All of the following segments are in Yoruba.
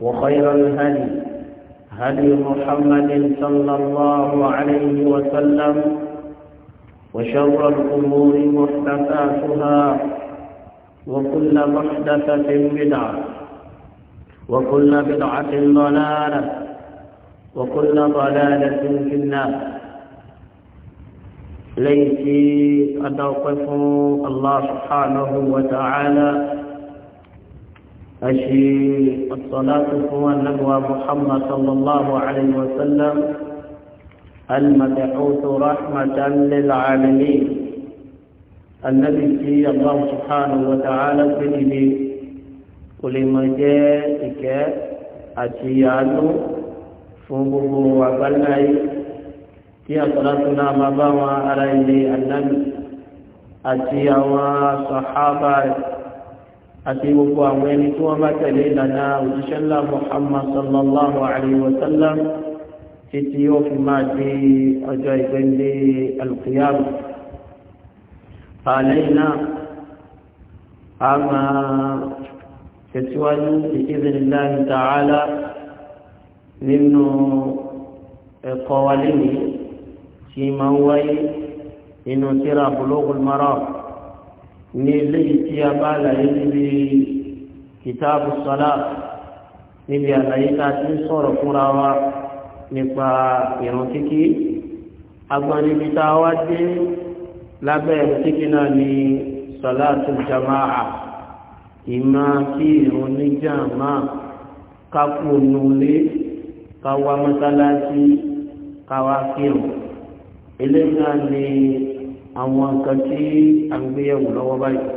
وخير الهدي هدي محمد صلى الله عليه وسلم وشر الأمور محدثاتها وكل محدثة بدعة وكل بدعة ضلالة وكل ضلالة في النار ليتي أتوقف الله سبحانه وتعالى أشي الصلاة هو النبوى محمد صلى الله عليه وسلم المدعوث رحمة للعالمين النبي في الله سبحانه وتعالى في ولما جاءك أتيانو فوقه وقلعي في àtàlátúná مباوى bá wọn ará ilé ànábì àti gbogbo àwọn ẹni tí wọ́n bá tẹ̀lé ìlànà òjíṣẹ́ ńlá Muhammad sallallahu alayhi wa sallam títí ó fi máa di ọjọ́ ìgbẹ́ndé alùpùyàrù. àlẹ́yìn náà a máa tẹ̀síwájú bi'iznillahi ta'ala nínú ẹ̀kọ́ wa lẹ́yìn tí máa ń wáyé nínú tírà Bulughul Maram ní ilé tí a bá àlàyé níbi kìtàbù sọlá níbi àlàyé tá a ti ń sọ̀rọ̀ fúnra wa nípa ìran kíkí agbọn níbi tá a wá dé lábẹ́ ìran kíkí náà ní sọlá tó jamaa ìmọ̀ kí ìran níjàmá kápò nulé káwa mọ́sálásí káwa kírun eléyìí náà ní àwọn nǹkan tí a ń gbéyẹ̀wò lọ́wọ́ báyìí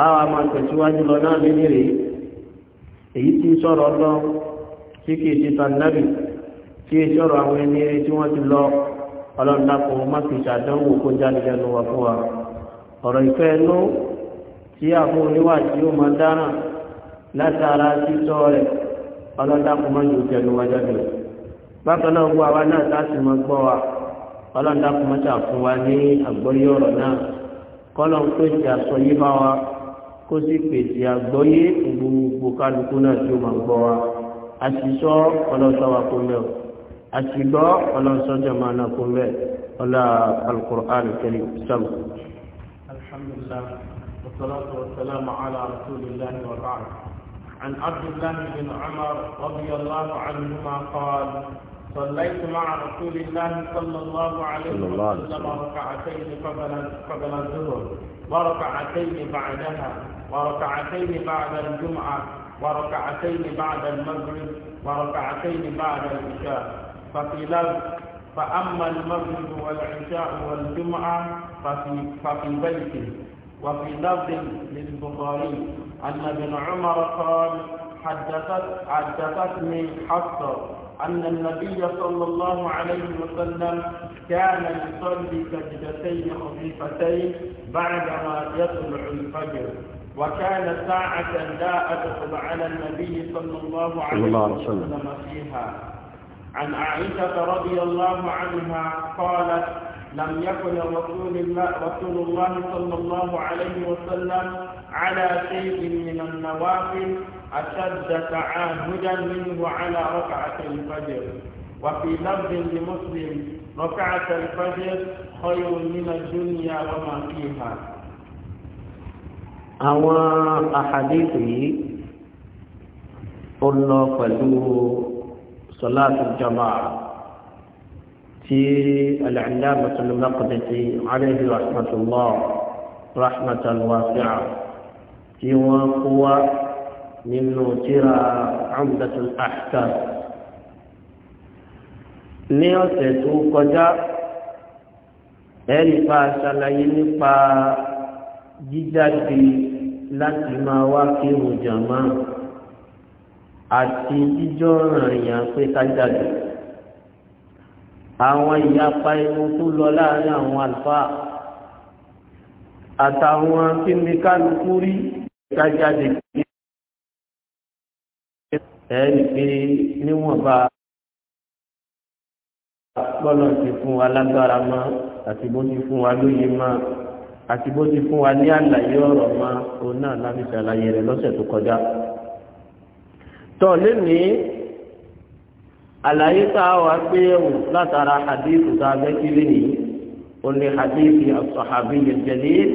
àwọn a máa tẹ̀síwájú lọ náà nínú rèé èyí tí ń sọ̀rọ̀ lọ tí kìí ṣe tànàbì tí ń sọ̀rọ̀ àwọn ẹni eré tí wọ́n ti lọ ọlọ́ndàkùn má fi ṣàdánwò kó jáde lẹ́nu wa fún wa ọ̀rọ̀ ìfẹ́ ẹnu tí àfún oníwà tí ó máa dáràn látara títọ́ rẹ̀ ọlọ́ndàkùn má yóò tẹnu wa bákan náà gbọ́ àwa náà tá máa gbọ́ wa ọlọ́dà kọ́mọ́tà fún wa ní àgbọ́yé ọ̀rọ̀ náà kọ́lọ̀ ń pèsè àsọyé bá wa kó sì pèsè àgbọ́yé gbogbo kálukú náà tí ó máa ń gbọ́ wa àṣìṣọ́ ọlọ́sọ wa kó mẹ́ o àṣìgbọ́ ọlọ́sọ jọ̀mọ́ náà kó mẹ́ ọlá alukur'an kẹrin sọ́lù. alhamdulillah wa salatu wa salamu ala rasulillahi wa ba'd an abdullahi bin umar radiyallahu anhuma qala صليت مع رسول الله صلى الله عليه وسلم ركعتين قبل قبل الظهر وركعتين بعدها وركعتين بعد الجمعة وركعتين بعد المغرب وركعتين بعد العشاء ففي فأما المغرب والعشاء والجمعة ففي, ففي بيته وفي لفظ للبخاري أن ابن عمر قال حدثت حدثتني حفصة أن النبي صلى الله عليه وسلم كان يصلي سجدتين خفيفتين بعدما يطلع الفجر وكان ساعة لا أدخل على النبي صلى الله عليه وسلم فيها عن عائشة رضي الله عنها قالت لم يكن رسول الله, رسول الله صلى الله عليه وسلم على شيء من النوافل أشد تعاهدا منه على ركعة الفجر وفي لفظ لمسلم ركعة الفجر خير من الدنيا وما فيها àwọn àhàdìsì yìí ó lọ pẹ̀lú sọláàtù jama tí alàìláàmà sọlọ́mà kọ̀dẹ̀tì aláìhí rahmatullah rahmatan wasi'a tí wọ́n kó wá nínú tíra Umdatul Ahkam ní ọ̀sẹ̀ tó kọjá ẹ̀rí pa ṣàlàyé nípa jíjáde láti máa wá kírun jàmá àti jíjọ́ ràyàn pé ká jáde àwọn ìyapa inú tó lọ láàrin àwọn àlùfáà àtàwọn kíndínkálukú rí ká jáde kí ẹ rí i pé níwọ̀nba lọ́nà ti fún wa lágbára mọ́ àti bó ti fún wa lóye mọ́ àti bó ti fún wa ní àlàyé ọ̀rọ̀ mọ́ òun náà láti ṣàlàyé rẹ̀ lọ́sẹ̀ tó kọjá. tọ́ lénìí àlàyé tá a wá gbé yẹ̀wò látara hadith tá a fẹ́ kí lénìí ó ní hadith as-sahabi al-jalil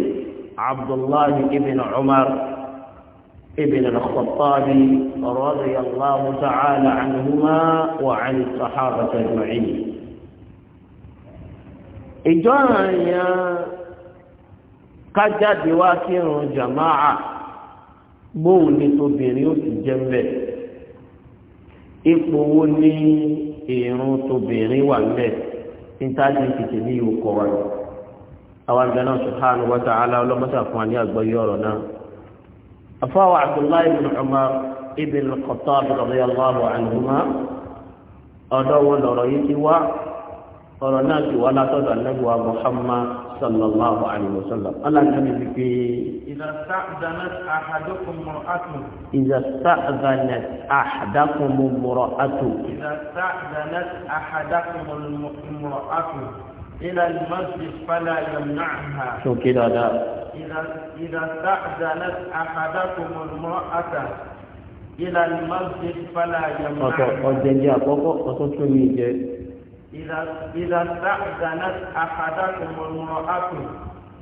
Abdullahi ibn Umar. ابن الخطاب رضي الله تعالى عنهما وعن الصحابة أجمعين ìjọ́ranyà kájáde wá kírun jàmáà bóun ni tóbìnrin ó ti jẹ́ mbẹ́ ipò wo ni ìrun tóbìnrin wà mbẹ́ nítajú tètè ní ìwòkọ̀ wa àwọn àgbẹ̀ náà subhanahu wa ta'ala ọlọ́mọ́sà fún wa ní àgbọ́yé ọ̀rọ̀ náà. أفاو عبد الله بن عمر ابن الخطاب رضي الله عنهما أدوى لرأيك و أرناك ولا تدع النبوة محمد صلى الله عليه وسلم ألا النبي في إذا استأذنت أحدكم امرأته إذا استأذنت أحدكم امرأته إذا استأذنت أحدكم امرأته إلى المسجد فلا يمنعها شوكي دادا إذا إذا استأذنت أحدكم المرأة إلى المسجد فلا يمنعها أجنجا بابا أصوتو ميجي إذا إذا استأذنت أحدكم المرأة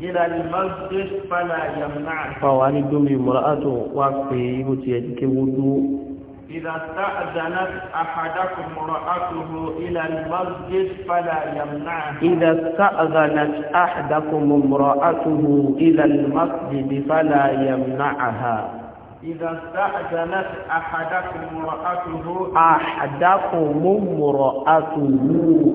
إلى المسجد فلا يمنعها فوالي دومي مرأة وقفي يوتي يجيكي وضوء إذا استأذنت أحدكم امرأته إلى المسجد فلا يمنعها إذا استأذنت أحدكم امرأته إلى المسجد فلا يمنعها إذا استأذنت أحدكم امرأته أحدكم امرأته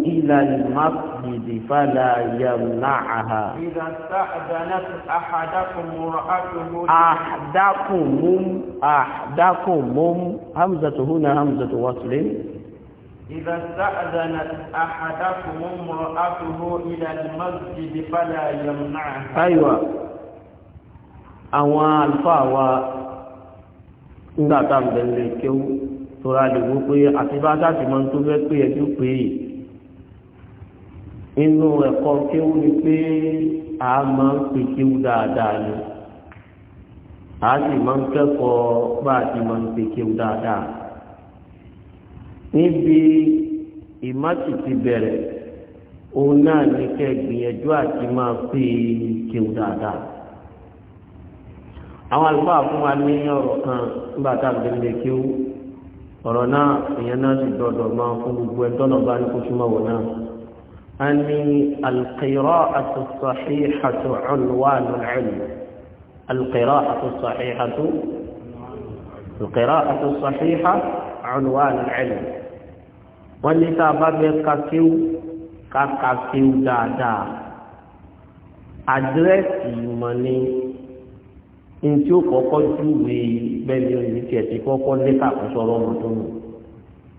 إلى المسجد فلا يمنعها إذا استأذنت أحدكم امرأته أحدكم أحدكم همزة هنا همزة وصل إذا استأذنت أحدكم امرأته إلى المسجد فلا يمنعها أيوة أوان فاوى nígbà tá à ń bẹ̀rẹ̀ lè kéwú tora lè wó pé àti bá dáàtì máa ń tó fẹ́ pé ẹjọ́ pé inú ẹ̀kọ́ kéwú ni pé a máa ń pè kéwú dáadáa ni a sì máa ń kẹ́kọ̀ọ́ bá a ti máa ń pè kéwú dáadáa níbi ìmáàtì ti bẹ̀rẹ̀ òun náà ní kẹ́ gbìyànjú àti máa pè kéwú dáadáa àwọn àlùfáà fún wa ní ọ̀rọ̀ kan nígbà tá a lè lè kí ó ọ̀rọ̀ náà èèyàn náà sì gbọ́dọ̀ máa fún gbogbo ẹ̀tọ́ náà bá ní kó súnmọ́ wò náà a ní al-qira'atu as-sahihatu unwanu al-ilm al-qira'atu as-sahihatu al-qira'atu as-sahiha unwanu wọ́n ní tá a bá fẹ́ dáadáa àdírẹ́sì ìmọ̀ ni ní tí ó kọ́kọ́ júwe bẹ́ẹ̀ni òní tiẹ̀ ti kọ́kọ́ lẹ́ka àkọsọ̀rọ̀ ọmọ tó nù.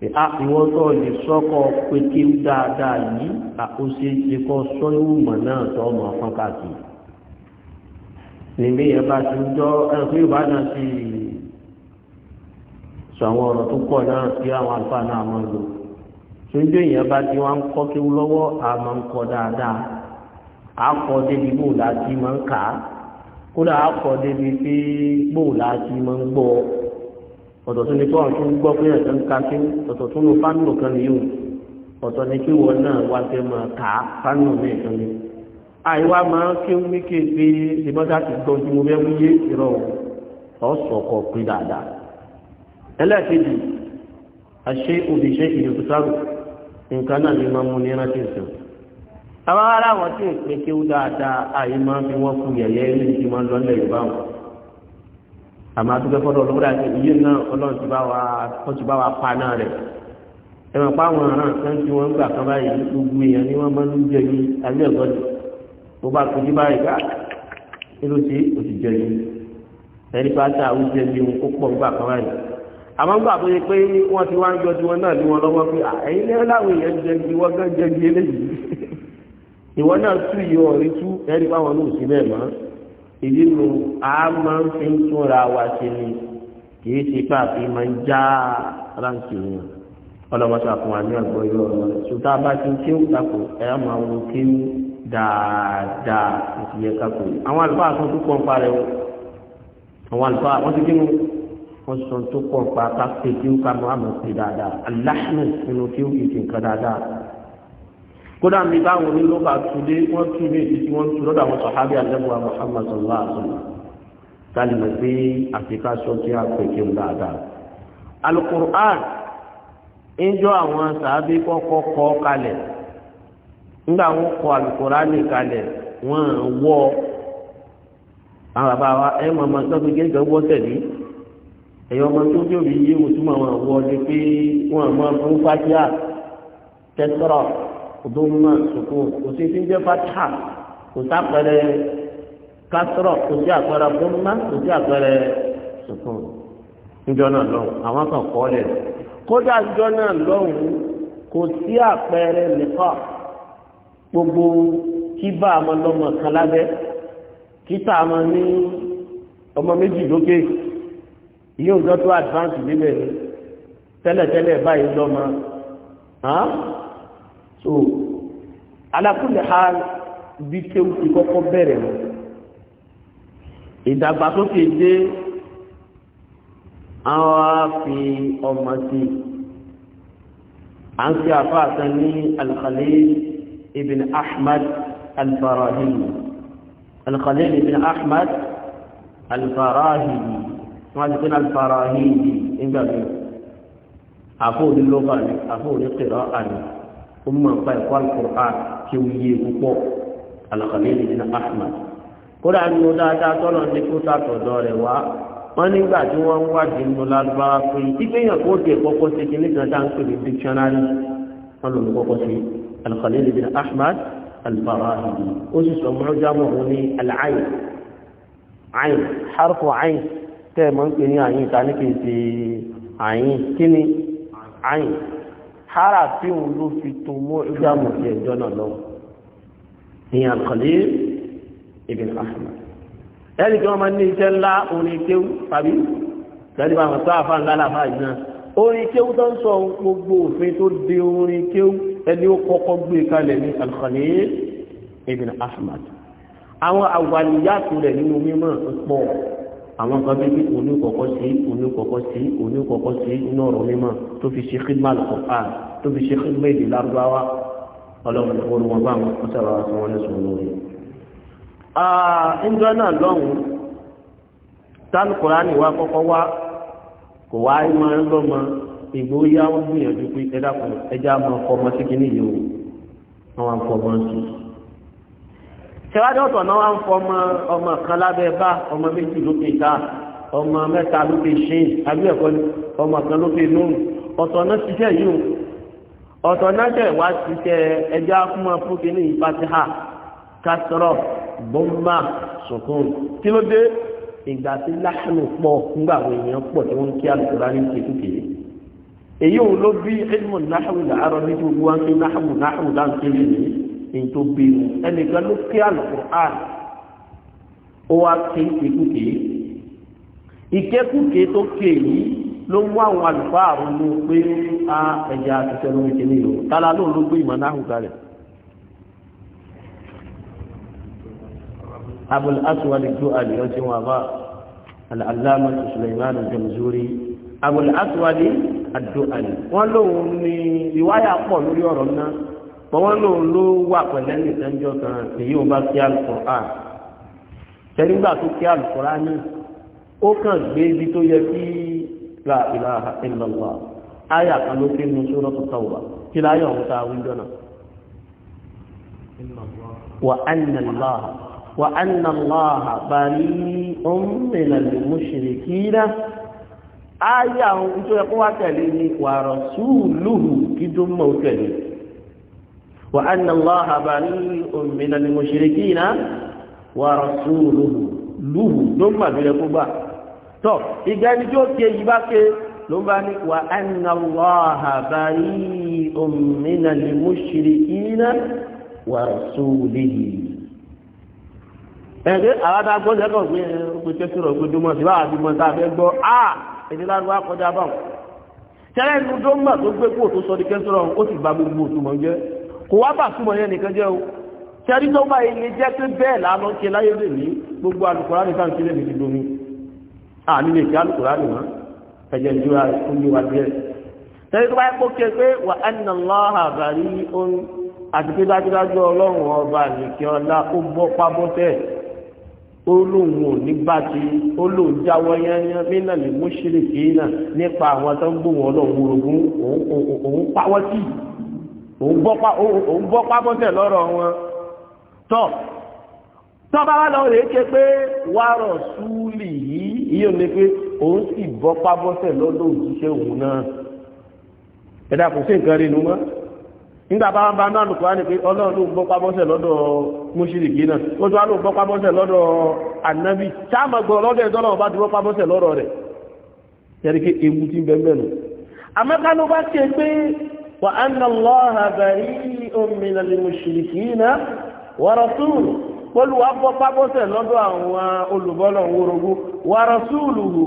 a ah, ìwọ́n tó lè sọ́kọ̀ pété dáadáa yìí àkóso ti kọ́ sọ́yìnwùmọ̀ náà tó ọmọ fún káàkiri. níbi yẹn bá ti ń jọ ẹ̀kú ìbàdàn sí sọ àwọn ọ̀rọ̀ tó pọ̀ náà tí àwọn àlùfáà náà máa lò. sójú èèyàn bá ti wá ń kọ́ kéwú lọ́wọ́ àmọ́ ń kọ́ dáadáa àkọ́ de bò láti máa ń kà á kódà akọ débi pé bóòlù àti máa ń gbọ́ ọ̀tọ̀ tó ní tó àwọn tó ń gbọ́ pé ẹ̀sán ká sí ọ̀tọ̀ tó ní fánù kan ní yòó ọ̀tọ̀ ní kí wọn náà wá fẹ́ máa kà á fánù náà kan ní. àìwá máa ń kí wí ké pé ìbọ́dá ti gbọ́ tí mo fẹ́ mú yé ìrọ̀ ọ̀sọ̀kọ̀ pé dáadáa. ẹlẹ́ẹ̀kejì àṣé òbí ṣe ìdòkútàrò nǹkan náà ní máa mú ní rántí ìsìn àwọn aláwọ̀ tí ò pé kí ó dáadáa àyè máa fi wọ́n kú yẹ̀yẹ́ ní ti máa ń lọ́lẹ̀ yorùbá wọn àmọ́ àtúgbẹ́ fọ́dọ̀ ọlọ́wọ́ dàgbé iye náà ọlọ́run ti bá wa wọ́n ti bá wa pa náà rẹ̀ ẹ̀wọ̀n páwọn ọ̀ràn kan tí wọ́n ń gbà kan báyìí gbogbo èèyàn ni wọ́n máa ń jẹ ní alẹ́ ẹ̀gọ́ ni bó bá kojú báyìí ká nínú tí o ti jẹ ní ẹni bá ta jẹ ní ohun pọ̀ gbà kan báyìí àmọ́ gbà tó yẹ pé wọ́n ti wá ń yọjú wọn náà ní wọn lọ́wọ́ pé ah, ẹ̀yin láwọn èèyàn jẹ ní wọ́n gán jẹ ní eléyìí ìwọ náà tú ìyọ ọ̀rí tú ẹni báwọn náà sí bẹ́ẹ̀ mọ́ èyí nu a máa ń fi ń túnra wa ṣe ni kì í ṣe káàfin máa ń já ráǹkì yẹn ọlọ́mọṣà fún wa ní àgbọ̀ yọ ọ̀rọ̀ ṣùgbọ́n a bá ti ń kéwù tako ẹ̀ máa wo kéwù dáadáa ìṣìyẹ kako yìí àwọn àlùfáà kan tó pọ̀ ń parẹ́ o àwọn àlùfáà wọ́n ti kéwù wọ́n sọ tó pọ̀ ń pa ká pé kéwù ká máa mọ̀ sí dáadáa aláṣẹ nínú kéwù kìí ṣe nǹkan dáadáa. kódà mi báwọn onílọ́ba túlé wọ́n tú ní ìdí tí wọ́n tú àwọn Muhammad sallallahu alaihi wa sallam àfikà sọ kí a pè kí n dáadáa. alukur'an àwọn kọ́kọ́ kọ́ kalẹ̀ wọn kọ alukur'an kalẹ̀ wọn wọ àwọn bàbá wa ẹ gẹ́gẹ́ wọ́ tẹ̀lé ẹ̀yọ́ ọmọ tó yé wọn wọ ni pé wọn mọ fún fájíà tẹ́tọ́rọ̀. dóńmà sùkún kò sí ti ń jẹ́ fata kò sí àpẹẹrẹ kásírọ̀ kò sí àpẹẹrẹ dóńmà kò sí àpẹẹrẹ sùkún níjọ náà lọ́hùn àwọn kan kọ́ lẹ̀ kódà níjọ náà lọ́hùn kò sí àpẹẹrẹ nìkan gbogbo kíbà àmọ́ lọ́mọ kan lábẹ́ kíta àmọ́ ní ọmọ méjì lókè yóò gbọ́ tó advance níbẹ̀ tẹ́lẹ̀tẹ́lẹ̀ báyìí lọ́mọ so alákùnrin ha bí kéwù ti kọ́kọ́ bẹ̀rẹ̀ lọ ìdàgbàsókè dé àwọn á fi ọmọ sí à ń fi àfáàsán ní al-Khalil ibn Ahmad al-Farahimi al-Khalil ibn Ahmad al-Farahimi ti pín al-Farahimi nígbàgbé àfóòrí lókà ní àfóòrí kìrọ́ àná ó mọ̀ nípa ẹ̀kọ́ alukur'an kí ó yé púpọ̀ alakalẹ́ ní ní ahmad kódà ní o dáadáa tọ́lọ̀ ní kó sàtọ̀dọ̀ rẹ̀ wá wọ́n nígbà tí wọ́n ń wádìí nínú lágbára pé ìgbéyàn kó tiẹ̀ kọ́kọ́ ṣe kí nígbà tá à ń pè ní dictionary wọ́n lò ní kọ́kọ́ ṣe alakalẹ́ ní ní ahmad alfarahidi ó sì sọ mọ́ jámọ́ òun ní alayi ayin harfu ayin tẹ́ ẹ̀ mọ́ ń pè ní ayin ta ní kì í ṣe ayin kí ni hara tí òun ló fi tó mú ìgbàmù sí ẹjọ́ náà lọ́wọ́ ní Al-Khalil ibn Ahmad ẹni tí wọ́n máa ní iṣẹ́ ńlá orin kéwú tàbí tẹ́lẹ̀ bá wọn tó àfa ńlá làfa yìí náà orin kéwú tó ń sọ gbogbo òfin tó de orin kéwú ẹni ó kọ́kọ́ gbé kalẹ̀ ní Al-Khalil ibn àwọn àwàlìyàtò rẹ̀ nínú mímọ́ ń pọ̀ àwọn kan bí bí oníkọ̀kọ́ sí oníkọ̀kọ́ sí oníkọ̀kọ́ sí inú ọ̀rọ̀ mímọ́ tó fi ṣe khidma al-Qur'an tó fi ṣe khidma èdè lárúbáwá ọlọ́run ìfowórú wọn bá wọn sábà wá sí wọn ní sùn lórí. ìjọ náà lọ́hùn tálùkùránì wa kọ́kọ́ wá kò wá máa ń lọ́mọ ìgbóyàwó gbìyànjú pé ẹ̀dá kan ẹja máa fọmọ sí kinní yìí o tẹwádọ́ ọ̀tọ̀ náà wá ń fọ ọmọ ọmọ kan lábẹ́ bá ọmọ méjì lókè ta ọmọ mẹ́ta lókè ṣe àbí ẹ̀kọ́ ọmọ kan lókè lóhùn ọ̀tọ̀ náà ṣiṣẹ́ yìí ọ̀tọ̀ náà jẹ́ wá ṣiṣẹ́ ẹja fún ọ fún kínní ìfàtíhà kásọ̀rọ̀ bọ́mbà sọ̀kún kí ló dé ìgbà tí láhánù pọ̀ nígbà àwọn èèyàn pọ̀ tí wọ́n ń kí àlùkòrá ní kékeré èyí òun ló bí ilmu náhùn làárọ̀ ní gbogbo wa ń pè náhùn náhùn láǹkéjì nìyí ní tó bí ẹnìkan ló kí Al-Qur'an ó wá ké ìkékùké ìkékùké tó ké yìí ló mú àwọn àlùfáà àrùnú pé a ẹja àtúnṣe lórí kìíní yìí o tálá lóun ló gbé ìmọ̀ náà hù kalẹ̀. abul aswad al-ju'ali ọtí wọn bá al-allama suleiman al-jamzuri abul aswad al-ju'ali wọn lóun ní ìwáyà pọ̀ lórí ọ̀rọ̀ náà pọ̀wọ́n náà ló wà pẹ̀lẹ́ nìkanjọ́ kan èyí ò bá kí Al-Qur'an tẹ́lígbà tó kí Al-Qur'an ní ó kàn gbé ibi tó yẹ kí la ilaha illallah ayà kan ló fi nu Suratu Tawba kí láyọ̀ ọ̀hún ta wíjọ́ náà wa anna Allah wa anna Allah bari'un minal mushrikina ayà ohun tó yẹ kó wá tẹ̀lé ni wa rasuluhu kí tó mọ̀ tẹ̀lé وأن الله بريء من المشركين ورسوله له ثم بلقبا tó ìgbà ẹni tí ó ké yìí bá ké ló ń bá ní wà anna Allaha bari'un minal pé ọkùnrin sí báwa dúmọ̀ tá fẹ́ gbọ́ a èdè lárúbá kọjá báwọn. tẹ́lẹ̀ inú dọ́mà tó gbé kó tó sọ ní kẹ́sírọ̀ ó sì gba gbogbo òtún mọ́ jẹ́ kò wá bà túmọ̀ yẹn nìkan jẹ́ o tẹ́rí tó bá ilé jẹ́ pé bẹ́ẹ̀ lánà ṣe láyé lè ní gbogbo alùkùrá nìkan ṣe lè fi domi àní lè fi alùkùrá nìkan ẹ̀jẹ̀ ìjọra ó yé ò ní bá ti olóhùn yányán nínà lè mú ṣíríkì náà nípa àwọn tó ń gbóhùn ọlọ́run orogún òun pàwọ́ sí òun bọ́ pábọ́sẹ̀ lọ́rọ̀ wọn tọ́ tọ́ba wa lọ rèé ké pé wárọ̀ súlì yìí ìyẹn ní pé òun sì bọ́ pábọ́sẹ̀ lọ́dọ̀ òjíṣẹ́ òun náà ẹ̀dá kò sí nǹkan rinu mọ́ nígbà bá wọn bá náà lùkọ́ á ní pé ọlọ́run ló ń bọ́ pábọ́sẹ̀ lọ́dọ̀ mùsùlùmí náà ó tún wá ló ń bọ́ pábọ́sẹ̀ lọ́dọ̀ ànábì sáàmù gbọ́ lọ́dọ̀ ẹ̀dọ́ náà bá ti bọ́ pábọ́sẹ̀ lọ́dọ̀ rẹ̀ yẹ́nì pé ewu ti ń bẹ́ẹ̀ bẹ́ẹ̀ nù àmọ́ kánú وأن الله بريء من المشركين ورسوله قل وابو بابو سلودو àwọn olùbọ́lọ̀ worogo wa rasuluhu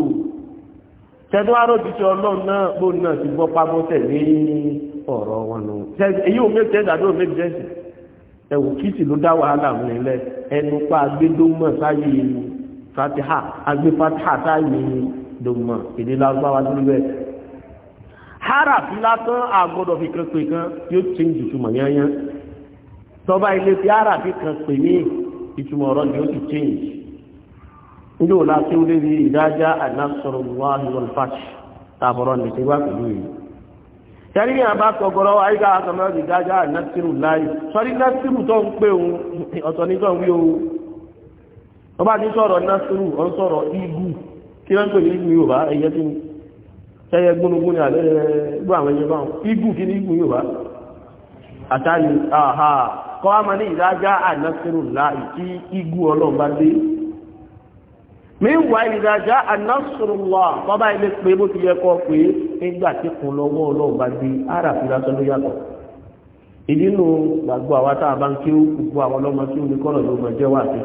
tẹ́dọ́ àròjìṣẹ́ ọlọ́run náà bó náà ti gbọ́ pamọ́ tẹ̀lé ọ̀rọ̀ wọn nù. èyí ò méjì ẹ̀dá tó méjì ẹ̀sì ẹ̀wù kìtì ló dá wàhálà nílẹ̀ ẹnu pa agbédómọ̀ sáyé fatiha agbé fatiha sáyé dòmọ̀ èdè lágbára níbẹ̀ haraf lásán àgbọ̀dọ̀ fi kan pè kan yóò change ìtumọ̀ yányán tọ́ba fi kan pè ní itumo ọ̀rọ̀ ni ó ti change níjọ́ òla tí ó lébi ìdájá àdínásọ̀rọ̀ wà lọ́nà fàṣì tàbọ̀rọ̀ ní ti wá pẹ̀lú yìí tẹ́lí ní àbá sọ̀gọ́rọ̀ àyíká àkàmọ́ ìdájá àdínásírù láì sọ́rí násírù tó ń pè òun ọ̀tọ̀ ní tó o ọba ní sọ̀rọ̀ násírù ọ̀ ń igu kí wọ́n ń ní Yorùbá ẹyẹ gbónúgbó ní alẹ́ ẹgbọ́ àwọn ẹyẹ báwọn igun kí ní igun yóò bá àtàlì àhà kọ́ a máa ní ìdájá ànásírù láì tí igun dé meanwhile ìdájá ànásírù lọ bọ́bá ilé pé bó ti yẹ kọ́ pé nígbà tí kun lọ́wọ́ ọlọ́run bá dé ara fi lásán ló yàtọ̀ ìdí nu gbàgbọ́ àwa tá a bá ń kéwú gbogbo àwọn ọlọ́mọ tí ó ní kọ́nà ló mọ̀ jẹ́ wà sí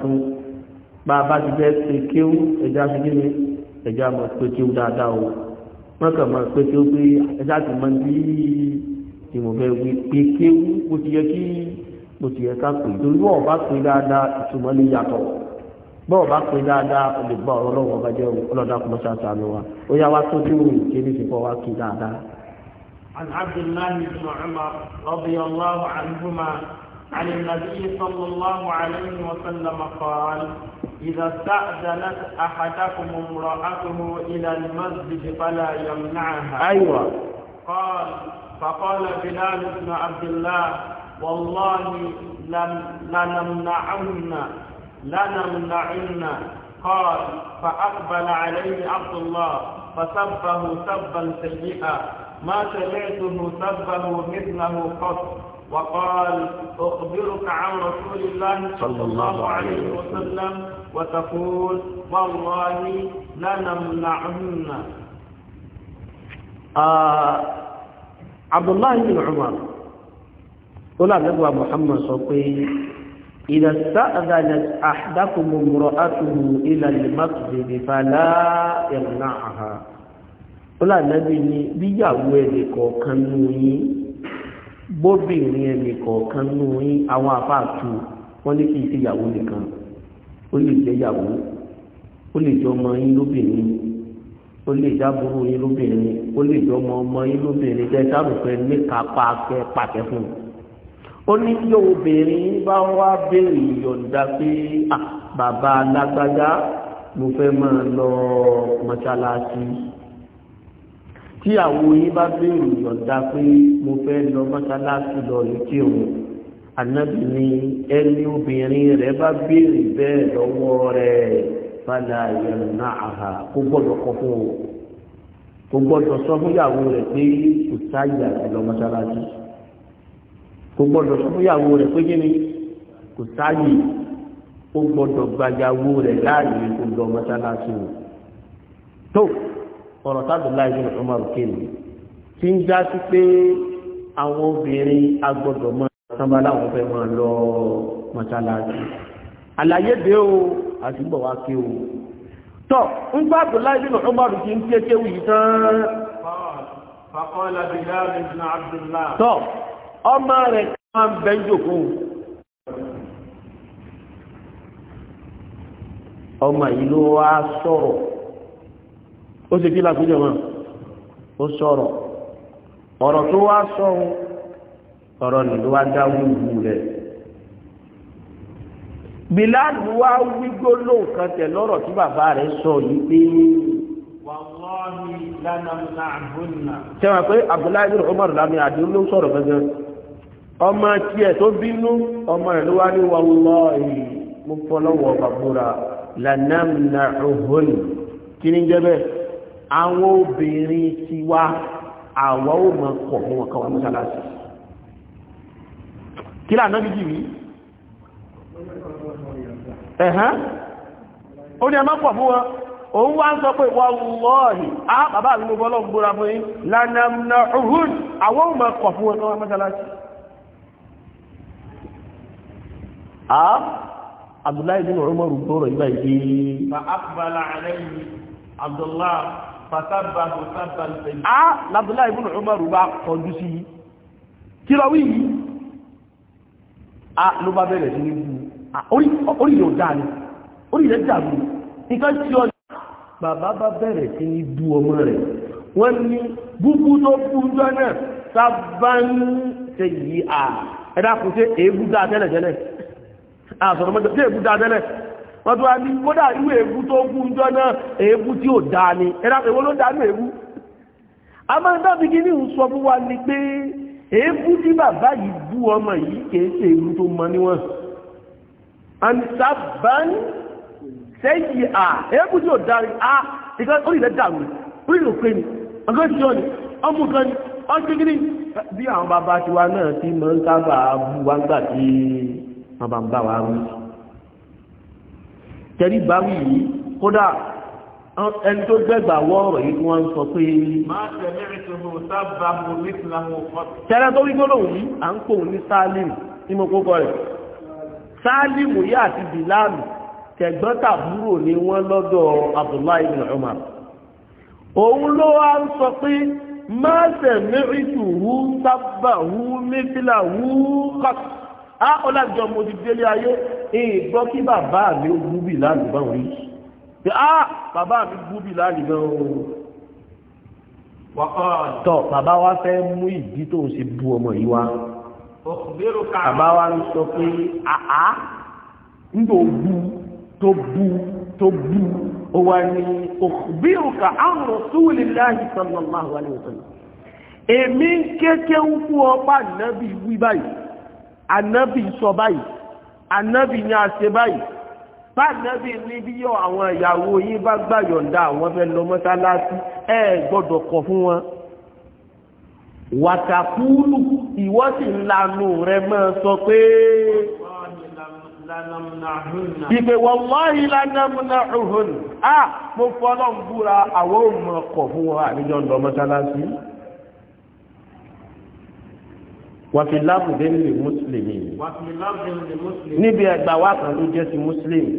bá a bá ti fẹ́ ṣe kéwú ẹja fi kí ni ẹja mọ̀ pé kéwú dáadáa o wọ́n kàn máa pé kí ó pé ẹ̀sà ti máa ń bí ìmọ̀fẹ́ wí pé kéwú bó ti yẹ kí bó ti yẹ ká pè torí bọ́ọ̀ bá pè dáadáa ìtumọ̀ lè yàtọ̀ bọ́ọ̀ bá pè dáadáa o lè bá ọ̀rọ̀ lọ́wọ́ ọba jẹ́ ọlọ́dà kọ́mọ́ ṣàṣàánú wa ó yá wá tó tí ó rìn ní ti fọ́ kí dáadáa. عن عبد الله بن عمر رضي الله عن النبي صلى الله عليه وسلم قال إذا استأذنت أحدكم امرأته إلى المسجد فلا يمنعها أيوة قال فقال بلال بن عبد الله والله لنمنعن لنمنعن قال فأقبل عليه عبد الله فسبه سبا سيئا ما سمعته سبه مثله قط وقال أخبرك عن رسول الله صلى الله عليه وسلم وتقول والله لنمنعهن عبد الله بن عمر قال نبوة محمد صلى إذا استأذنت أحدكم امرأته إلى المسجد فلا يمنعها قال النبي بيجاوه لكوكا نوين bóbìnrin ẹnì kọ̀ọ̀kan nù yín àwọn àfáàtù wọ́n ní kí n ṣe ìyàwó nìkan ó lè jẹ́ ìyàwó ó lè jẹ́ ọmọ yín lóbìnrin ó lè jábúrú yín lóbìnrin ó lè jẹ́ ọmọ ọmọ yín lóbìnrin jẹ́ sábùfẹ́ níkapá kẹ́ pàtẹ́ fún un ó ní kí obìnrin bá wá béèrè ìyọ̀ǹda pé ah, bàbá alágbádá mo fẹ́ máa lọ mọ́ṣáláṣí tí àwọn yìí bá béèrè yọ̀ǹda pé mo fẹ́ lọ mọ́sálásí lọ létí òun ànábì ni ẹni obìnrin rẹ̀ bá béèrè bẹ́ẹ̀ lọ́wọ́ rẹ̀ fàlà yẹ̀nà àhà kó gbọ́dọ̀ kọ fún o kó gbọ́dọ̀ sọ fún ìyàwó rẹ̀ pé kò sáyà sí lọ mọ́sálásí kò gbọ́dọ̀ sọ fún rẹ̀ pé kíni kò sáyè ó gbọ́dọ̀ gbajáwó rẹ̀ láàyè kó lọ mọ́sálásí o tó ọ̀rọ̀ tábìláì ní Umar kéwì tí ń já sí pé àwọn obìnrin agbọ́dọ̀ máa sábà láwọn fẹ́ máa lọ mọ́ṣáláṣí àlàyé dé o àti bọ̀ wá ké o tọ́ ń gbá àbdùláì ní Umar kí ń kéèké wì í tán. fàkọ́lá Bilal ibn Abdullah. tọ́ ọmọ rẹ̀ máa ń bẹ́ jòkó ọmọ yìí ló wá sọ̀rọ̀ ó sì kí làkújọ wọn ó sọ̀rọ̀ ọ̀rọ̀ tó wá sọ̀hún ọ̀rọ̀ nìlú wá dá wúwú rẹ̀ Bílálù wá wí gbólóhùn kan tẹ̀ lọ́rọ̀ tí bàbá rẹ̀ sọ yìí pé wàlọ́ọ̀ni lánàmúnà àbúnà. sẹ́wọ̀n pé Abdullahi bin Umar lami àdéhùn ló sọ̀rọ̀ gẹ́gẹ́ ọmọ tiẹ̀ tó bínú ọmọ rẹ̀ ló ní wàlọ́ọ̀ni mo fọlọ́wọ́ bàbúrà lánàmúnà àbúnà kí ni jẹ́ bẹ́ẹ̀ àwọn obìnrin tiwa àwa ò mọ̀ pọ̀ mọ́ wọn kan wọn mọ́sálásí kí là náà bíbí rí ẹ̀hán ó ní ẹmọ́ pọ̀ mú wọn òun wá ń sọ pé wallahi á bàbá àmì gbogbo ọlọ́run ìgbà ìdí. Fa aqbala alayhi Abdullah a labdula ibn Umar bá kọjú sí kí lọ wí yìí a ló bá bẹ̀rẹ̀ sí ní bú orí yóò ni orí rẹ̀ dàbí nǹkan tí ọ bàbá bá bẹ̀rẹ̀ sí ní bú ọmọ rẹ̀ wọ́n ní búbú tó bú jọ náà sábà ń ṣe yìí à ẹ̀dá kò sí èébú dáa tẹ́lẹ̀ tẹ́lẹ̀ ọdún wa ní kódà irú èébú tó gún jọ náà èébú tí ò dáa ni ẹ̀rọ èwo ló dáa ní èébú àmọ́ ní dábì kí ní ń sọ fún wa ni pé èébú tí bàbá yìí bú ọmọ yìí kìí ṣe èébú tó mọ níwọ̀n ansaban sẹ́yìn à èébú tí ò dáa ni à ìgbà ó lè dàrú ó lè pè ní ọgọ́ tí ó ní ọmọ kan ní ọ́sígírí bí àwọn bàbá tiwa náà ti mọ̀ ń sábà bú wa gbà tí wọ́n bá ń bá wa rú tẹ̀rí báwí yìí kódà ẹni tó gbẹ́gbà wọ́ ọ̀rọ̀ yìí wọ́n ń sọ pé tẹ́rẹ́ tó wí gbọ́lọ̀wọ̀ yìí à ń pò ní sálìm ní mo kókọ rẹ̀ sálìm yìí àti bìláàmù tẹ̀gbọ́n tàbúrò ni wọ́n lọ́dọ̀ Abdullahi ibn Umar òun ló wá ń sọ pé máa sẹ̀mí ìtùhú sábà hú mẹ́fìlà hú kọ́tù á ah, ọlájọ mo ti délé ayé èyí gbọ́ kí bàbá mi ó gúbì lánàá báwọn rí pé á ah, bàbá mi gúbì lánàá gan o ah, tọ bàbá wa fẹ́ mú ìdí tó ń ṣe bú ọmọ yìí wá bàbá wa ń sọ pé àá ń lò bú tó bú tó bú ó wá ní òkùbíùkà àwọn Rasulillahi sallallahu alaihi wasallam èmi kékeré ń fún ọ bá nàbí wí báyìí anábì sọ báyìí anábì ní àṣẹ báyìí bá anábì ní bí yọ àwọn ìyàwó yín bá gbà yọ̀ǹda àwọn fẹ́ lọ mọ́sálásí ẹ gbọ́dọ̀ kọ̀ fún wọn wàtàkùlù ìwọ́ sì ń lanu rẹ máa sọ pé ìpè wọ́láhì lánàmúnà ọ̀hún à mo fọlọ́ ń búra àwọn ò mọ̀ kọ̀ fún wọn àníjọ́ ń lọ mọ́sálásí wàfi lábùdé lè mùsùlùmí. wàfi lábùdé lè mùsùlùmí. níbi ẹgbà wa kan ló jẹ́ ti mùsùlùmí.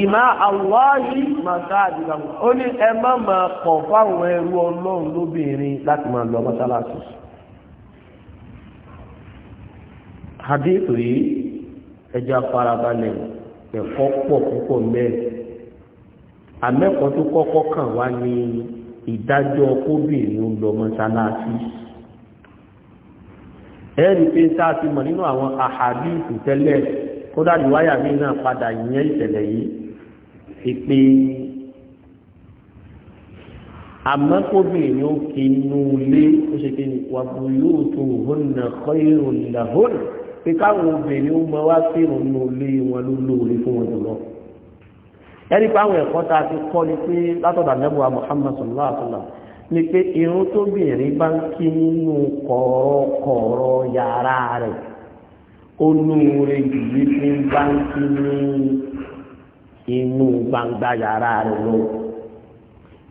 ìmá àwáyé màtá àdìgbàmù. ó ní ẹ má máa kọ̀ fáwọn ẹrú ọlọ́run lóbìnrin láti máa lọ mọ́sálásí. hadith yìí ẹja farabalẹ̀ ẹ̀kọ́ pọ̀ púpọ̀ mẹ́rin. àmẹ́kọ̀ọ́ tó kọ́kọ́ kàn wá ní ìdájọ́ kóbìnrin ń lọ mọ́sálásí ẹ̀rí pé tá a ti mọ̀ nínú àwọn àhàbí ìtẹ́lẹ̀ kódà ní wáyà mi náà padà yẹn ìṣẹ̀lẹ̀ yìí ìpè àmọ́ kóbìnrin ni ó kí inú ilé ó ṣe kí ni wà bú yóò tó òhún nà kọ́ ìròyìn làhún pé káwọn obìnrin ó mọ wá sí ìròyìn ilé wọn ló lóore fún wọn jùlọ ẹ̀rí pé àwọn ẹ̀kọ́ tá a ti kọ́ ni pé látọ̀dà nẹ́bùwà Muhammad sallallahu alaihi wa sallam ni pé irun tóbìnrin bá ń kí nínú kọ̀ọ̀rọ̀kọ̀ọ̀rọ̀ yàrá rẹ̀ ó núure jù wípé bá ń kí ní inú gbangba yàrá rẹ̀ lọ.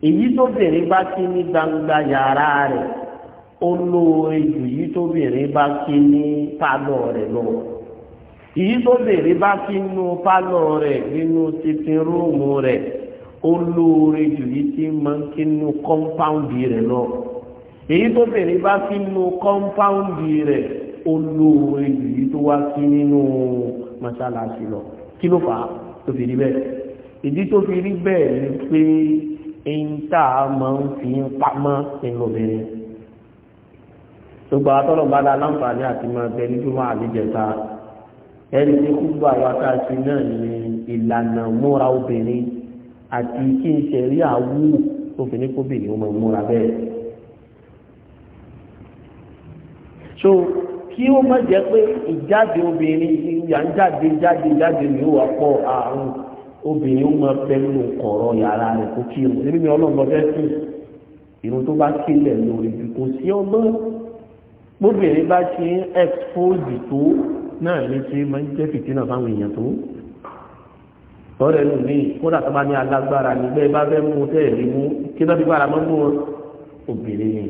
èyí tóbìnrin bá kí ní gbangba yàrá rẹ̀ ó lóore jù èyí tóbìnrin bá kí ní pálọ̀ rẹ̀ lọ èyí tóbìnrin bá kí nínú pálọ̀ rẹ̀ nínú títí rúùmù rẹ̀ olóore jù yìí tí máa ń kí nínú kọ́ńpáùndì rẹ̀ lọ èyí tó bèrè bá kí nu kọ́ńpáùndì rẹ̀ olóore jù yìí tó wá kí nínú mọ́ṣáláṣí lọ kí ló fà á tó fi rí bẹ́ẹ̀ ìdí tó fi rí bẹ́ẹ̀ ni pé ń tà á máa ń fi pamọ́ nínú obìnrin gbogbo àtọ́lọ̀ bá dá láǹfààní àti máa bẹ ní júmọ́ àlejẹta ẹni tí kúgbà wákàtí náà ni ìlànà múra obìnrin àti kí n ṣe rí àwú tó fi ní kóbìnrin ó máa múra bẹ́ẹ̀. so kí ó má jẹ́ pé ìjáde obìnrin ìyá ń jáde jáde jáde ni ó wà pọ̀ àrùn obìnrin ó máa pẹ̀lú kọ̀ọ̀rọ̀ yàrá rẹ̀ kó kí irun níbi ọlọ́run lọ́fẹ́ sí irun tó bá kílẹ̀ lórí ju kò sí ọgbọ́n bóbìnrin bá ṣe ń expose tó náà ní ṣe máa ń jẹ́ fìtínà fáwọn èèyàn tó lọ́rẹ̀ lù mí kódà tó bá ní alágbára nígbẹ́ bá fẹ́ mú tẹ́ẹ̀lì mú kí lọ́bí gbára mọ́ mú wọn obìnrin ni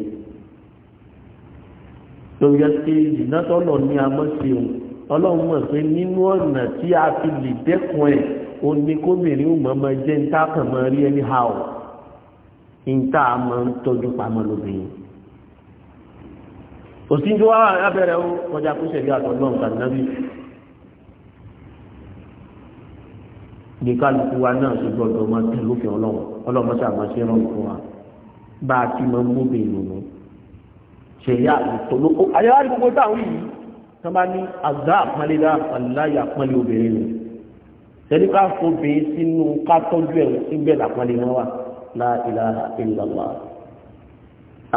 lórí ẹsẹ̀ ìdìná tọ́lọ̀ ní amọ́sẹ̀hùn ọlọ́run mọ̀ pé nínú ọ̀nà tí a fi lè dẹ́kun ẹ̀ o ní kóbìnrin ò mọ̀ọ́mọ́ jẹ́ níta kàn mọ́ rí ẹni ha ọ̀ níta mọ́ ń tọ́jú pamọ́ lóbìnrin òsínjú wa abẹ́rẹ́ ó kọjá kó ṣẹ̀lẹ̀ àtọ́gbọ́n náà bí kálukú wa náà ṣe gbọdọ̀ máa tẹ̀ lófin ọlọ́run ọlọ́run ṣe àmọ́ ṣe rán fún wa bá a ti máa ń gbóbe ìrònú ṣe yá ìtòlókó àyẹ̀wò àdìgbò táwọn yìí tó bá ní àgbà àpọ́nlé dá àláyà obìnrin nù tẹ́lí ká fòbìn sínú ká tọ́jú ẹ̀ síbẹ̀ làpọ́nlé wọn wà la ilaha illallah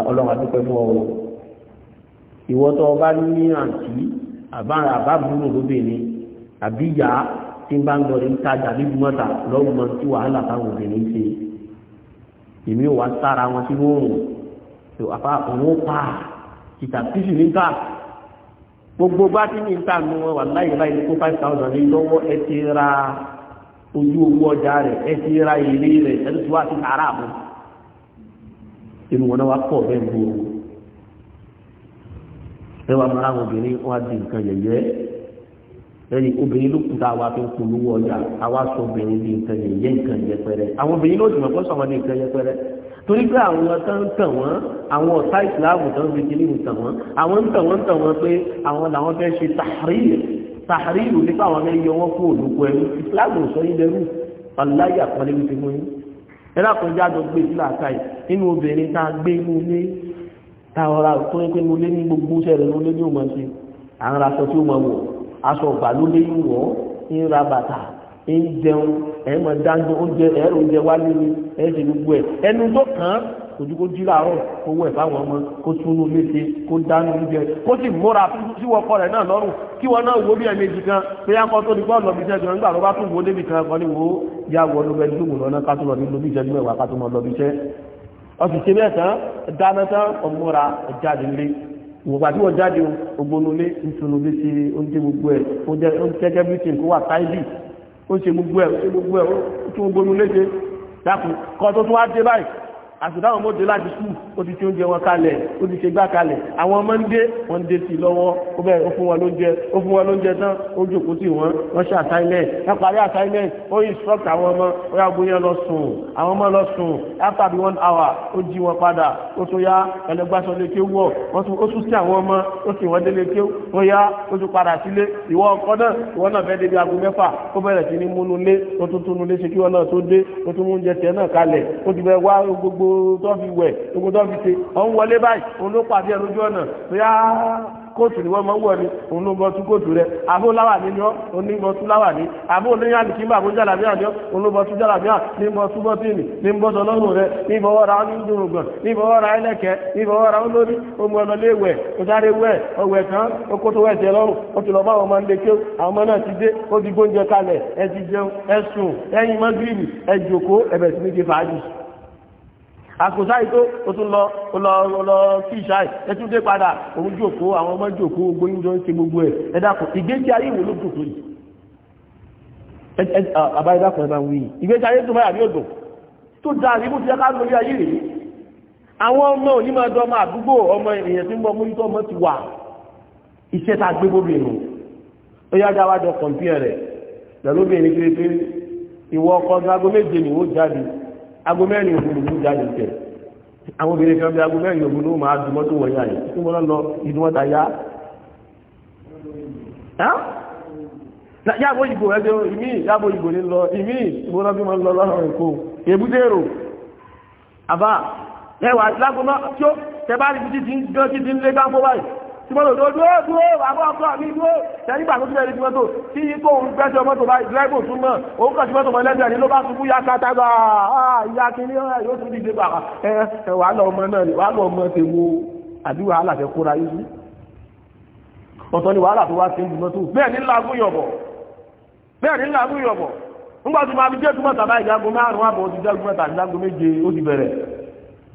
ọlọ́run adúpẹ́ fún ọ ìwọ́tọ̀ ọba ní àǹtí àbá àbá búrò lóbìnrin àbíyá tí n bá ń lọ rí tajà níbi mọ́ta lọ́wọ́ mọ́ tí wàhálà táwọn obìnrin ṣe èmi ò wá sára wọn sí wọ́ọ̀rùn tó àfa òun pa ìtà tíṣù níta gbogbo bá tí mi ń tà nù wọn wà láyé láyé ní kó five thousand ní lọ́wọ́ ẹ ti ra ojú owó ọjà rẹ̀ ẹ ti ra èrè rẹ̀ ẹ ti wá sí ara inú wọn náà wá pọ̀ bẹ́ẹ̀ gbòòrò ẹ wà mọ́ra obìnrin wọn di nǹkan yẹ̀yẹ́ lẹ́yìn obìnrin ló kù tá a wá fi ń polówó a wá sọ obìnrin di nǹkan yẹn yẹ nǹkan yẹpẹrẹ àwọn obìnrin ló dì mọ́ kó sọ wọn di nǹkan yẹpẹrẹ torí pé àwọn tó ń tàn wọ́n àwọn ọ̀tá ìsìláàmù tó ń fi kiri ń tàn wọ́n àwọn ń tàn wọ́n ń tàn wọ́n pé àwọn làwọn fẹ́ ṣe tàhírì tàhírì ìlú nípa àwọn ẹni yọ wọ́n kú òlùkọ ẹrú ìsìláàmù sọ yín lẹ́rú ọ̀láyà kan lè fi mú yín ẹ lákùn jáde gbé sílá àtàì nínú obìnrin tá a gbé inú ilé tá a rọra tó ń pé inú ilé ní gbogbo iṣẹ́ rẹ̀ inú ilé ní òmọ̀ ṣe à ń raṣọ tí ó mọ̀ wọ̀ aṣọ ìgbàlódé ń wọ̀ ń ra bàtà ń jẹun ẹ̀ mọ̀ dájú oúnjẹ ẹ̀ oúnjẹ wálé ni ẹ̀ ṣe gbogbo ẹ̀ ẹnu tó kàn án ojú kó jí láàárọ̀ owó ẹ̀ fáwọn ọmọ kó túnú léṣe kó dánú oúnjẹ kó sì múra sí wọkọ rẹ̀ náà lọ́rùn kí wọn náà wo bí ẹ̀ méjì kan pé akọ tó ní bọ́ọ̀lù ọ̀bí iṣẹ́ jọ nígbà tó bá tún wo débi kan kan ní wo yá wọ ló bẹni lóhùn lọ́nà ká tó lọ ní lóbi ìṣẹ́jú mẹ́wàá ká tó mọ lọ́bi iṣẹ́ ọ̀sì ìwògbà tí wọ́n jáde ògbónulé ìtùnúlé ti oúnjẹ gbogbo ẹ̀ ó jẹ́ gẹ́gẹ́ bí tí n kó wà táìbì ó ṣe gbogbo ẹ̀ ó ṣe gbogbo ẹ̀ ó tún gbónulé ṣe dákun kọ́ tó tún wá dé báyìí àsìkò àwọn ọmọdé láti kú ó ti ti oúnjẹ wọn kalẹ̀ ó ti ṣe gbá kalẹ̀ àwọn ọmọ ń dé wọn ń dé sí i lọ́wọ́ ó bẹ̀rẹ̀ ó fún wọn lóúnjẹ ó fún wọn lóúnjẹ tán ó jókòó sí wọn wọ́n ṣe assignment wọ́n parí assignment ó instruct àwọn ọmọ ó yà gbóyè lọ sùn àwọn ọmọ lọ sùn after the one hour ó jí wọn padà ó tún yá ẹlẹgbàsọ lékè wọ wọ́n tún ó tún sí àwọn ọmọ ó sì wọ́n dé lékè wọ́n yá ó tún padà sílé ìwọ ọkọ náà ìwọ náà fẹ́ débi aago mẹ́fà ó bẹ̀rẹ̀ sí ní múnulé ó tún túnulé ṣe kí wọn náà tó dé ó tún mú oúnjẹ tẹ náà kalẹ̀ ó ti bẹ wá gbogbo tó fi wẹ̀ gbogbo tó fi ṣe ọ̀hún wọlé báyìí òun ló pàdé ẹnu ojú ọ̀nà bóyá kóòtù ni wọ́n máa ń wọ̀ ni òun ló bọ́ tún kóòtù rẹ̀ àbó láwà ní ni ọ́ òun ní bọ́ tún láwà ní àbó oníyàn ní kí n bá àbó jàlá bíà ní ọ́ òun ló bọ́ tún jàlá bíà ní bọ́ tún bọ́ tìǹì ní bọ́ sọ lọ́rùn rẹ̀ ní bọ́wọ́ ra ní dùrùgbọ̀n ní bọ́wọ́ ra ẹlẹ́kẹ́ ní bọ́wọ́ ra olórí ọmọ ọ̀nà lé wẹ̀ ó sáré wẹ̀ ọwẹ̀ kan ó kó tó wẹ̀ tẹ lọ́rùn ó ti lọ bá àwọn ọmọ ilé kéw àwọn ọmọ náà ti dé ó ti gbóúnjẹ kalẹ̀ ẹ ti jẹun ẹ sùn ẹyin mọ́gírìbì ẹ jòkó ẹbẹ̀ sí ní ti fàájì àkùsáì tó o tún lọ lọ lọ sí ìṣáì ẹtú dé padà òun jòkó àwọn ọmọ jòkó gbogbo ìjọ ń ṣe gbogbo ẹ ẹ dákun ìgbésí ayé ìwò ló dùn tó yìí àbáyé dákun ẹ máa ń wí yìí ìgbésí ayé tó báyà ní òdò tó dáa ní ibùsùn ẹ̀ka lórí ayé rèé àwọn ọmọ òní ọmọ àdúgbò ọmọ èèyàn tí ń bọ́ mójútó ọmọ ti wà iṣẹ́ tá gbé bóbi nù ó yá dá wájọ kọ̀ǹpìẹ̀ aago mẹ́rin òfin ló jáde tẹ̀ àwọn obìnrin kan bí aago mẹ́rin òfin ló máa dùn mọ́tò wọ̀nyá yìí tí mo lọ ìdúmọ́ta yá. yàgò ìgbò ẹgbẹ́ ìmí yàgò ìgbò ní lọ ìmí mo lọ bí mo lọ lọ́rọ̀ èkó èbúdérò àbá ẹwà lágbóná tí ó tẹ bá rí títí ń gán títí ń lé gáńfó báyìí tí mo lò dúró dúró dúró àbọ̀ ọkọ mi dúró tẹ́lí gbà tó ti lẹ́ni tí mo tò tí yí tó ń gbẹ́sẹ̀ mọ́tò bá ìdúrẹ́bù tún mọ̀ òun kàn sí mọ́tò mọ́ lẹ́sẹ̀ ni ló bá ṣubú ya kata gbà ìyá kiri yóò tún dìde gbà ẹ ẹ wàá lọ ọmọ náà wàá lọ ọmọ ti wo àbí wàhálà fẹ́ kóra yìí ọ̀tọ̀ ni wàhálà tó wá sí mọ́tò bẹ́ẹ̀ ní làágùn yọ̀bọ̀ bẹ́ẹ̀ ní làágùn yọ̀bọ̀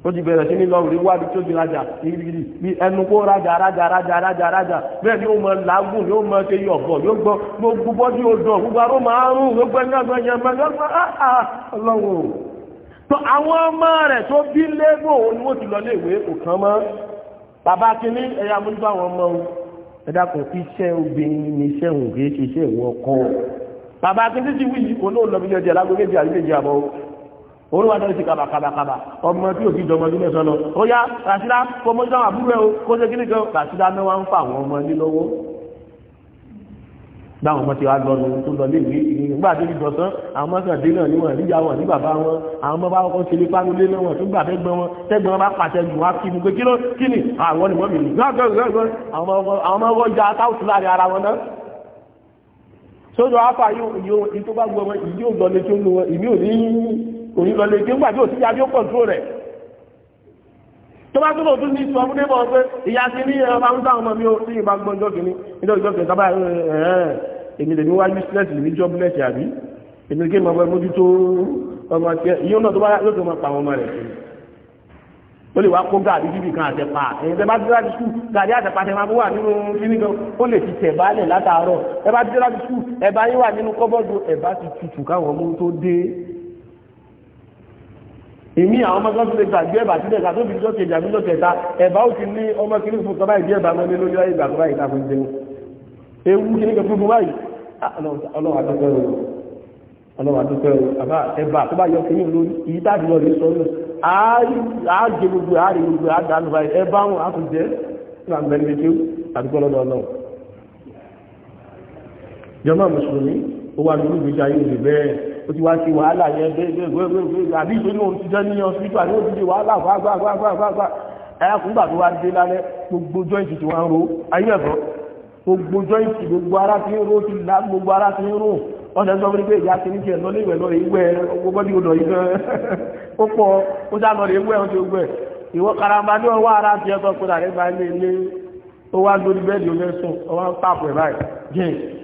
ó ti bẹ̀rẹ̀ sí ní lọ rí wádìí tó ti rajà gidigidi bí ẹnu kó rajà rajà rajà rajà rajà bẹ́ẹ̀ ni ó mọ làágùn ni ó mọ ṣe yí ọ̀bọ̀ yóò gbọ́ gbogbo bọ́dí odò gbogbo aró máa ń rún gbogbo ẹni ọgbọ́n yẹn mọ́ lọ́gbọ́n ah, ah, ọlọ́run tó àwọn ọmọ rẹ̀ tó bí lébò ni wọ́n ti lọ lé ìwé òkan mọ́ bàbá kínní ẹ̀yà mú bá wọn mọ́ ẹ̀dàkùn iṣẹ́ obìnrin ni iṣẹ́ òun kì í ṣe iṣẹ́ ìwọ ọkọ bàbá olúwa tó ń ṣe kàbàkàbàkàbà ọmọ tí òfin jọmọ nílẹ̀ sọ́nà ó yá ràṣídá fọmọ ìjọ àbúrò o kó ṣe kíníkan ràṣídá náà wá ń fa àwọn ọmọ ní lọ́wọ́ báwọn ọmọ ti wá lọ́nu tó lọ lé ìwé ìgbà tó ti dọ̀sán àwọn ọmọ sàn dé náà níwọ̀n níyà wọn ní bàbá wọn àwọn ọmọ bá kọ́kọ́ ṣe lé pánú lé náà wọn tó gbà fẹ́ gbọ́n wọn tẹ́gbọ́n wọn bá pàṣẹ jù wá kí ni pé kí ló kí ni àwọn ni wọ́n mi nì àwọn ọmọ wọn kò ní lọ lè gé ńgbà tí ò sí ya bí ó kọ̀ǹtró rẹ̀ tó bá túbọ̀ tún ní sọ fún débọ̀ pé ìyá ti ní ẹ̀rọ máa ń sáwọn ọmọ mi ó sí ìbá gbọ́n jọ́ kìíní nílò ìjọ kìíní sábà ẹ̀ẹ́n èmi lèmi wá useless lèmi jobless àbí èmi lè gé ìmọ̀ ọmọ mójútó ọmọ tiẹ̀ ìyóò náà tó bá yóò tó máa pa àwọn ọmọ rẹ̀ kiri ó lè wá kó gàdí bíbí kan àtẹ̀pà ẹ̀yìn tẹ́ bá dé láti skul gàdí àtẹ̀pà tẹ́ máa bó wà nínú kíní gan ó lè ti tẹ̀ bálẹ̀ látàárọ̀ ẹ bá dé láti skul ẹ̀bá yín wà nínú kọ́bọ́ọ̀dù ẹ̀bá ti tutù káwọn ọmọ tó dé ìmí àwọn ọmọ kan tó lè gbàgbé ẹ̀bà sílẹ̀ ká tó fi jọ́ kejì àbí lọ́kẹta ẹ̀bà ó ti ní ọmọ kiri fún kọba ìdí ẹ̀bà mọ́lé lórí ayé ìgbà kọba ìta fún jẹun ewu kiri kan fún báyìí ọlọ́wà tó fẹ́ o ọlọ́wà tó fẹ́ o àbá ẹ̀bà tó bá yọ kiri lórí ìyí táàbí lọ rí sọ nù àájẹ gbogbo àárẹ gbogbo àdánù báyìí ẹ̀bà wọn á tún jẹ ìlànà ó wà nínú ìgbésí ayé rẹ̀ bẹ́ẹ̀ ó ti wá sí wàhálà yẹn bẹ́ẹ̀ àbí ìṣe náà ti jẹ́ ní ọsibítù àbí ó ti di wàhálà gbàgbàgbàgbà ẹ̀yà fún ìgbà tó wá dé lálẹ́ gbogbo jọ́ìntì tí wọ́n ń ro ayé ẹ̀fọ́ gbogbo jọ́ìntì gbogbo ara ti ń ro ti là gbogbo ara ti ń rò wọ́n tẹ́ sọ fún mi pé ìyá ti ní tiẹ̀ ìwẹ̀ ìwẹ̀ ìwẹ̀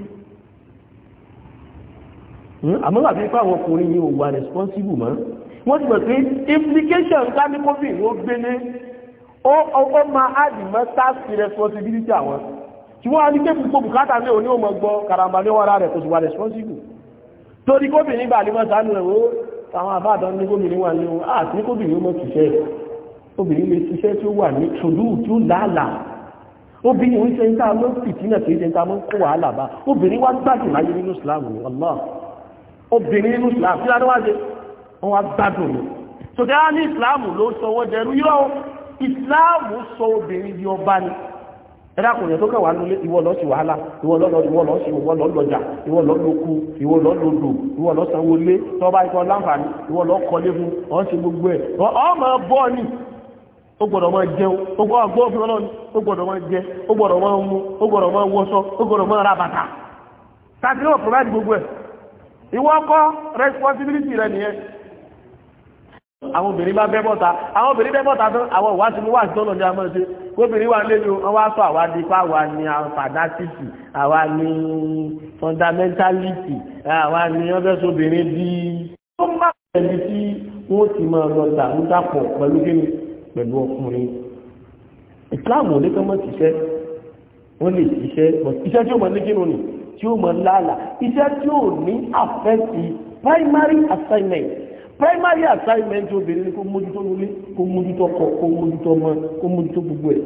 Hmm? àmọ́ àti ipá àwọn ọkùnrin yìí ò wà responsible mọ́ wọ́n ti mọ̀ pé implication ká ní covid ó gbélé ọkọ̀ máa àdìmọ́ tax responsibility àwọn tí wọ́n á ní kéèkù gbogbo bùkátà ní òní òmọ̀ gbọ́ karamba ní wọ́n ara rẹ̀ kò sì wà responsible torí covid nígbà àdìmọ́ sánú rẹ̀ ó àwọn àbáàdán ní gómìnà wà ní ohun àti ní gómìnà mọ́ ṣiṣẹ́ obìnrin lè ṣiṣẹ́ tí ó wà ní ṣòlú tí ó làálàá obìnrin ń ṣe ń tá a mọ́ fìtínà kì í ṣe ń tá a mọ́ kó wàhálà bá obìnrin wá gbàdùn láyé nínú Islam ni Allah obìnrin inú islam kí ládọ́wà ṣe wọ́n wá gbádùn mi sọ̀tẹ́ á ní islam ló sọ wọ́n dẹrú yọ́ islam sọ obìnrin di ọba ni ẹ̀dàkùnrin tó kẹwàá lólé ìwọ lọ sí wàhálà ìwọ lọ ìwọ lọ sí ìwọ lọ lọjà ìwọ lọ lóku ìwọ lọ lòdò ìwọ lọ sanwó lé tọba ikọ láǹfààní ìwọ lọ kọlé fún ọ̀n sí gbogbo ẹ̀ ọmọ bọ́ ni ó gbọ́dọ̀ máa jẹun ó gbọ́ ọgbọ́ òfin ọlọ́ni ó gbọ́dọ̀ máa jẹ ó gbọ́dọ̀ máa mu ó gbọ́dọ̀ máa wọṣọ ó gbọ́dọ̀ máa ra bàtà tàbí ó provide gbogbo ẹ̀ ìwọ kọ́ responsibility rẹ nìyẹn àwọn obìnrin bá bẹ́ bọ́ta àwọn obìnrin bẹ́ bọ́ta tán àwọn ìwá tí mo wà sí tọ́lọ̀ ní amọ́ ṣe kóbìnrin wà lẹ́yìn wọn wá sọ àwa di fáwa ni fàdásìtì àwa ni fundamentality àwa ni ọbẹ̀sọ obìnrin bí ó má ẹni tí wọ́n ti máa lọ dàrúdàpọ̀ pẹ̀lú kíni pẹ̀lú ọkùnrin Islam ò ní kọ́ wọ́n lè ṣiṣẹ́ iṣẹ́ tí ó mọ̀ ní kí tí ó mọ̀ láàlà iṣẹ́ tí ó ní àfẹ́sì primary assignment primary assignment obìnrin ni kó mójútó nílé kó mójútó ọkọ kó mójútó ọmọ kó mójútó gbogbo ẹ̀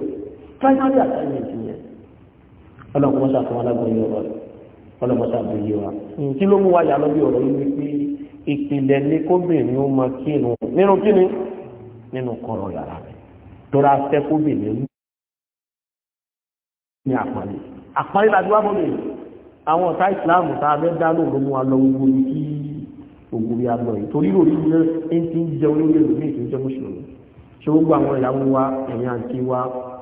primary assignment yẹn ọlọ́mọṣà fún alágbóyè ọ̀rọ̀ rẹ̀ ọlọ́mọṣà bò yé wa tí ló mú wa yà lọ́bí ọ̀rọ̀ yìí pé ìpìlẹ̀ ni kóbìnrin ó máa kírun nínú kíni nínú kọ̀rọ̀ yàrá rẹ̀ tóra fẹ́ kóbìnrin ní àpọ́nlé àpọ́nlé làdúrà mọ́bìnrin àwọn ọ̀tá ìsìláàmù tá a fẹ́ dá lóòrùn mú wa lọ gbogbo ní kí ògùnrí àgbọ̀ yìí torí lórí ilé ń ti ń jẹ olóyè lómi ìtún jẹ́ mùsùlùmí ṣé gbogbo àwọn ìyàwó wa ẹ̀yin àǹtí wa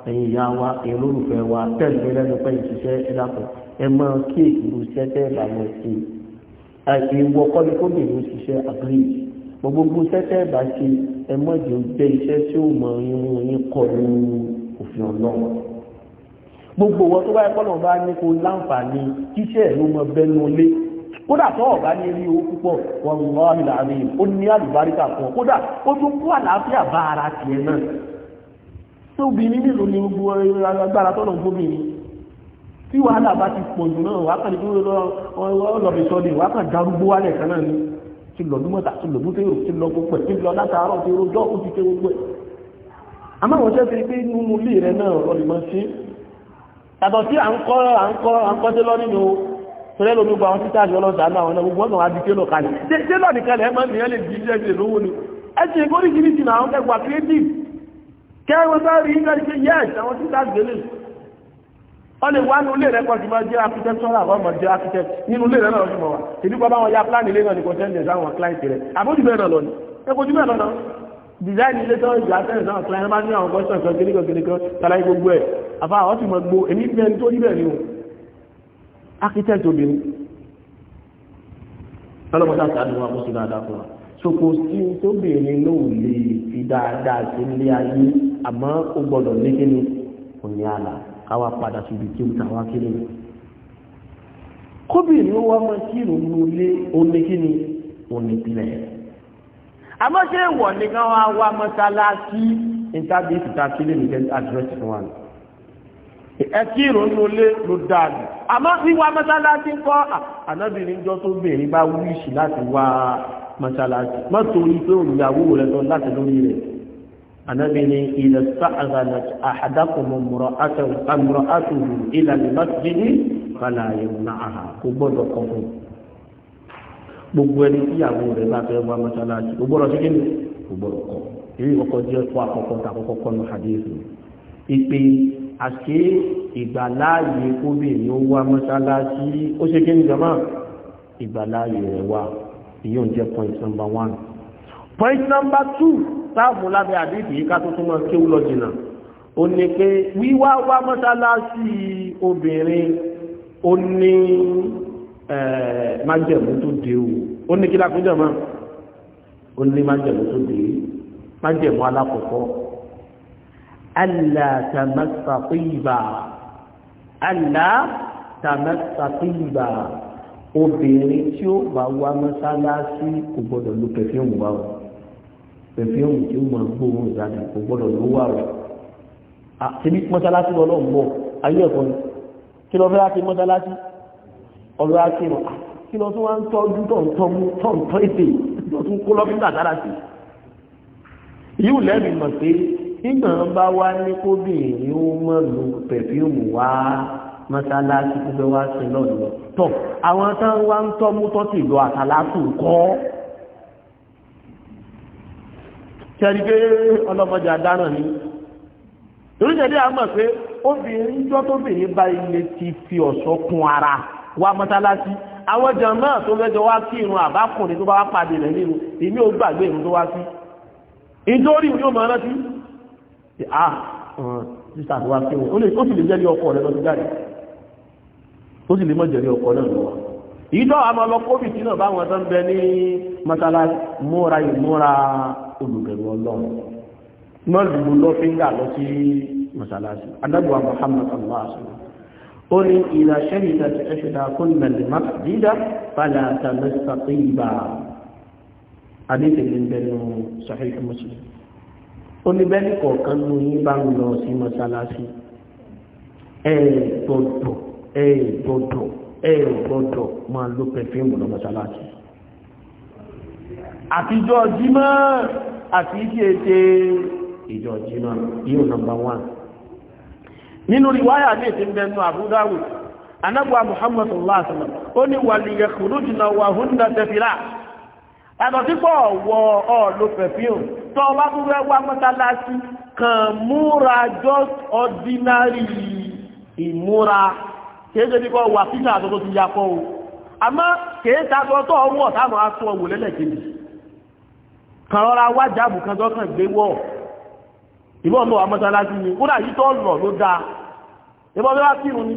ẹ̀yin ìyá wa ẹ̀yin olólùfẹ́ wa tẹ̀lé lẹ́nu pẹ́ ìṣiṣẹ́ ẹ̀dàpọ̀ ẹ mọ kéèkì ló ṣiṣẹ́ tẹ́ ìbàmọ̀ sí i ìwọ kọ́ni kó lè ló ṣiṣẹ́ àgbèrè gbogbo sẹ́tẹ́ ìbá ṣe ẹ mọ̀ jẹ́ iṣẹ́ tí ó mọ irun yín kọ́ ní òfin ọlọ́run gbogbo wọn tó wáyé kọ́lọ̀ bá ní kó láǹfààní kíṣẹ́ ló mọ bẹnu lé kódà tó ọ̀bá ní rí owó púpọ̀ wọn lọ́ àmìlà àmì ó ní àlùbáríkà fún kódà ó tún kú àlàáfíà bá ara tiẹ̀ náà tó obìnrin nílò ní gbogbo agbára tó lọ gbóbìnrin tí wàhálà bá ti pọ̀ jù náà wàá kàn ní kí wọ́n lọ fi sọ́ọ̀dì wàá kàn darúgbó wálẹ̀ kan náà ni ti lọ lúmọ̀tà ti lọ lútẹ́rò ti lọ gbogbo ẹ̀ ti lọ látàárọ̀ ti rojọ́ ó ti tẹ gbogbo ẹ̀ àmọ́ àwọn ṣẹ́ fi pé nínú ilé rẹ náà ọ̀rọ̀ ìmọ̀ sí yàtọ̀ sí à ń kọ́ à ń kọ́ à ń kọ́ télọ̀ nínú tẹ́lẹ̀ lómi gba àwọn títà àti ọlọ́sàánú àwọn ọmọ gbọ́dọ̀ wá di télọ̀ kalẹ̀ télọ̀ nìkan lẹ́ẹ̀ máa nìyẹn lè di iṣẹ́ ìṣẹ́ lówó ni ẹ̀sìn ìgbórí kìíní ti nà àwọn kẹgbà creative kẹwọn sáré rí nígbà ṣe yes àwọn títà gbélé wọ́n lè wá ní ilé rẹ̀ kọ́ sí máa jẹ́ architect sọ́ra àwọn ọmọ jẹ́ architect nínú ilé rẹ̀ náà lọ́sùn mọ́ wa ìdí design ilé tó ìgbà tẹ́lẹ̀ náà client bá ní àwọn question kan kiri kan kiri kan tàlàyé gbogbo ẹ̀ àfa àwọn ti mọ̀ gbó èmi fi ẹni tó rí ni o architect obìnrin ọlọ́mọdé àti àdúrà kó sí dáadáa fún wa soko tí tó bèèrè lóò lè fi dáadáa sí ilé ayé àmọ́ ó gbọ́dọ̀ ní kíni kò ní àlà káwa padà síbi tí ó ta wá kíni kóbìnrin ó wá mọ́ kírun ní ilé ó ní kíni ó ní ìpìlẹ̀ àmọ́ ṣé wọ̀ nìkan wá wá mọ́sálásí interview ta kílé nìkan address wọn ni ẹtí ìrònú lé ló dáadì àmọ́ wíwá mọ́sálásí kọ́ ànábìnrin jọ tó bèèrè bá wíṣì láti wá mọ́sálásí mọ́tò orí pé olùyàwó rẹ̀ lọ láti lórí rẹ̀ ànábìnrin ilẹ̀ sáàzànà àdákùnmọ̀ mọ̀rọ̀ àtùrù ilẹ̀ lè ní kàlàyé náà kò gbọ́dọ̀ kọ̀ọ̀kan gbogbo ẹni tíyàwó rẹ̀ bá fẹ́ wá mọ́sálásí kò gbọ́dọ̀ sí kíni kò gbọ́dọ̀ kọ́ èyí kọ́kọ́ jẹ́ kó àkọ́kọ́ tá àkọ́kọ́ kọ́ nu hadith ìpè àṣé ìgbàláàyè kóbìnrin ó wá mọ́sálásí ó ṣe kíni jama ìgbàláàyè rẹ̀ wá èyí ń jẹ́ point number one point number two táàbù lábẹ́ àdéhìí ká tó tún mọ́ kéwú lọ jìnnà ó ní pé wíwá wá mọ́sálásí obìnrin ó ní. Eh, májẹ̀mú tó dé o ó ní kí lákúnjọ mọ́ ó ní májẹ̀mú tó dé májẹ̀mú alákọ̀ọ́kọ́ alátàmẹ́sàkìyìbà alátàmẹ́sàkìyìbà obìnrin tí ó bá wá mọ́sálásí kò gbọ́dọ̀ lo pẹ̀fíọ̀mù wa o pẹ̀fíọ̀mù tí ó máa gbóhùn ìdáná kò gbọ́dọ̀ ló wà o àti ah, bí mọ́sálásí lọ́lọ́ ń bọ̀ ayé ẹ̀kọ́ ni kí lọ́ fẹ́ láti mọ́sálásí ọ̀rọ̀ akínú kí ah, lọ tún wá ń tọ́jú tọ̀ǹtọ̀ ètè lọ tún kó lọ́fíńdà dára sí yíò lẹ́nu mọ̀ pé nígbà bá wá ní kóbìnrin ó mọ̀ lu pẹ̀fíùmù wá mọ́sálásí tó fẹ́ wá sí lọ́dọ̀ tọ̀ àwọn tán wá ń tọ́ mú tọ́sí lọ àtàlásù kọ́ tẹ́lí pé ọlọ́mọdé adáràn ni torí tẹ́lí àwọn mọ̀ pé obìnrin jọ́ tóbìnrin bá ilé ti fi ọ̀ṣọ́ kún ara wá mọ́sálásí àwọn jàmá tó mẹ́jọ wá sí irun àbákùnrin tó bá wá pàdé rẹ̀ nínú èmi ò gbàgbé irun tó wá sí ìdórí yóò máa rántí a sísà tó wá sí wọn ó sì lè jẹ́rí ọkọ rẹ̀ lọ́dún jáde ó sì lè mọ́ jẹ́rí ọkọ náà lọ́wọ́ ìdọ́ àmọ́ lọ kóbìtì náà báwọn tó ń bẹ ní mọ́sálásí múra ìmúra olùbẹ̀rù ọlọ́run mọ́lùmú lọ́fíńgà lọ sí mọ́sálásí adágbà ó ní ìlà ṣẹ́yìnà tí ẹ ṣẹ̀dá fún mẹ́lì masjida fàlà tàbẹ́sà tó ìbà adéfèlè ń bẹnu sahih muslim ó ní bẹ́ẹ̀ni kọ̀ọ̀kan ní yín bá ń lọ sí mọ́sálásí ẹ gbọ́dọ̀ ẹ gbọ́dọ̀ ẹ gbọ́dọ̀ máa ló pẹ̀fíìmù lọ mọ́sálásí àtijọ́ jímọ̀ àti ìṣe ìṣe ìjọ jímọ̀ yíò nọmba one nínú riwaya ní ìfín bẹnu àbúdáwò anábọ̀ muhammad ó ní wà lè khurujna wa hunna tẹ̀fìlà wọ ọ pẹ̀fíùn tó bá tún wá just ordinary ìmúra kìí wà fíjà àtọ́tọ́ ti yakọ́ o àmọ́ kìí ṣàtọ́ tó ìbọn lọ amọ́sálásí ni kódà yìí tó lọ ló dáa ìbọn lọ́wọ́ kírun ni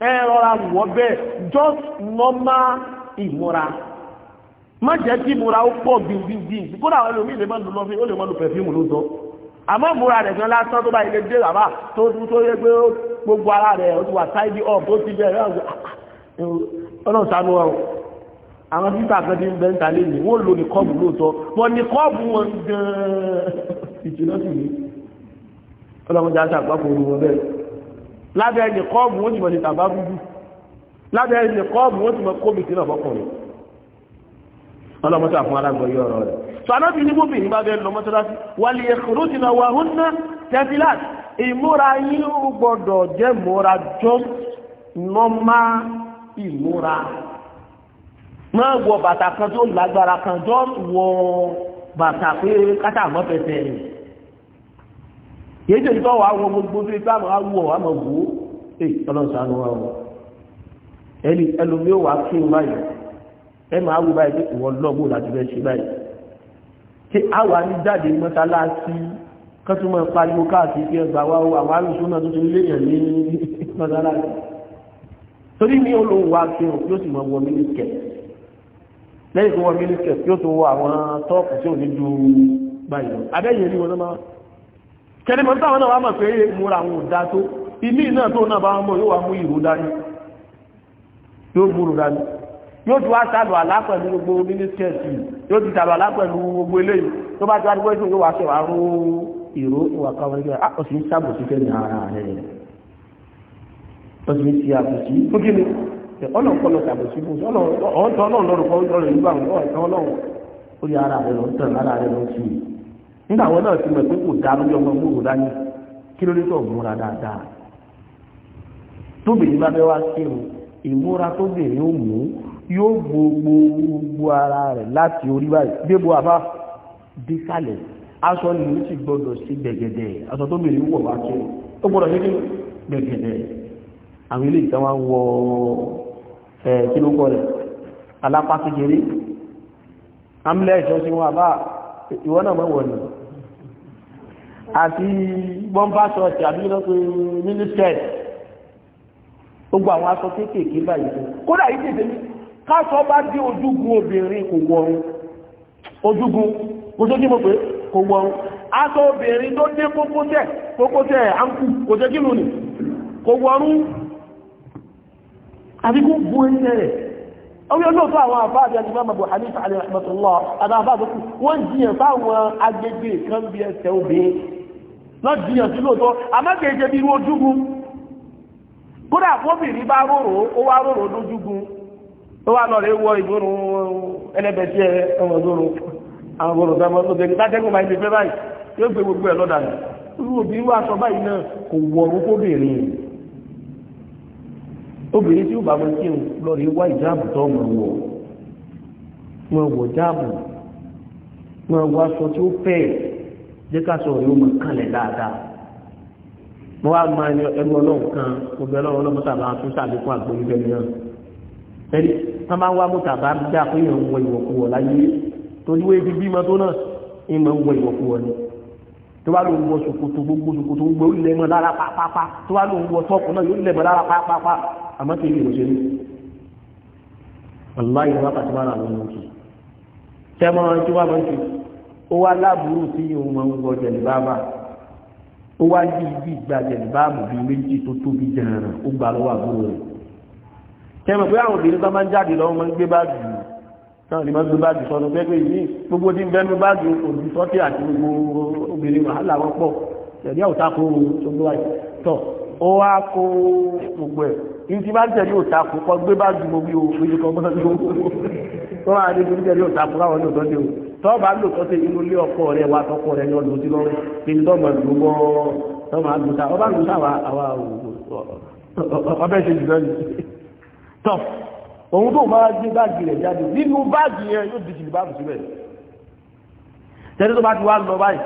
ẹ rọra wọ́ bẹ́ẹ̀ just normal ìmúra má jẹ́ kí ìmúra ó pọ̀ bíbí kódà ẹlòmíì lè má lò lọ́fíì ó lè má lò pẹ̀fíìmù ló sọ àmọ́ múra rẹ̀ gan lásán tó bá ilé dé bàbá tó tó yẹ pé gbogbo ara rẹ̀ ó ti wà tidy up tó ti bẹ̀rẹ̀ ah, ah, eh, ọlọ́run sanu wa àwọn títà kan ti ń bẹ́ ń ta lé ní wọ́n lò ní kọ́ọ̀bù lóòótọ́ wọ́n ní kọ́ọ̀bù wọn gan-an ìtìlọ́sì yìí ọlọ́mọdé aṣọ àgbákò orí wọn bẹ́ẹ̀ lábẹ́ ẹni kọ́ọ̀bù wọ́n ti mọ̀ ní tàbá búbú lábẹ́ ẹni kọ́ọ̀bù wọ́n ti mọ̀ kóbi sí ọ̀bọ̀kùnrin ọlọ́mọdé àfún alágbọ̀ yọ ọ̀rọ̀ rẹ̀ sànọ́bì ní bóbi ní bá bẹ́ẹ̀ lọ mọ́sálásí wàlì ẹ̀kúrú ti nà wà hún ná tẹ́fílàt ìmúra yín gbọ́dọ̀ jẹ́ múra jọ nọ́mà ìmúra máa wọ bàtà kan tó lágbára kan jọ wọ bàtà pé kátà mọ́ fẹsẹ̀ rẹ̀ kìí ṣe ìtọ́ wa wọ gbogbo tó ipá àmọ́ awọ àmọ́ wò ó ẹ ọlọ́sàn-án wa wọ ẹni ẹlòmí ó wà kí n báyìí ẹ máa wọ báyìí pé ìwọ lọ́gbọ́ láti fẹ́ ṣe báyìí kí àwa ní jáde mọ́sálásí kọ́túmọ̀ pariwo káàkiri pé ẹgbà wa ó àwọn arúgbó náà tó ti lé yàn ní mọ́sálásí torí mi ò lò wá kí n yóò sì mọ wọ mílíkẹ̀ lẹ́yìn tó wọ mílíkẹ̀ yóò tó wọ àwọn tọ́ọ̀pù tí ò ní ju báyìí lọ abẹ́yẹ̀ ni wọn náà kẹrìmọ̀ táwọn náà wá mọ̀ pé múra àwọn òdá tó ilé náà tó náà bá wọn mọ̀ yóò wá mú ìró dání yóò múrò dání yóò ti wá sálù àlá pẹ̀lú gbogbo mínísítẹ̀sì yóò ti sálù àlá pẹ̀lú gbogbo eléyìí tó bá ti wá dúpẹ́ tó yóò wá ṣẹ̀wá rú ìró ìwà káwọn ẹgbẹ́ ah ọ̀sìn sábòsí fẹ́ ní ara rẹ̀ ọ̀sìn ti àbòsí fún kí ni ọlọ́ọ̀kọlọ sàbòsí fún ọlọ́ọ̀ nígbà wọn náà ti mọ̀ pé kò dá lórí ọmọ múrò dání kí ló ní tó múra dáadáa tóbìnrin bá bẹ́ wá kírun ìmúra tóbìnrin ó mú yóò gbogbo gbogbo ara rẹ̀ láti orí báyìí débò àbá dísàlẹ̀ aṣọ ni ó sì gbọdọ̀ sí gbẹ̀gẹ̀dẹ̀ aṣọ tóbìnrin wọ̀ wá kírun ó gbọdọ̀ sí gbẹ̀gẹ̀dẹ̀ àwọn ilé ìtàn wá ń wọ ẹ̀ kí ló kọ́ rẹ̀ alápá kékeré amílẹ̀ ìjọsìn wọn àbá ìwọ náà mọ̀ wọ̀nyí àti bọ́mbà ṣọ́ọ̀tì àbí lọ́pẹ́ mínísítẹ̀t gbogbo àwọn aṣọ kéékèèké báyìí fún kódà yìí tètè káṣọ bá dé ojúgun obìnrin kò wọrun ojúgun kò tó kí mo pé kò wọrun aṣọ obìnrin tó dé kókósẹ̀ kókósẹ̀ àǹkù kò tó kí lónìí kò wọrun àbí kó bu ẹsẹ̀ rẹ̀ àwọn olóòtú àwọn àbáàdì alimami abu hanifa alayhi rahmatullah àti àbáàdì kù wọ́n jiyàn fáwọn agbègbè kan bí ẹsẹ̀ obìnrin lọ́ọ́ jiyàn sí lóòótọ́ àmọ́kèéjẹ bí irú ojúgun kódà fóbìnrin bá róró ó wá róró lójúgun ó wá lọ rẹ wọ ìgbórun ẹlẹ́bẹ̀tì ọmọdóró àwọn ọmọdóró sọmọ tó tẹ̀lé tátẹ́gùn máa ń gbé báyìí yóò gbé gbogbo ẹ̀ lọ́dà ní irú obìnrin wà sọ báyìí náà kò wọ̀rú fóbìnrin obìnrin tí ó bá wọn kí n lọ rí wá ìjáàbù tó mọ̀ wọ̀ wọn wọ̀ jáàbù wọn wọ aṣọ tí ó fẹ́ jẹ́ ká sọ ìwé ọmọ kanlẹ̀ dáadáa mo wá máa ní ẹnu ọlọ́run kan mo bẹ ọlọ́run ọlọ́run mọ́tà bá tún sàlékún àgbóyún bẹ́ẹ̀ náà ẹni wọ́n bá ń wá mọ́tà bá dá pé èèyàn ń wọ ìwọ̀kuwọ̀ láyé torí wọ́n ebi bímọ tó náà ń mọ̀ ń wọ ìwọ̀kuwọ̀ ni tó bá lóun wọ ṣòkòtò gbogbo ṣòkòtò gbogbo yóò lẹ́mọ̀ lára pápápá tó bá lóun wọ tọ́pù náà yóò lẹ́mọ̀ lára pápápá àmọ́ tó yẹ ìròṣèlú aláì wákàtí máa làwọn ohun kì í tẹ́mọ́ tí wọ́n máa ń kì í ó wá láàbùrù tí òun máa ń wọ jẹ̀lìbáàmà ó wá yí ibi ìgbà jẹ̀lìbáàmù bíi méjì tó tóbi jẹ̀ràn ó gbà lọ́wọ́ àbúrò rẹ̀ tẹ́mọ̀ pé àwọn obìnrin náà ni wọ́n gbé báàgì sọ́nu pẹ́pẹ́ yìí gbogbo tí ń bẹ́nu báàgì òbí sọ́tì àti gbogbo obìnrin wàhálà wọn pọ̀ tẹ̀lé òtakò ṣogbó àyè tọ̀ ó wá kó gbogbo ẹ̀ ní ti bá ń tẹ̀lé òtakò kọ́ gbé báàgì gbogbo o gbèjì kan bọ́sọ́ gbogbo tó wà ní ìdílé tẹ̀lé òtakò káwọn ní òtọ́jú tọ́ bá lò tọ́ sí inú ilé ọkọ rẹ̀ wá tọkọ rẹ̀ ní ọdún tí lọ́rẹ́ kí n tọ́mọ̀ gbogbo tọ́mọ̀ àgùntà ọba àgùntà àwa ọbẹ̀ ṣe jù tọ́ òun tó máa gbé báàgì rẹ̀ jáde nínú báàgì yẹn yóò di jìlì báàgì síbẹ̀ tẹ́lẹ̀ tó bá ti wá lọ báyìí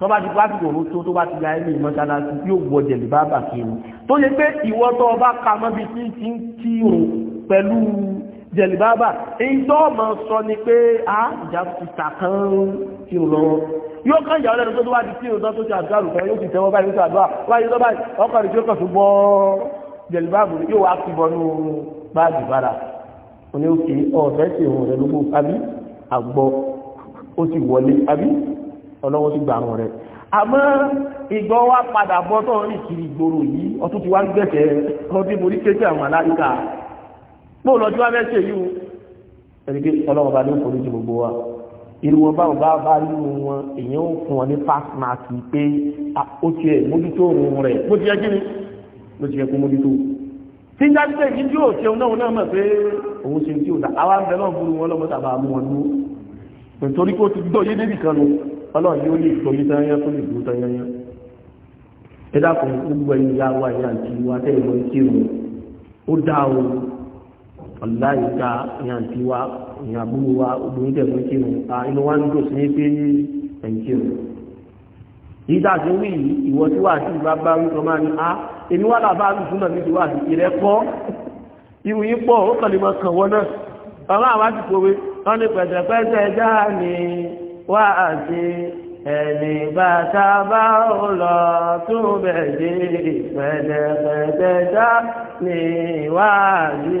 tó bá ti pásítọ̀ òru tó tó bá ti ya ẹni ìmọ̀ṣáláṣí yóò wọ jẹ̀lì báàbà kírun tó ṣe pé ìwọ tó ọba ka mọ́bi tí ti ń kírun pẹ̀lú jẹ̀lì báàbà èyí tó ọmọ sọ ni pé a ìjà ti ta kan kírun lọ́wọ́ yóò kàn yà ọ́ lẹ́nu tó tó bá ti kírun tó tó ti àgbàlù kan yóò ti tẹ́wọ́ báyìí yóò ti àdúrà wáyé tó báyìí ọkọ̀ rẹ̀ tí kàn tó bọ́ jẹ̀lì báàbà yóò wá kí bọ́nú báàgì bára ó ní òkè ọ̀fẹ́ sí òun rẹ̀ lógún àbí àgbọ̀ ó ti wọlé àbí ọlọ́wọ́ ti gbà rẹ̀ àmọ́ ìgbọ́ wa padà bọ́ tó ń rìn kiri ìgboro yìí ọtún ti wá ń gbẹ̀tẹ̀ ọdún mo rí kéjì àwọn aláríkà pé òlọ́jú wa mẹ́sẹ̀ yìí ẹ̀rígbé ọlọ́wọ́ bá ní òfòrí ju gbogbo wa irú wọn báwọn bá bá rí wọn èèyàn ó fún wọn ní fásitì pé ah, ó tiẹ̀ mójútó òun rẹ̀ bó ti yẹ kí ni bó ti yẹ kó mójútó òun tí ń dájú pé yìí tí ó ṣeun náà náà mọ̀ pé òun ṣe tí ó dá àwọn abẹ náà burú wọn lọ́mọ tàbá mú wọn dúró nítorí kó ti gbọ́ yé débì kan nu ọlọ́run yóò lè gbọ́ yé tányán tó lè dúró tányán yán ẹ dákun gbogbo ẹni ìyá wa ìyá àti wa tẹ́ ìmọ̀ ìṣe wọn ó dá o ọ̀la ìta ìyá àti wa ìyá àbúrò wa obìnrin tẹ̀ mọ́ ìṣe wọn a inú wa ń dùn sí ní pé ẹ̀ǹṣe wọn. ìdá àti wí ìwọ tí wàá sí ìbá bá wí èmi wà láàbá àlùsùn náà níbi wà ìrẹ́pọ̀ ìwòyìn pọ̀ ó kàn lè mọ kàn wọ́n náà bàbá àwọn àti kòwe wọ́n ní pẹ̀tẹ̀pẹ̀tẹ̀ já ní wá àti ẹ̀mí bàtà bá ó lọ tún bẹ̀jẹ̀ pẹ̀tẹ̀pẹ̀tẹ̀ já ní wá àti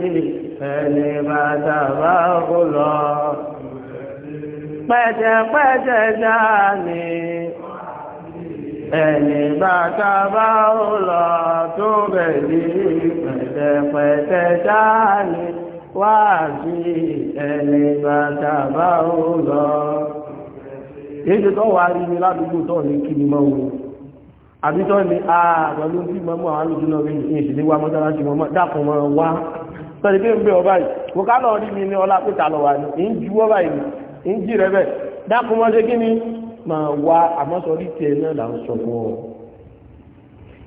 ẹ̀mí bàtà bá ó lọ pẹ̀tẹ̀pẹ̀tẹ̀ já ní ẹni bàtà bá ó lọ tó bẹ̀bí pẹ̀tẹ̀pẹ̀tẹ̀ sáàni wá sí ẹni bàtà bá ó lọ. èyí tó wà rí mi ládùúgbò tó ní kí ni mọ́ o àbí tó ní ààbọ̀ ló bí mọ́mọ́ àwọn àlùjọ náà rí ní ìṣẹ̀lẹ̀ wa mọ́sálásí mọ́mọ́ dákun mọ́ wá. sọ̀rọ̀ pé ń bẹ ọba yìí kò ká lọ rí mi ní ọlá pé ta lọ wà ní ń ọba yìí ń rẹ bẹ́ẹ̀ dákun mọ́ ṣe kí ni máa wá àmọ́sọ̀rí tiẹ̀ náà là ń sọ fún ọ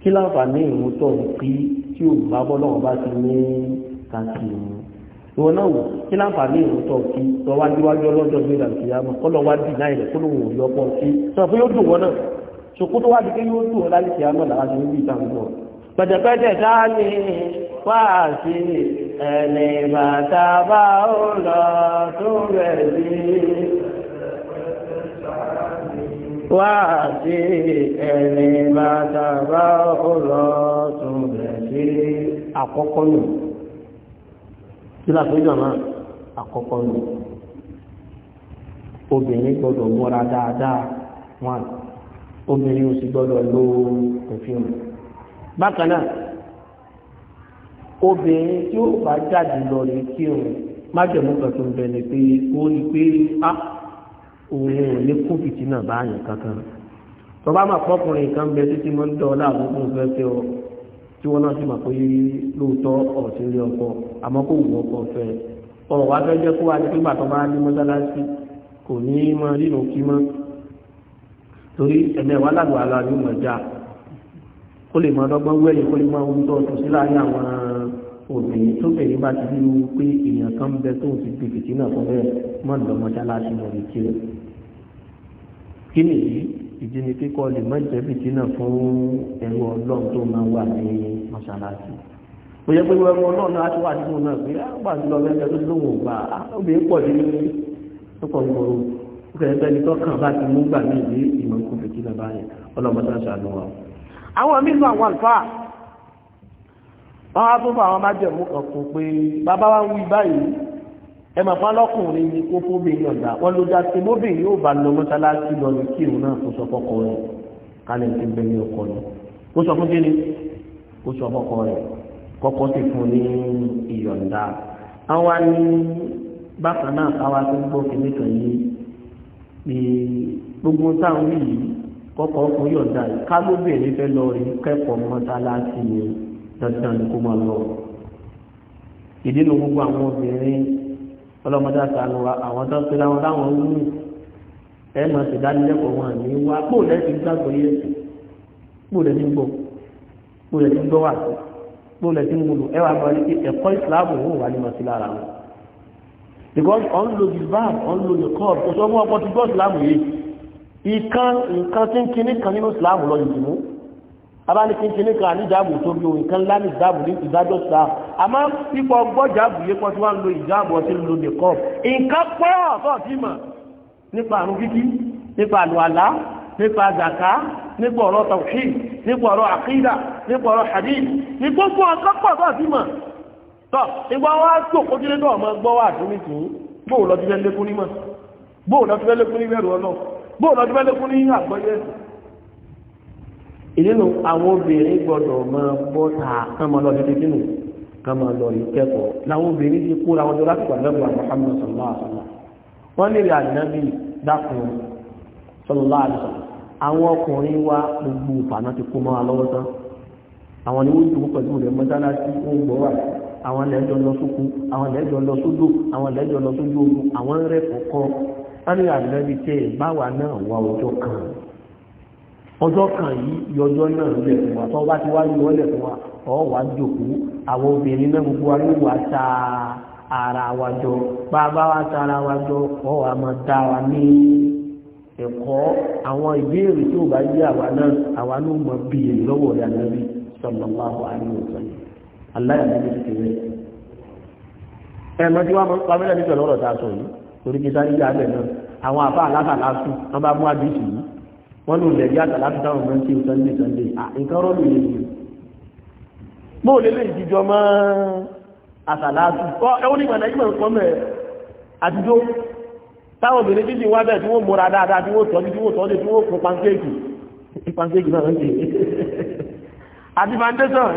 kí láǹfààní ìrún tó ń pí tí ò bá bọ́ lọ́wọ́ bá ti ní káàkiri ìrún ìwọ náà wò kí láǹfààní ìrún tó kí tó wá níwájú ọlọ́jọ́ gbé ìdàgbé yàmọ̀ kọ́ lọ́ wá dì náà ilẹ̀ tó lòun ò yọ pọ̀ sí sọ pé yóò dùn wọn náà ṣòkó tó wá di pé yóò dùn wọn láti ṣe àmọ́ làwọn ti ń bí ìtàn náà pẹ̀tẹ̀pẹ̀tẹ̀ dání fáàsì ẹ̀lẹ́bàtà bá ó lọ tó rẹ̀ sí wá sí ẹni bàtà bá ó lọ tún bẹ̀ sí àkọ́kọ́ nù tí lápéjọ náà àkọ́kọ́ nù obìnrin gbọ́dọ̀ múra dáadáa wọn obìnrin ò sì gbọ́dọ̀ lo òfin bákan náà obìnrin tí ó bá jáde lọ rí kírun májèmú kan tó ń bẹ ni pé ó rí pé á. Ah, òun ò ní kó fìtínà bá àyàn kankan tó bá máa pọkùnrin kan bẹ títí mọ́ ń dọ̀ láàbò fún un fẹ́ fẹ́ ọ tí wọ́n náà sì máa pé lóòótọ́ ọ̀sìn lé ọkọ àmọ́ kò wù ọkọ fẹ́ ọ wá fẹ́ jẹ́ kó wá ní pípa tó bá ní mọ́sálásí kò ní mọ nínú kí mọ́ torí ẹ̀mẹ́ wa lálù ara ni ó mọ̀ já ó lè mọ ọdọ́gbọ́n wẹ̀yìn kó lè mọ ohun tó ọ̀tún sí láàárín àwọn obìnrin tó bẹ̀rẹ̀ bá ti rí i pé èèyàn kan bẹ tóun ti di fìtínà fún bẹ́ẹ̀ mọ́ ìdánmọ́sálásí mọ̀ ní kí rẹ̀ kí nìyí ìdí ni kíkọ́ lè má jẹ́ fìtínà fún ẹrú ọlọ́run tó máa wà ní mọ́ṣáláṣí kò yẹ pé wọ́n ẹrú ọlọ́run náà ti wà nínú náà pé àgbà ah, tí lọ mẹ́ta tó lóun gbà á ah, obìnrin pọ̀ nínú tó kọ̀ ń gbòòrò ó kẹ́lẹ́ pẹ́ni tó kàn bá ti mú gbà ní ìdí ìmọ̀ kó fìtínà báyẹn ọlọ́mọdé ṣàánú wa. àwọn mímú àwọn àlùfáà wọ́n á tún fún àwọn májẹ̀mú ẹ máa fá lọ́kùnrin ní kó fóbìnrin yọ̀ǹda wọ́n ló dá sí mọ́bìnrin yóò bá lọ mọ́sálásí lọ ní kí òun náà kó sọ fọ́kọ rẹ̀ kálẹ̀ ti bẹ ní ọkọ rẹ̀ kó sọ fún kíni kó sọ fọ́kọ rẹ̀ kọ́kọ́ sì fún ní ìyọ̀ǹda. àwa ní bákan náà káwa tó ń gbọ́ kíní kan yìí pé gbogbo táwọn yìí kọ́kọ́ fún yọ̀ǹda yìí ká lóbìnrin fẹ́ lọ rí kẹ́kọ̀ọ́ mọ́sálásí ni dandan ni kó máa lọ ọlọ́mọdé àtàlù wa àwọn tó ń pe láwọn láwọn ń mú ẹ mọ̀ sí dánilẹ́kọ̀ọ́ wọn ní wá kó lẹ́sìn gbàgbọ́ yé sí kó lẹ́sìn gbọ́ kó lẹ́sìn gbọ́ wà sí kó lẹ́sìn múlò ẹ wà gbọ́ ẹ̀kọ́ ìsìláàmù wọn wà ní mọ̀sí lára wọn. because ọ̀n lo jilbab ọ̀n lo nìkọ́ọ̀bù kò sọ fún ọkọ ti gbọ́ ìsìláàmù yìí ìkan nǹkan tí ń kinní kan nínú ìsìláàmù lọ yìí mú abánikínkínní kan àníjàbù tó bí ohun kan lámì ìdáàbò àmọ́ pípọ̀ gbọ́jàbù yé pọ́ tí wọ́n ń lo ìjáàbù ọtí ń lo nìkan nǹkan pọ́ ọ̀tọ̀ tí mọ̀ nípa àrùn kíkí nípa àlùwàlá nípa àzàká nípa ọ̀rọ̀ tọ̀kì nípa ọ̀rọ̀ àkídà nípa ọ̀rọ̀ hadith ní gbogbo ọ̀kan pọ̀ ọ̀tọ̀ tí mọ̀ tọ́ ìgbà wa tó kójúlé náà mọ́ gbọ́ wà àdúmí tì bóò lọ dúpẹ́ lékún ní mọ̀ bóò lọ dúpẹ́ lékún ní mẹ́rù ọlọ́ bóò lọ dúpẹ́ lékún ní àgbọ́yé ẹ̀sìn ìdínú àwọn obìnrin gbọdọ̀ mọ́ bọ́ta kán mọ́ lọ dídí dínú Kama máa lọ rí kẹ́kọ̀ọ́ làwọn obìnrin ti kóra wọn jọ láti pàdánù Muhammad sallallahu alaihi wasallam wọ́n lè rí ànábì dákun sallallahu àwọn ọkùnrin wa gbogbo ìfànà ti kó máa lọ́wọ́ tán àwọn ni wọ́n dùn pẹ̀lú rẹ̀ mọ́sálásí ó ń gbọ́ wà àwọn lẹ́jọ́ lọ sóko àwọn lẹ́jọ́ lọ sódò àwọn lẹ́jọ́ lọ sójú ogun àwọn rẹ̀ kọ̀ọ̀kan wọ́n lè rí ànábì tẹ́ ẹ̀ báwa náà wá ọjọ́ kan ọjọ́ kan yìí yọjọ́ náà lẹ̀ fún wa tọ́ bá ti wá yọ lẹ̀ fún wa ọ̀ wá jòkó àwọn obìnrin náà gbogbo wa ní wà sa ara wa jọ bá a bá wa sa ara wa jọ ọ̀ wá máa dá wa ní ẹ̀kọ́ àwọn ìbéèrè tí ò bá yé àwa náà àwa ló mọ bí lọ́wọ́ rẹ̀ ànábì sallallahu alaihi wasallam aláìlẹ́bí ti tẹ̀lé ẹ̀mọ́ tí wọ́n máa ń ọ̀rọ̀ tá sọ yìí torí kí sáré wọ́n lò lẹ́yìn àtàláfi táwọn ọmọ ń ṣe sunday sunday nǹkan rọ́ọ̀lù yẹn ni mo lè lè jíjọ mọ́ àtàláfi kọ́ ẹ wọ́n ní ìgbàlá yìí mọ̀ nǹkan mẹ́ àtijọ́ táwọn obìnrin títí wá bẹ́ẹ̀ tí wọ́n múra dáadáa tí wọ́n tọ́jú tí wọ́n tọ́jú tí wọ́n kó pankéèkì pankéèkì náà ń ṣe àti foundation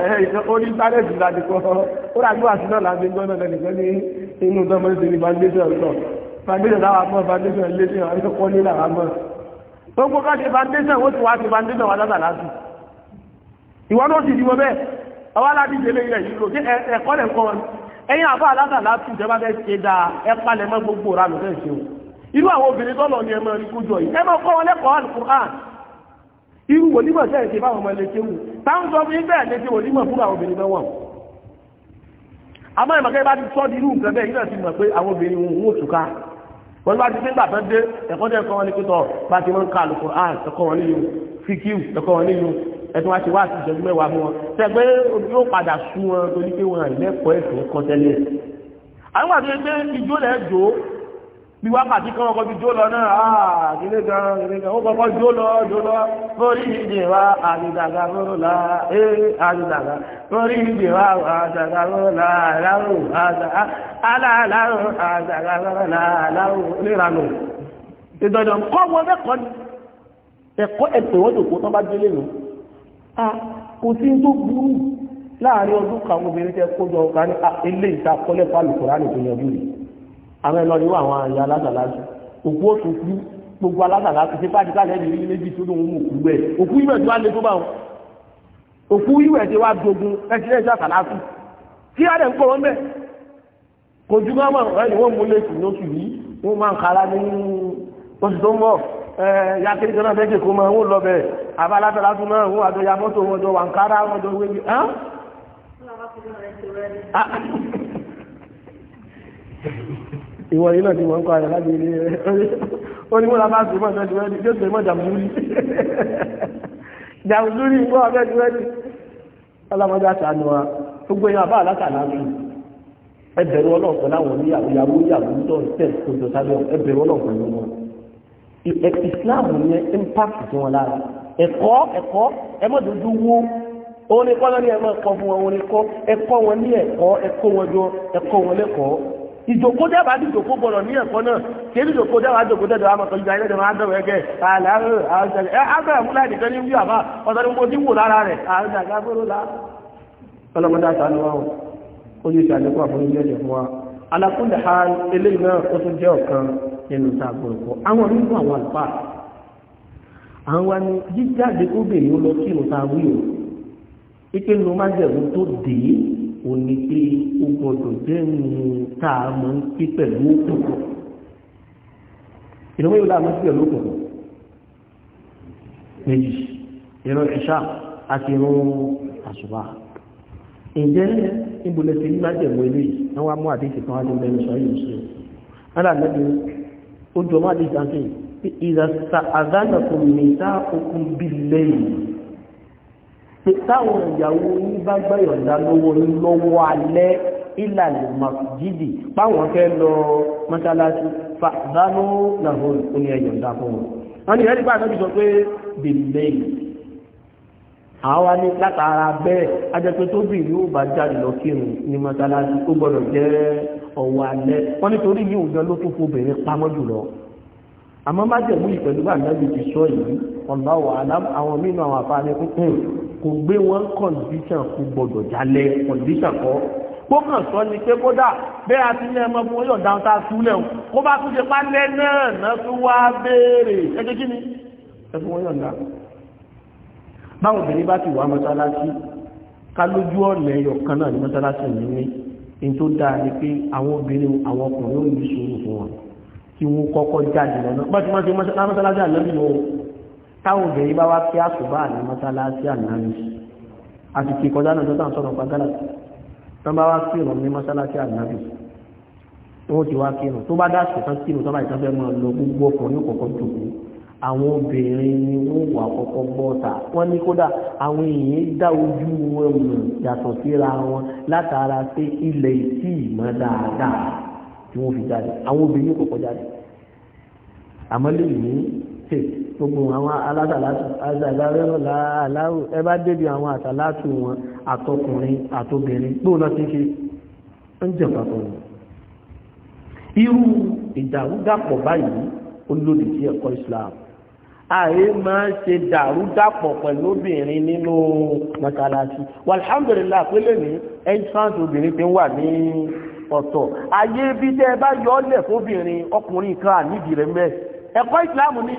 orí sárẹ́sì láti kọ́ ó rà yóò àṣìná láti gbọ́ náà lẹ́nìkan ní inú tọ́mọ́ sí ní foundation náà foundation láwọn mọ́ foundation ilé tí wọ́n kọ́ ní làwọn mọ́ gbogbo ká ṣe foundation ó ti wá ṣe foundation wá dáadáa láti ìwọ náà sì dìbò bẹ́ẹ̀ ọwá láti ìdílé rẹ̀ yìí lò sí ẹ̀kọ́ rẹ̀ kọ́ ẹ̀yìn àbá aláta láti ìjọba bẹ́ẹ̀ ṣe da ẹ palẹ̀ mọ́ gbogbo ra lọ́fẹ́ ṣe o irú àwọn obìnrin tọ́lọ̀ ni ẹ máa rí kójọ yìí ẹ máa kọ́ wọn lẹ́kọ̀ọ́ alukur'an irú wòlímọ̀ tẹ́ ẹ̀ ṣe báwọn ọmọ ẹlẹ́ṣẹ́ wù táwọn sọ fún ibẹ̀ lè ṣe wòlímọ̀ fún àwọn obìnrin bẹ́wọ̀n àmọ́ ìmọ̀kẹ́ bá ti sọ́ di irú nǹkan bẹ́ẹ̀ yìí náà ti mọ̀ pé àwọn obìnrin wọn ò túká wọ́n bá ti fi ń gbà tán dé ẹ̀kọ́ tẹ́ ẹ̀kọ́ wọn ní pẹ́tọ́ bá ti mọ́ ń ka Al-Qur'an ẹ̀kọ́ wọn níyù fíkíù ẹ̀kọ́ wọn níyù ẹ̀tún wáṣẹ wá àti ìṣẹ́jú mẹ́wàá fún wọn tẹ́gbẹ́ yóò padà sún wọn torí pé wọn àìlẹ́kọ̀ọ́ ẹ̀sìn kọ́tẹ́lẹ̀ àwọn àti ẹgbẹ́ ijó lẹ́ẹ̀jọ́ bí wákàtí kan ọkọ̀ bí jó lọ náà àà ah, kìlé gan kìlé gan ó kọ́kọ́ jó lọ jó lọ lórí ìdè wa àdìdàgà lọ́rọ̀lá ee eh, àdìdàgà lórí ìdè wa àdàgà lọ́rọ̀lá aláwò àdàgà aláàláwò àdàgà lọ́rọ̀lá aláwò oníranù ìdọ̀dọ̀ kọ́ wọn mẹ́kọ̀ọ́ ni ẹ̀kọ́ ẹ̀pẹ̀ wọ́n tó kó tán bá délé nù a kò sí tó burú láàrin ọdún kan obìnrin tẹ kó jọ ọ̀gá ní ilé ìta kọ́lẹ̀ fálùkùrá nìkan àwọn ẹlọ́ni wà àwọn àyà alásàlásì òkú ó tún kú gbogbo alásàlásì ṣe pàdé pàdé ẹni ní méjì tó lóun mú òkú gbẹ òkú ìwẹ̀ tó wá lé tó bá wọn òkú ìwẹ̀ tí wá dogun ẹsẹ̀ àsàlásì tí a rẹ̀ ń kọ́ wọn bẹ́ẹ̀ kò ju máa mọ̀ ẹni wọ́n mú lẹ́sìn lóṣù yìí wọ́n máa ń kala ní oṣù tó ń bọ̀ ya kiri kan náà fẹ́ kéko máa ń lọ bẹ̀rẹ̀ àbá alásàlásì náà wọ́n àjọ ya mọ́tò wọn jọ wà ìwọ yìí náà ti wọ́n ń kọ́ ayọ̀ láti ilé rẹ̀ ó ní múra bá ti mọ̀ ọ̀dọ́ ti wẹ́ẹ́dì yóò tẹ̀ mọ́ jàmùsúrì jàmùsúrì ń kọ́ ọ̀dọ́ ti wẹ́ẹ́dì ọlọ́mọdé àtàánú wa gbogbo yẹn àbá àlátàlá mi ẹbẹ̀rù ọlọ́ọ̀pẹ̀ láwọn oníyàwó yàwó yàwó tó ń tẹ̀ kójọ sábẹ́ ẹbẹ̀rù ọlọ́ọ̀pẹ̀ ló wọn. Islam yẹn impact sí wọn lára ẹ̀kọ́ ẹ̀kọ́ ẹ mọ̀ dojú wo òun ni kọ́ lọ́ní ẹ̀ máa kọ́ fún wọn òun ni kọ́ ẹ̀kọ́ wọn ní ẹ̀kọ́ ẹ̀kọ́ wọn jọ ẹ̀kọ́ wọn lẹ́kọ̀ọ́ ìjòkó dábàá ní ìjòkó gbọ́dọ̀ ní ẹ̀kọ́ náà kébí ìjòkó dábàá ìjòkó tẹ̀dọ̀ àmọ́ tó ìgbà ẹlẹ́dẹ̀ máa ń dọ̀wọ́ ẹgẹ́ àlàáfẹ́ àṣẹlẹ̀ àgbẹ̀rẹ̀ múlá ìdíkẹ́ ní wí àbá ọ̀sán ní mo ti wò lára rẹ̀ àgbẹ̀rẹ̀ àwọn wa ni jíjáde kóbìnrin lọ kí ìrùta wíwò ike ló máa jẹ̀rù tó dèé òní pé ó gbọdọ̀ jẹ́ ìrìn tá a mọ̀ ń ké pẹ̀lú òkùnkùn ìnáwó yóò láàmú sí pẹ̀lú òkùnkùn méjì ìrọ̀ ìṣá àti ìrún àṣùbà ǹjẹ́ níbulẹ̀ ti nígbà jẹ̀mọ́ eléyìí wọ́n wá mú àdéhìí kan wá ní mẹ́rin sọ yìí sí ọ̀nà àlẹ́bí ó jọ mọ́ àdéhìí kan sí ìdàsà àdánàkùn mìíràn okùn bíi lẹ́yìn pé táwọn ìyàwó yín bá gbẹ̀yọ̀dá lọ́wọ́ yín lọ́wọ́ alẹ́ ìlànà masjidi báwọn fẹ́ lọ mọ́ṣáláṣí fàdánù làwọn òní ẹ̀yọ̀dá fún wọn. wọ́n ní ẹ̀rí pàtàkì sọ pé bèlè àwa ní látara bẹ́ẹ̀ ajẹ́pẹ́ tó bì yóò bá jáde lọ àmọ́ má jẹ̀mú ìpẹ̀lú bá nàbì ti sọ yìí ọ̀nà wà àwọn mínú àwọn àfáàní pínpín hmm, kò gbé wọn kọ̀ǹdíṣàn kò gbọdọ̀ jalè kọ̀ǹdíṣàn kọ́ gbọ́kàn sọ ni pé kódà bẹ́ẹ̀ àti ilé ẹmọ fún yóò dáhùn tá a tú lẹ̀ kó bá tún ṣe pálẹ̀ náà náà tún wá béèrè ẹgbẹ́ kí ni ẹfún wọn yọ̀ǹda báwọn obìnrin bá ti wà mọ́sálásí ká lójú ọ̀nà ẹyọ kan náà ní mọ́sálásí ní ní ní tó dáa ni pé àwọn obìnrin àwọn ọkùnrin ò ní sùúrù fún wọn kí wọ́n kọ́kọ́ jáde lọ́nà bá ti máa ṣe mọ́sálásí ànábì lọ́wọ́ táwọn obìnrin bá wá kí àṣùbá àní mọ́sálásí ànábì àti kí kọjá náà tọ́tà sọ̀rọ̀ pàgálà tán bá wá kí ìrọ̀ ní mọ́sálásí ànábì wọ́n ti wá kí ìrọ̀ tó bá dáṣù tán kí ìrọ̀ tó bá ìtàn fẹ́ mọ́ lọ gbogbo ọkùnrin kọ̀ọ̀kọ́ jòkó àwọn obìnrin ni wọ́n wà kọ́kọ́ bọ́ta wọ́n ní kódà àwọn èèyàn dá ojú wọn mọ̀ yàtọ̀ síra wọn látara pé ilẹ̀ ìtì ìmọ̀ dáadáa tí wọ́n fi jáde àwọn obìnrin kò kọjá rẹ̀ àmọ́ lè ní tè gbogbo àwọn aládàlárẹ́rọ̀ aláwò ẹ bá débi àwọn àtàlátù wọn àtọkùnrin àtobìnrin gbóò náà ti ṣe ń jẹ papọ̀ wọn. irú ìdàrúdàpọ̀ báyìí ó lòdì sí ẹ̀kọ́ Islam àyè máa ń ṣe dàrúdàpọ̀ pẹ̀lú obìnrin nínú mọ́sálásí wàlhámdùlélà pélé ní entrance obìnrin ti ń wà ní ọ̀tọ̀ ayé bí tẹ́ ẹ bá yọ ọ́lẹ̀ fóbìnrin ọkùnrin kan àníbi rẹ̀ mẹ́ ẹ̀kọ́ ìsìláàmù ni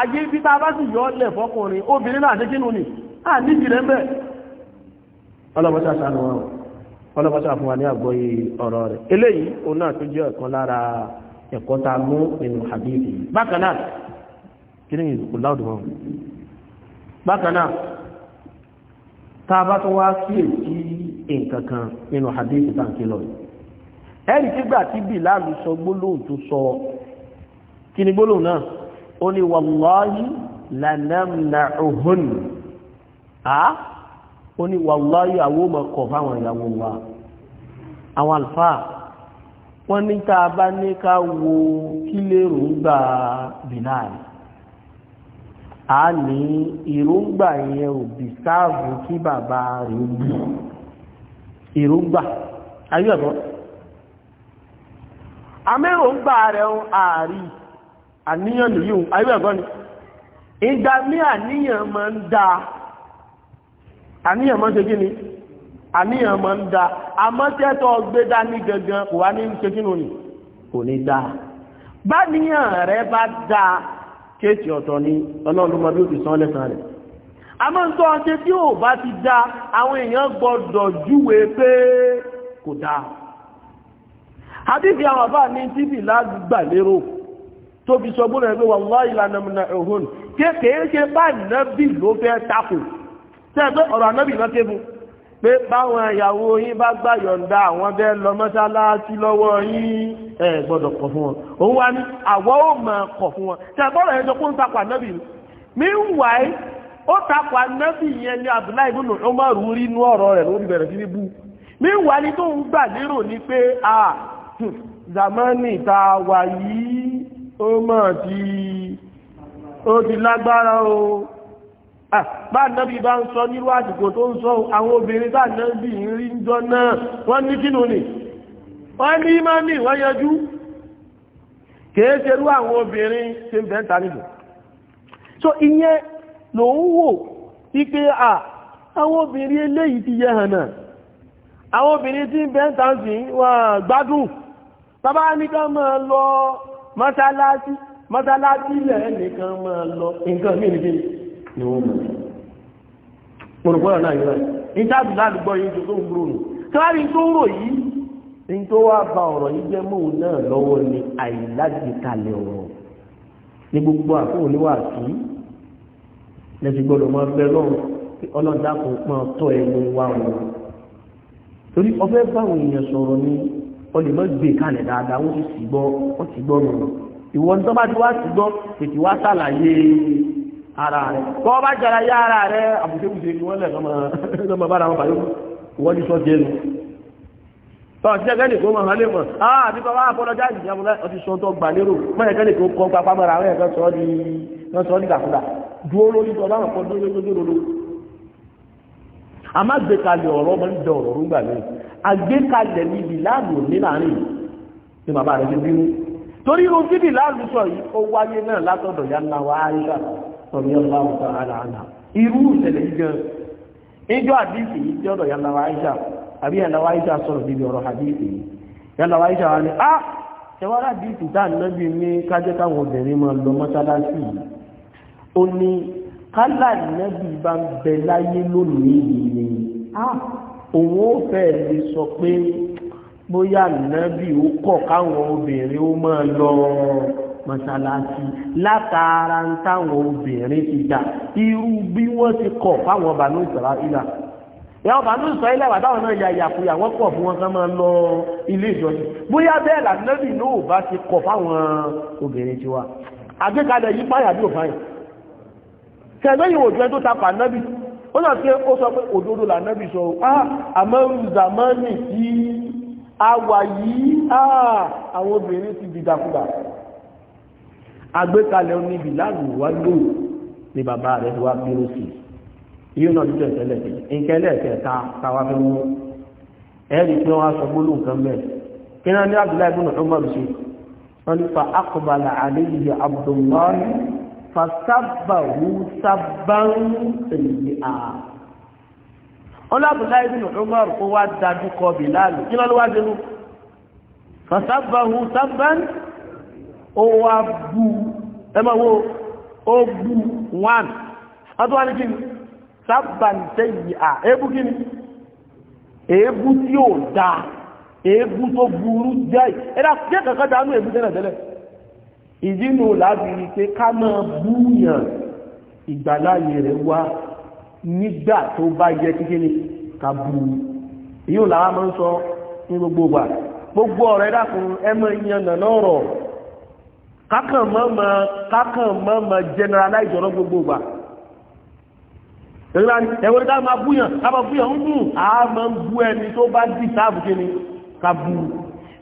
ayé bí tá a bá sì yọ ọ́lẹ̀ fọkùnrin obìnrin náà dékínú ni àníbi rẹ̀ mẹ́ ọlọ́mọṣà sànù wọn ọlọ́mọṣà fún wa ní àgbọ́yé ọ̀rọ̀ rẹ̀ eléyìí òun náà tó jẹ́ ọ̀kan lára ẹ̀kọ́ tá a mú nínú hadith bákan náà kí ni nǹkan kan nínú hadith tàǹkì lọ ẹ̀rí kígbà tí Bilal sọ gbólóhùn tó sọ kí ni gbólóhùn náà ó ní wàláyí lanamna'uhun a ó ní wàláyí àwọn ọmọ kọ̀ fáwọn ìyàwó wa àwọn àlùfáà wọ́n ní tá bá ní ká wo kí lèròǹgbà Bilal a ní èròǹgbà yẹn ò bí sáàbù kí bàbá rẹ̀ gbù èròǹgbà ayọ́bọ̀ amẹ́ròǹgbà rẹ̀ ń ààrí àníyàn lòyìn ayọ́bọ̀ ni ìgbà mí àníyàn ma ń da àníyàn máa ń ṣe kí ni àníyàn ń da amọ́tẹ́tọ́ gbé gangan kò wá ní ṣe kí ni kò ní da Ba rẹ̀ bá da kéèkì ọ̀tọ̀ ni ọlọ́run ló rẹ̀ àmọ́ ń tọ́ ṣe tí ò bá ti da àwọn èèyàn gbọ́dọ̀ júwe pé kò dáa hadithi àwọn àbá ní tíbi lágbà lérò tó fi sọ gbọ́nà ẹgbẹ́ wallahi ìlànà ìlànà ẹ̀hún kéèkéé ṣe bá nábì ló fẹ́ takò tẹ́ẹ̀tọ́ ọ̀rọ̀ ànábì náà tébù pé báwọn ìyàwó yín bá gbà yọ̀ǹda àwọn bẹ́ lọ mọ́sálásí lọ́wọ́ yín ẹ̀ gbọ́dọ̀ kọ̀ fún wọn òun wá ní àwọ̀ ò mọ̀ kọ̀ fún wọn tẹ́ẹ̀tọ́ ọ̀rọ̀ kó ń takò ànábì ó takò anábì yẹn ni Abdullahi ibn Umar rí inú ọ̀rọ̀ rẹ̀ lórí bẹ̀rẹ̀ sí ní bú níwà ní tó ń gbà lérò ní pé a hmm, zamani ta wà yìí ó mọ̀ tí ó ti lágbára o bá anábì bá ń sọ nírú àsìkò tó ń sọ àwọn obìnrin tá anábì ń rí ń jọ náà wọ́n ní kínú ni wọ́n ní mọ́nì wọ́n yẹjú kèé ṣerú àwọn obìnrin tí ń bẹ́ẹ̀ ta nìbò so ìyẹn ló ń wò wípé à àwọn obìnrin eléyìí ti yẹ hànà àwọn obìnrin tí ń bẹ́ ń tàn sí wọn gbádùn bàbá ní ká máa lọ mọ́sálásí mọ́sálásí ilẹ̀ nìkan máa lọ nǹkan mí nìkan ni wọ́n mọ̀ pòròpòrò náà yìí rẹ̀ ní tábìlì àdúgbò yìí tó ń gbòòrò káàrí tó rò yìí ní tó wá ba ọ̀rọ̀ yìí jẹ́ mọ́ òun náà lọ́wọ́ ni àìlágbèkalẹ̀ ọ̀rọ̀ ní gbogbo àkóhùn níwà sí lẹ́sìn gbọ́dọ̀ máa bẹ lọ́rùn ọlọ́dàkùn pọ́n tọ́ ẹnu wa wọn torí ọfẹ́ báwọn èèyàn sọ̀rọ̀ ni ọlẹ́ mọ́ gbé kalẹ̀ dáadáa wọ́n ti sì gbọ́ wọ́n ti gbọ́ nù ìwọ ní tó bá ti wá sí gbọ́ tètè wá sàlàyé ara rẹ̀ kọ́ bá jara yá ara rẹ̀ àbùsẹ́bùsẹ́ ni wọ́n lẹ̀ lọ́mọ bára wọn bàyọ́ wọ́n ti sọ jẹ́nu tọ́ọ̀tí ẹgẹ́lì kó máa lè mọ̀ àà àti bàbá àpọ́lọ́já ìjìyàmúlá di gbàkúdà dúró lórí tọ́ láwọn kan dúró lórí lórí àmàgbékalẹ̀ ọ̀rọ̀ máa ń ọ̀rọ̀ rúgbà ní àgbékalẹ̀ ní bìláàlù ní láàrin ní bàbá rẹ̀ ti bínú torí irun tí bìláàlù sọ yìí ó wáyé náà látọ̀dọ̀ ya ńlá wa Àìṣà sọ̀rọ̀ yẹn láwọn àná irú ìṣẹ̀lẹ̀ yìí gan àdìsí ya ńlá wa ya ńlá wa sọ̀rọ̀ ọ̀rọ̀ ya ńlá wa wa ni ah ṣẹwàá àdìsí tá à ń ní kájẹ́ káwọn obìnrin máa lọ mọ́ṣáláṣí ó ní kálá nẹ́bí bá ń bẹ láyé lónìí yìí ni ah. òun ó fẹ́ lè sọ pé bóyá nẹ́bí ó kọ̀ káwọn obìnrin ó máa lọ mọ́sálásí látara ń táwọn obìnrin ti dà irú bí wọ́n ti kọ̀ fáwọn bàánú ìsàlásílà ìyàwó bàánú ìsàlásílà wà táwọn náà ya ìyàkuyà wọ́n kọ̀ fún wọn ká máa lọ ilé ìjọsìn bóyá bẹ́ẹ̀ lànà nẹ́bí náà ò bá ti kọ̀ fáwọn obìnrin tiwa àgbékalẹ̀ yí fáyà bí ò tẹ̀lé ìwò jẹ́ tó tapà nábì ó náà tí ó sọ pé òdodo là nábì sọ ah, àmọ́ ìzàmọ́nì tí a wà yìí ah, àwọn obìnrin ti dìdàkúdà àgbékalẹ̀ oníbì láàrùn wá lò ni bàbá rẹ̀ wá bíró sí yíò náà jíjọ ìtẹ́lẹ̀ ìkẹlẹ̀ ẹ̀kẹta táwa fẹ́ mú ẹ̀rí pé wọ́n á sọ gbólóhùn kan bẹ́ẹ̀ kí náà ní Abdullahi ibn Umar ṣe wọ́n ní fa aqbala alayhi Abdullahi fasábàwú sábàrún èyí à ọlọ́bùnlá ibùdó Umar kó wá dájú kọ Bilal kí lọ́lọ́ wá dénú fasábàwú sábàn ó wá bú ẹmọ wo ó bú wán ọdún wá ní kí ni sábàn tẹ́yì à ébú kí ni èébú tí ó dáa èébú tó burú jẹ́ ẹ̀dá jẹ́ kankan dánú èébú tẹ́lẹ̀ ìdínú láti rí pé ká máa búyàn ìgbàláyè rẹ̀ wá nígbà tó bá yẹ kíkiri ká bú yíò làá máa ń sọ ní gbogbo wa gbogbo ọ̀rẹ́ dákun ẹ mọ ìyànnà lọ́rọ̀ kákan mọ́mọ́ kákan mọ́mọ́ generalize ọ̀rọ̀ gbogbo wa ìrìnà ẹ̀wọ̀n máa búyàn ká búyàn ń dùn àá máa ń bú ẹni tó bá dì sáàbù kí ni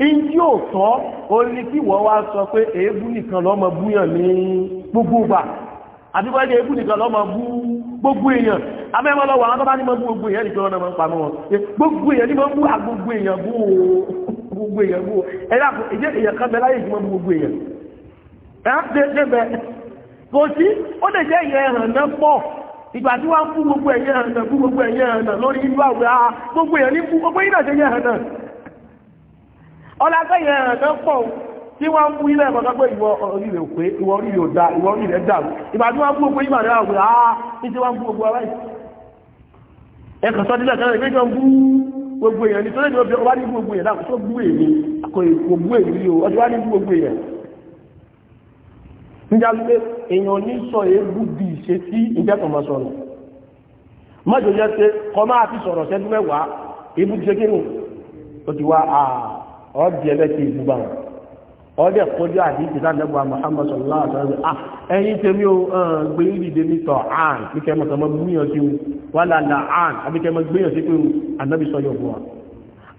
ìdí òtọ́ orí kí wọ́n wá sọ pé èébú nìkan lọ́mọ búyàn ní gbogbo ìgbà àdúgbò ẹgbẹ́ èébú nìkan lọ́mọ bú gbogbo èèyàn amẹ́mọ́ lọ́wọ́ àwọn tó bá ní mọ́ bú gbogbo èèyàn nìkan lọ́mọ ń pamọ́ wọn gbogbo èèyàn ní mọ́ bú agbogbo èèyàn bú gbogbo èèyàn bú ẹ̀yà ìjẹ́ èèyàn kan bẹ láyé ìjùmọ̀ bú gbogbo èèyàn kò sí ó lè jẹ́ ìyẹn ẹ̀hànnà pọ̀ ìgbà tí wọ́n bú gbogbo èèyàn ẹ̀hànnà bú gbogbo èèyàn ẹ̀hànnà lórí ìlú àwẹ̀ gbogbo èèyàn ní bú gbogbo ìdàjẹ́ ẹ̀hànnà ọlágbẹ́yẹ ẹ̀rẹ̀ pọ̀ tí wọ́n ń mú ilẹ̀ ẹ̀kọ́ pé ìwọ orí rẹ̀ pé ìwọ orí rẹ̀ dá ìwọ orí rẹ̀ dàrú ìgbà tí wọ́n mú gbogbo ìgbà rẹ̀ àwòrán àá ní tí wọ́n mú gbogbo ara yìí ẹ̀kọ́ sọ́dí náà kẹ́rẹ́ ìgbẹ́jọ́ mú gbogbo èèyàn ní tó lè ní ọba ní gbogbo èèyàn láàkó tó gbú èmi kò gbú èmi o ọjọ́ wá ní gbogbo èèyàn níjà pé èèyàn ní sọ èébú di ìṣe sí ìjẹ́ tó máa sọ̀rọ̀ mọ́jọ jẹ́ pé kọ́ máa fi sọ̀rọ̀ sẹ́dúnmẹ́wàá èébú ti ṣe kí ni ó ti wá àà ah ọdí ẹlẹ́kì ìgbùgbà ọdẹ kọjú àdíjì ládẹ́gbà Muhammad sallallahu alaihi wasallam ah ẹ̀yin tèmi o gbé ìdìde mi tọ̀ àn bí kẹ́ mọ̀tọ́ mọ́ gbúyàn sí o wà lálà àn àbí kẹ́ mọ́ gbúyàn sí pé o ànábì sọ yọ̀ bùwà.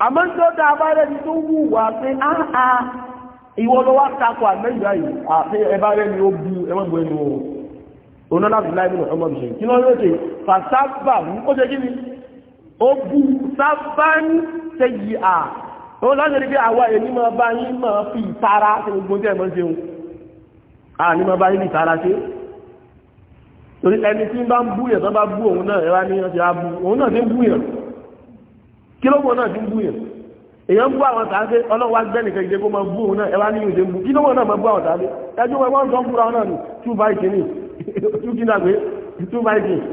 àmọ́ tó dá a bá rẹ̀ ti tó wù wá pé áhà ah, ah, ìwọ ló wá takò àmẹ́yìn ayò àti ẹ̀bá rẹ̀ ni ó bu ẹ̀wọ̀n bu ẹnu o. oná láti láì nínú ọmọ bìṣẹ́ kí lọ́ọ́ yóò ṣe fàṣàbà ó ṣe kí ni ó bu sábà ń ṣe yìí à òun láti rí pé àwa èmi máa bá yín máa fi ìtara ṣe gbogbo tí ẹ mọ́ ṣeun àní máa bá yín ìtara ṣe torí ẹni tí bá ń bú yẹn tó bá bú òun náà ẹwà ní ọ̀sẹ̀ abú òun náà ti ń bú yẹn kí ló wọ́n náà ti ń bú yẹn èèyàn ń bú àwọn tàbí ọlọ́wọ́ agbẹ́nìkan ìdẹ́gbó máa bú òun náà ẹwà ní ìdẹ́ bú kí ló wọ́n náà máa bú àwọn tàbí ẹjọ́ wọn wọ́n sọ ń búra náà ní two by kìíní two kìíní àgbé two by kìíní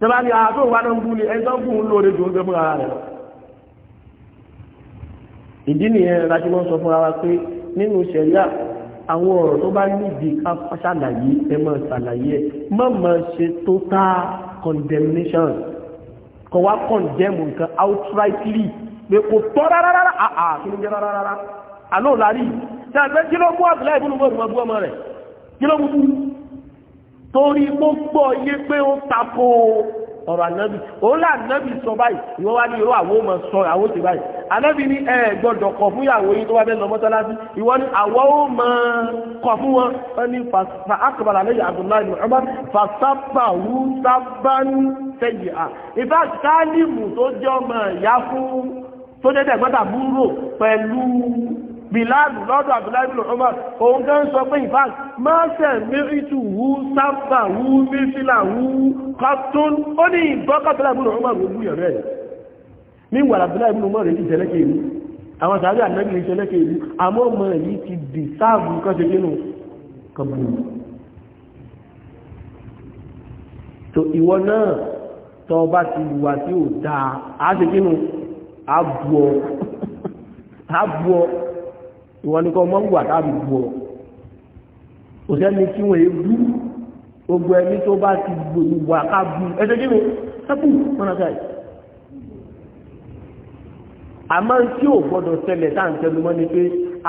tẹ́lá ni àtó wa náà ń bú ni ẹjọ́ ń bú òun lóore dùn ó ìdí nìyẹn láti wọ́n sọ fúnra wa pé nínú ṣẹ̀ríà àwọn ọ̀rọ̀ tó bá nídi ká ṣàlàyé ẹ máa ṣàlàyé ẹ má máa ṣe total condemnation kò wá condemn nǹkan outrightly pé kò tọ́ rárá rárá àà kí ló ń jẹ́ rárá rárá àló lárí tí a gbé kí ló mú àbúlá ìbúnú bọ́ọ̀lù mọ́ bú ọmọ rẹ̀ kí ló mú torí mo gbọ́ iye pé ó tako ọ̀rọ̀ ànábì òun là ànábì sọ báyìí ìwọ wá ní irú àwọn ọmọ sọ àwọn ti báyìí ànábì ní ẹ gbọ́dọ̀ kọ fún ìyàwó yín tó wá bẹ́ẹ̀ lọ mọ́sálásí ìwọ ní àwọ ọmọ kọ fún wọn wọn ní fa akọbàlà lẹ́yìn abdullahi muhammad fa sábà wú sábà ń tẹ̀yì à ìfà sálímù tó jẹ́ ọmọ ìyá fún tó jẹ́ dẹ̀gbọ́dà búrò pẹ̀lú bìláàlù lọ́dọ̀ abdullahi bin umar òun gan sọ pé ìfàl máa sẹ̀ mẹ́rìtù wú sábà wú mísílà wú kọ́tún ó ní ìbọ́kọ̀tàlá bin umar ló búyọ̀ rẹ̀ ní wà abdullahi bin umar rẹ̀ ìṣẹ̀lẹ́kẹ̀ ìlú ti dì sáàbù kọ́ṣe nínú kọ̀bùrù tó ìwọ náà tọ́ bá ti wà tí ò dáa á ṣe kínú á bù ọ́ ìwọ ní kọ́ mọ́ ń wà tábì bù ọ́ kò sẹ́ni tí wọ́n èébú gbogbo ẹni tó bá ti gbogbo wà ká bu kí ni sẹ́kù mọ́nà káyì àmọ́ tí ò gbọ́dọ̀ ṣẹlẹ̀ tá à ń tẹnu mọ́ ni pé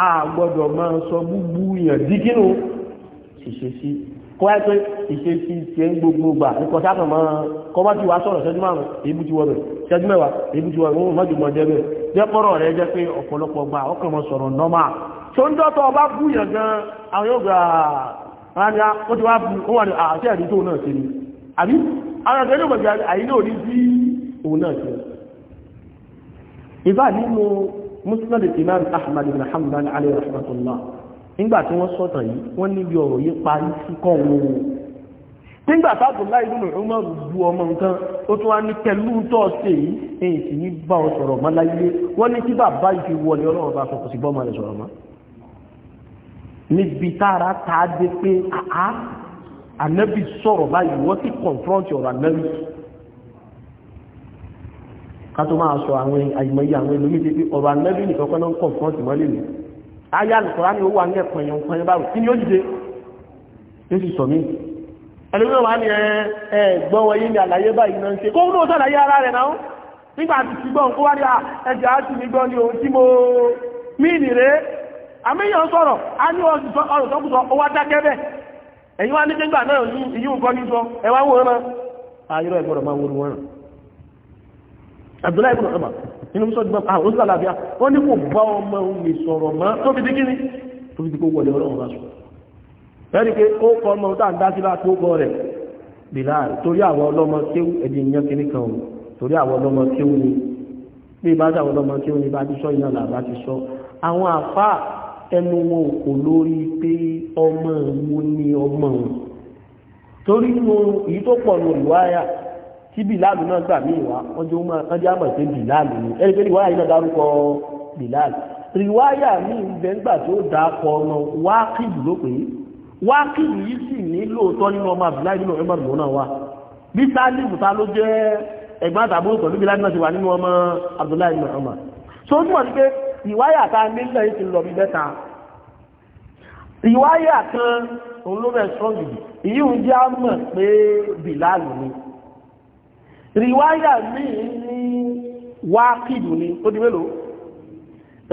a gbọ́dọ̀ máa sọ búbú yàn dí kí ni ìṣesí kọ́ ẹ pé ìṣesí ti ń gbogbo gbà nǹkan sáà kàn máa kọ́ bá ti wá sọ̀rọ̀ ṣẹ́jú márùn-ún èébú ti wọ̀ bẹ̀ ṣẹ́jú mẹ́wàá èébú ti wọ̀ bẹ̀ jẹ́pọ̀rọ̀ rẹ̀ jẹ́ pé ọ̀pọ̀lọpọ̀ gba ọkàn mọ́ sọ̀rọ̀ nọ́mà tó ń dọ́tọ̀ ọba búyàn gan àwọn yóò gba rárá ó ti wá bú ó wà ní àti ah, ẹ̀rí tó náà ṣe ni àbí àwọn ẹ̀rí tó gbàgbé àyílé òun náà ṣe imam ahmad ibn hanbal alayhi rahmatullah nígbà tí wọ́n sọ̀tàn nígbà tábùlá ìlú Umar bu ọmọ nǹkan ó tún wá ní pẹ̀lú tọ́ọ̀sẹ̀ yìí èyí sì ní bá wọn sọ̀rọ̀ mọ́ láyé wọ́n ní kí bàbá yìí fi wọlé ọlọ́run bá sọ sí bọ́ọ̀mọ́ rẹ̀ sọ̀rọ̀ mọ́ níbi tára tá a dé pé àá ànábì sọ̀rọ̀ báyìí wọ́n ti confront ọ̀rọ̀ ànábì ká tó máa sọ àwọn àìmọye àwọn ẹlòmíì débi ọ̀rọ̀ ànábì nìkan kọ́ náà ń confront mọ́lẹ̀ mi ayé àlùkò ni ó dìde ó ẹlòmíràn wà ní ẹ gbọ́n wọ̀nyí ní àlàyé báyìí náà ń ṣe kó ń lóòótọ́ àlàyé ara rẹ̀ náà nígbà tí ti gbọ́n kó wá ní ẹjẹ́ á sì ní gbọ́n ní ohun tí mo mí nìrè àmìyàn sọ̀rọ̀ a ní ọ̀rọ̀ sọ́kùsọ ó wá dákẹ́ bẹ́ẹ̀ ẹ̀yin wá ní gbẹ́gbà náà ní ìyí nǹkan ní sọ ẹ wá wọ́n rán ayọ́rọ̀ ẹgbọ́rọ̀ máa wọ́n rán Abdullahi ibn Umar inú sọ́jú bá àwọn oṣù àlàáfíà wọ́n ní kò bá ọmọ òun lè sọ̀rọ̀ mọ́ tóbi dí kíní tóbi dí kó wọlé ọlọ́run lásùn ẹ̀rí pé ó kọ ọmọ tá à dá sí láti ó kọ rẹ̀ Bilal torí àwọn ọlọ́mọ kéwú ẹ̀dì ìyẹn kìíní kan torí àwọn ọlọ́mọ kéwú ni bí bá dá àwọn ọlọ́mọ kéwú ni bá ti sọ iná làbá ti sọ àwọn àfa ẹnu wọn kò lórí pé ọmọ mo ní ọmọ wọn torí nu èyí tó pọ̀ nù ìwáyà tí Bilal náà gbà mí ìwá wọ́n jẹ́ àmọ̀ sí Bilal ni ẹ̀rí pé ìwáyà yìí náà dárúkọ Bilal rìwáyà mi ń bẹ́ńgbà tó dáa kọ ọmọ wákìlú ló pè é wákìlì yìí sì ní lóòótọ́ nínú ọmọ abdullahi nínú ẹgbẹ́ ìgbòho náà wá bí sálífù ta ló jẹ́ ẹ̀gbọ́n àtàbúrò pẹ̀lú bí láti wà nínú ọmọ abdullahi nínú ọmọ so túmọ̀ sí pé ìwáyà ta nílẹ̀ yìí ti lọ bí mẹ́ta ìwáyà kan òun ló bẹ̀ sọ́ọ̀gì ìyí ń jẹ́ àmọ̀ pé bìláàlù ni rìwáyà míì ní wákìlù ni ó di mélòó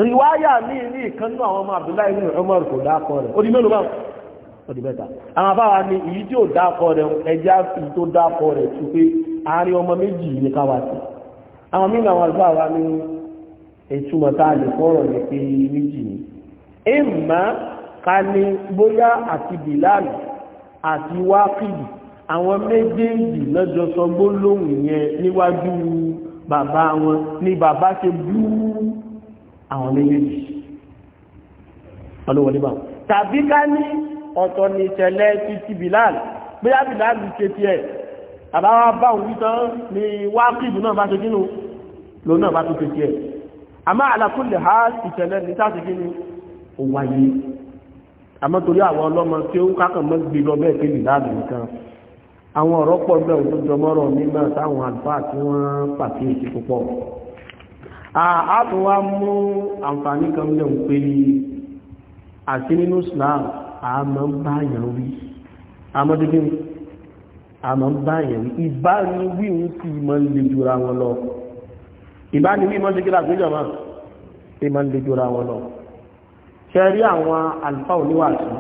rìwáyà míì ní ìkànnú àwọn ọmọ abdullahi nínú ọmọ ọdí mẹ́ta àwọn afáwa ni èyí tí ó dákọ rẹ̀ ẹjá fi tó dákọ rẹ̀ tó pé àárín ọmọ méjì ní káwà sí àwọn mímu àwọn alfáwa ní ìtumọ̀ tá a lè fọ́rọ̀ ní pé méjì ni èèmọ̀ ká ní bóyá àti bìláàlì àti wákìlì àwọn méjèèjì lọ́jọ́ sọ gbólóhùn yẹn níwájú bàbá wọn ní bàbá ṣe búrú àwọn méjèèjì ọlọ́wọ́lé bá tàbí ká ní ọ̀tọ̀ ni ìṣẹ̀lẹ̀ títí Bilal pé Bilal ṣe tiẹ̀ àbáwá bá òun wí tán ni wákìbù náà bá ṣe kínú lòun náà bá tó ṣe tiẹ̀ àmọ́ àlàkùnlé ha ìṣẹ̀lẹ̀ ní sáà ṣe kínú ó wáyé àmọ́ torí àwọn ọlọ́mọ tí ó kákan mọ́ gbé lọ bẹ́ẹ̀ pé Bilal nìkan àwọn ọ̀rọ̀ pọ̀ bẹ́ẹ̀ òun tó jọmọ́rọ̀ nígbà táwọn àlùfáà tí wọ́n pàkíyèsí púpọ̀ àá tó wá mú àǹfààní kan lẹ́hùn pé àti nínú Islam àmọ́ ń bá yàn wí àmọ́ dédé wí àmọ́ ń bá yàn wí ìbániwí ń sì mọ́ ń le jura wọn lọ ìbániwí mọ́ ń ṣe kí lágbèjọ mọ́ ṣe mọ́ ń le jura wọn lọ ṣe rí àwọn àlùfáà oníwàásù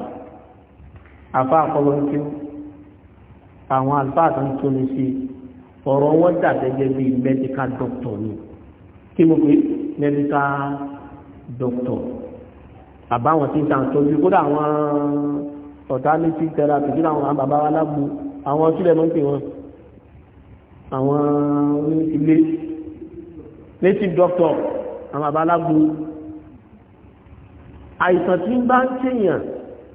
àfa àkọ́wọ́ ń kéwù àwọn àlùfáà kan tó ní sí ọ̀rọ̀ wọn dà gẹ́gẹ́ bí medical doctor ni kí mo pè medical doctor àbáwọn tí ń ta ìtọ́jú kódà àwọn ọ̀tálítì therapy kí àwọn bàbá wa lágbo àwọn sílẹ̀ mọ́ pé wọn àwọn ilé native doctor àwọn bàbá lágbo àìsàn tí ń bá ń kéèyàn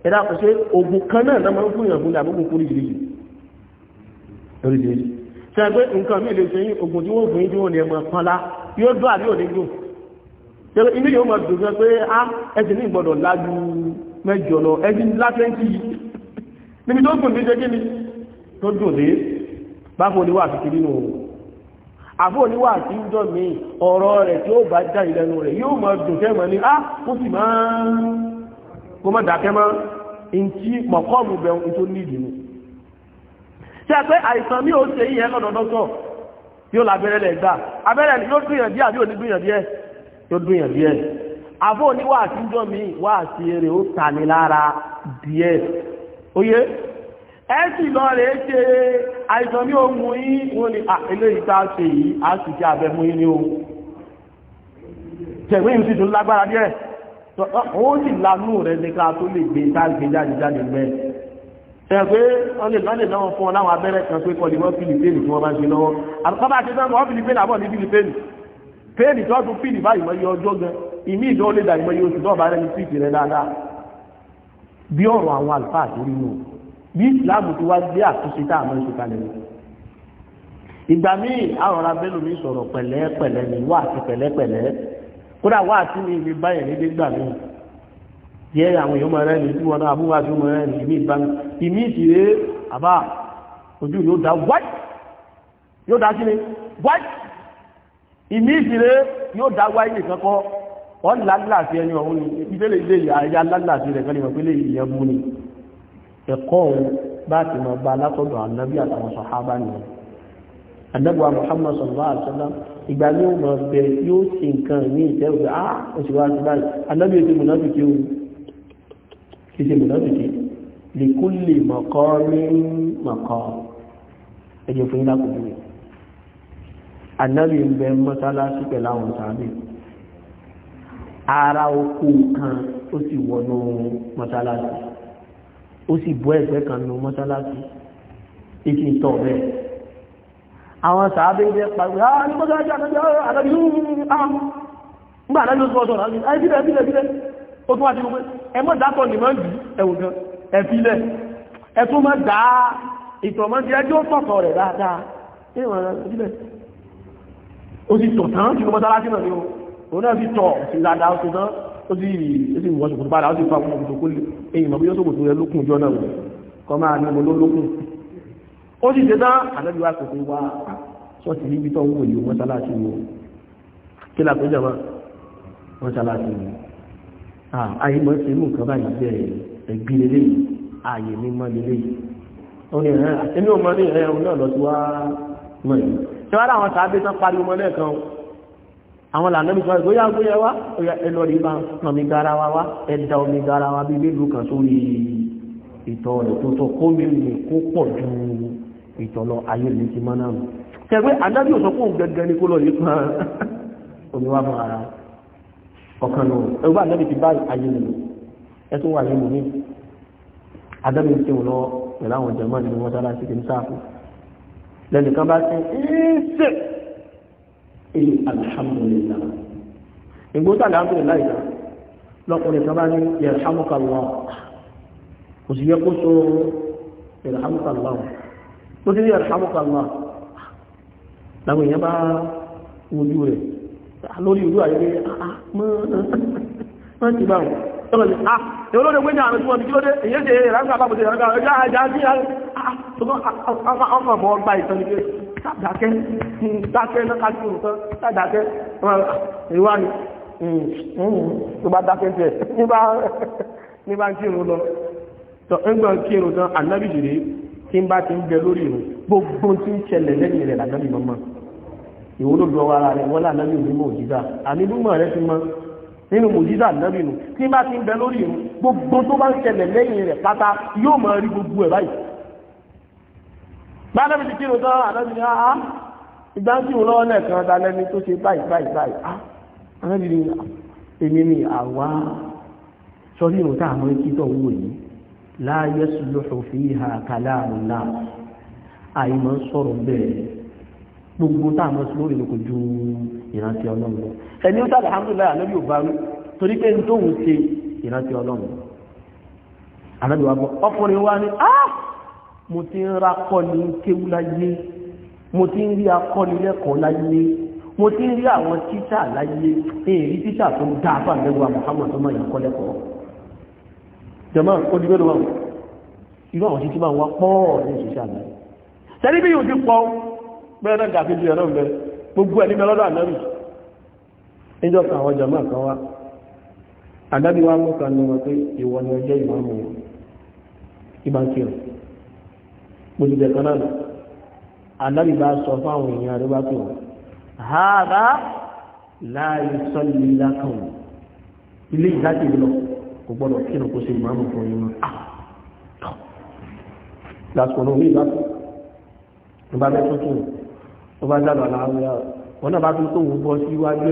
ẹ̀dá kò ṣe oògùn kan náà lọ́mọ ń fúnyàn fún ìdàgbógun fún ìdílé lórí ìdílé ṣe pé nǹkan mi lè ṣe oògùn tí wọ́n fún yín tí wọ́n ní ẹmọ kan lá yóò dọ́ àbí òní dùn tẹ́lẹ̀ ilé yóò máa dùn pé á ah, ẹ̀sìn ní ìgbọ́dọ̀ lájú mẹ́jọ lọ ẹ̀sìn látẹ́ǹtì níbi tó dùn díje kí ni tó dùn dé báfò ní wà sí kiri nù àfò ní wà sí jọ mi ọ̀rọ̀ rẹ̀ tí ó bá já ìlẹ́nu rẹ̀ yóò máa dùn tẹ́mọ̀ ní á ah, kó sì máa kó má dákẹ́ mọ́ ntí mọ̀kọ́ọ̀mù bẹ̀rù tó ní ìdùnnú tí a pé àìsàn mi ò ṣe ìyẹn lọ́dọ̀ dọ́tọ̀ yóò lábẹ́rẹ́ lẹ̀ gbà abẹ́rẹ́ yóò gbìyànjú àbí ò ní gbìyànjú ẹ̀ yóò dùn yàn díẹ̀ àbó ní wàásí jọ mi wàásí eré ó ta ni lára díẹ̀ oyé ẹ sì lọ rèé ṣe àìsàn ní ohun yín wọn ni eléyìí tá a ṣe yìí a sì ṣe abẹmú yín ní ohun tẹ̀wé yìí ti tún lágbára díẹ̀ ó sì lanú rẹ̀ ní ká tó lè gbé tá a gbé jáde jáde mẹ́ẹ̀ ẹ̀fẹ́ ọlẹ́lọ́lẹ́ lọ́wọ́ fún ọ láwọn abẹ́rẹ́ kan pé kọlìmọ́ Filipino tí wọ́n bá ń ṣe lọ́wọ́ àbúkọ́ bá ṣe náà wọ́n Filipino àbọ̀ ní Filipino péèdì tó tún fìlì báyìí mọ iye ọjọ́ gan ìmí ìjọ lè dà ìmọ iye oṣù dọ́ọ̀bà rẹ ní fíìtì rẹ dáadáa bí ọ̀rọ̀ àwọn àlùfáà àtòrí nù bí ìsìláàmù ti wá gbé àtúnṣe tá a mọ̀ ṣe kalẹ̀ rẹ̀ ìgbà míì àwọn ará bẹ́ẹ̀ lómi sọ̀rọ̀ pẹ̀lẹ́pẹ̀lẹ́ ni wà àti pẹ̀lẹ́pẹ̀lẹ́ kódà wà àti mi ìlú báyìí nídé gbà mí yẹ àwọn èèyàn mọ̀ rẹ́ ni tí wọn náà abúlé àti mọ̀ rẹ́ ni ìmí ìgbà mi ìmí ìtìrẹ́ àbá ojú yóò dá wáyé yóò dá sílé wáyé ìmí ìdílé yóò dá wáyé nìkan kọ́ wọ́n lálàáfí ẹni ọ̀hún ni ìdílé ilé ìyá lálàáfí rẹ̀ kẹ́lẹ̀ pẹ́lẹ̀ ìyẹn bú ni ẹ̀kọ́ òun bá ti mọ̀ bá látọ̀dọ̀ ànábì àtàwọn sọ̀hábà nìyẹn àdẹ́gbà Muhammad sallallahu alaihi wasallam ìgbà ní ọmọ ọbẹ̀ yóò ṣe nǹkan ní ìtẹ́ òfin fún yín ànábì ń bẹ mọ́sálásí pẹ̀lú àwọn sàbẹ̀ ara oko kan ó sì wọnú mọ́sálásí ó sì bọ́ ẹ̀gbẹ́ kan nu mọ́sálásí ètò ìtọ̀ bẹ́ẹ̀ àwọn sàbẹ̀ jẹ́ pàgbé ah ní mọ́sálásí àtọ́jú ah, àtọ́jú ah, ah nígbà àtọ́jú ó sọ̀rọ̀ àti ah, ẹ̀ bílẹ̀ bílẹ̀ bílẹ̀ ó tún wá sí gbogbo ẹ mọ́ dákọ̀ ní mọ́ jù ẹ̀wọ̀n kan ẹ̀ filẹ̀ ẹ̀ tún mọ́ dáa ìtọ̀ mọ́ di ẹjọ́ sọ̀tọ̀ rẹ̀ dáadáa ó sì tọ̀ tán jù mọ́sálásí náà ni ó òun náà sì tọ̀ sí ládá ó sì tán ó sì ó sì wọ́n ṣòkòtò padà ó sì fa ọmọ òkòtò kó lè èyí mọ̀ bí ó ṣòkòtò rẹ lókùn jọ náà kọ́ máa ní ọmọ lólókùn ó sì ṣe tán àlejò wa kò fi wá sọ́ọ̀tì níbi tó ń wò yìí mọ́sálásí wo kí la pẹ́jọ mọ́ mọ́sálásí wo àyè mọ́ sí mú nǹkan báyìí bẹ́ẹ̀ ẹ̀gbin lélẹ́yìí àyè mímọ́ lélẹ́yìí ó ní ẹ̀rẹ́ àtẹ́mí mọ́ ní yìí tí wọ́n láwọn sàábé tán pariwo mọ́ lẹ́ẹ̀kan àwọn lànàbí sọ ìgbóyà gbóyà wá ọ̀yà ẹlọ rí bá nà mi gara wa wá ẹ̀dà omi gara wa bí mélòó kan sórí ìtọ̀ rẹ̀ tó tọ́ kó mi rè kó pọ̀ ju ìtọ̀ lọ ayé mi ti mọ́nà mi tẹ̀gbẹ́ àdábí ò sọ fún gẹ́gẹ́ ní kó lọ yìí kan omi wá fún ara ọ̀kan lọ ẹgbẹ́ àdábí ti bá ayé mi ẹ tó wà ní mòmí àdábí ti wọ́n lọ pẹ̀lú àwọn jẹ̀mọ́ nínú mọ́sálásí kì í sáà fún lẹ́nìkan bá ti ń sè ilé alhamdulillah ìgbóta alhamdulillah ìlà lọ́kùnrin kan bá ní yarhamukallah kò sí yẹ kó so yarhamukallah tó ti ní yarhamukallah láwọn èèyàn bá wojú rẹ̀ lórí ìlú àyẹ́gbé ah, ah, mọ́ ti bá wọn tọ́lọ̀ ah, ní ah èwo ọkọ̀ bọ́ ọgbà ìtàn nígbẹ́ tàdákẹ́ dákẹ́ lọ́kàtí òkú tàdákẹ́ ìwà ni tó bá dákẹ́ tẹ̀ nígbà kírun lọ tọ́ ńgbà kírun tán ànábì jìrì tí ń bá ti ń bẹ lórí ìrùn gbogbo tí ń ṣẹlẹ̀ lẹ́yìn rẹ̀ lànábì mọ́mọ́ ìwúlò lọ́wọ́ ara rẹ̀ wọ́n lànábì onímọ̀ òjìdá àmì lúmọ̀ rẹ̀ ti mọ́ nínú mùjídà nàbì nù tí bá ti ń bẹ lórí ìrun gbogbo tó bá ń ṣẹlẹ̀ lẹ́yìn rẹ̀ pátá yóò máa rí gbogbo ẹ̀ báyìí gbádábi ti kírun tán àdábi ni áá ah, ah, ìgbà ń kírun lọ́wọ́ lẹ́ẹ̀kan dalẹ́ ni tó ṣe báyìí báyìí báyìí á ah, àdábi ni èmi ni àwa sọrí ìrùn táà mọ́ ikítọ̀ owó yìí láyé sùlùfù fi hà kàláàrùn náà àìmọ̀ sọ̀rọ̀ bẹ́ẹ̀ gbogbo táà mọ́ sùlùfù ìlú kò ju ìrántí ọlọ́run lọ ẹni ó sàlẹ̀ alhamdulillah ànábì ò bá rú torí pé ń ṣe ìrántí ọlọ́run ànábì wa gbọ́ ọkùnrin wa ni áà mo ti ń ra kọ́ni kéwú láyé mo ti ń rí akọ́ni lẹ́kọ̀ọ́ láyé mo ti ń rí àwọn tíṣà láyé èyí tíṣà tó ń dá àbá mẹ́wàá Muhammad tó máa yẹ kọ́ lẹ́kọ̀ọ́ jẹ̀mọ́ olùgbé lọ́wọ́ irú àwọn títí máa wá pọ̀ ní ìṣẹ̀ṣẹ̀ àná tẹ́lí bí yóò ti pọ̀ bẹ́ẹ̀ náà gàfi ju ẹ̀rọ mẹ́ gbogbo ẹ̀ní mẹ́lọ́dọ̀ ànábì níjọ́ kan àwọn jẹ̀mọ́ kan wá ànábì wa mú kan ní wọn pé ìwọ ni ọjọ́ ìmọ̀ mú ìbá ń kírun gbòlùbẹ̀ kan náà anábì bá sọ fún àwọn èèyàn rẹ̀ bá tó hàbá láàyè sọ́lì lákàn ilé ìdájì lọ kò gbọ́dọ̀ kí ní kó ṣe ìmáàmù fún yín ah! lásìkò náà wí lásìkò ló bá bẹ́ tuntun ló bá jáde aláwọ̀ wọn náà bá tún tó wọ́n bọ́ sí iwájú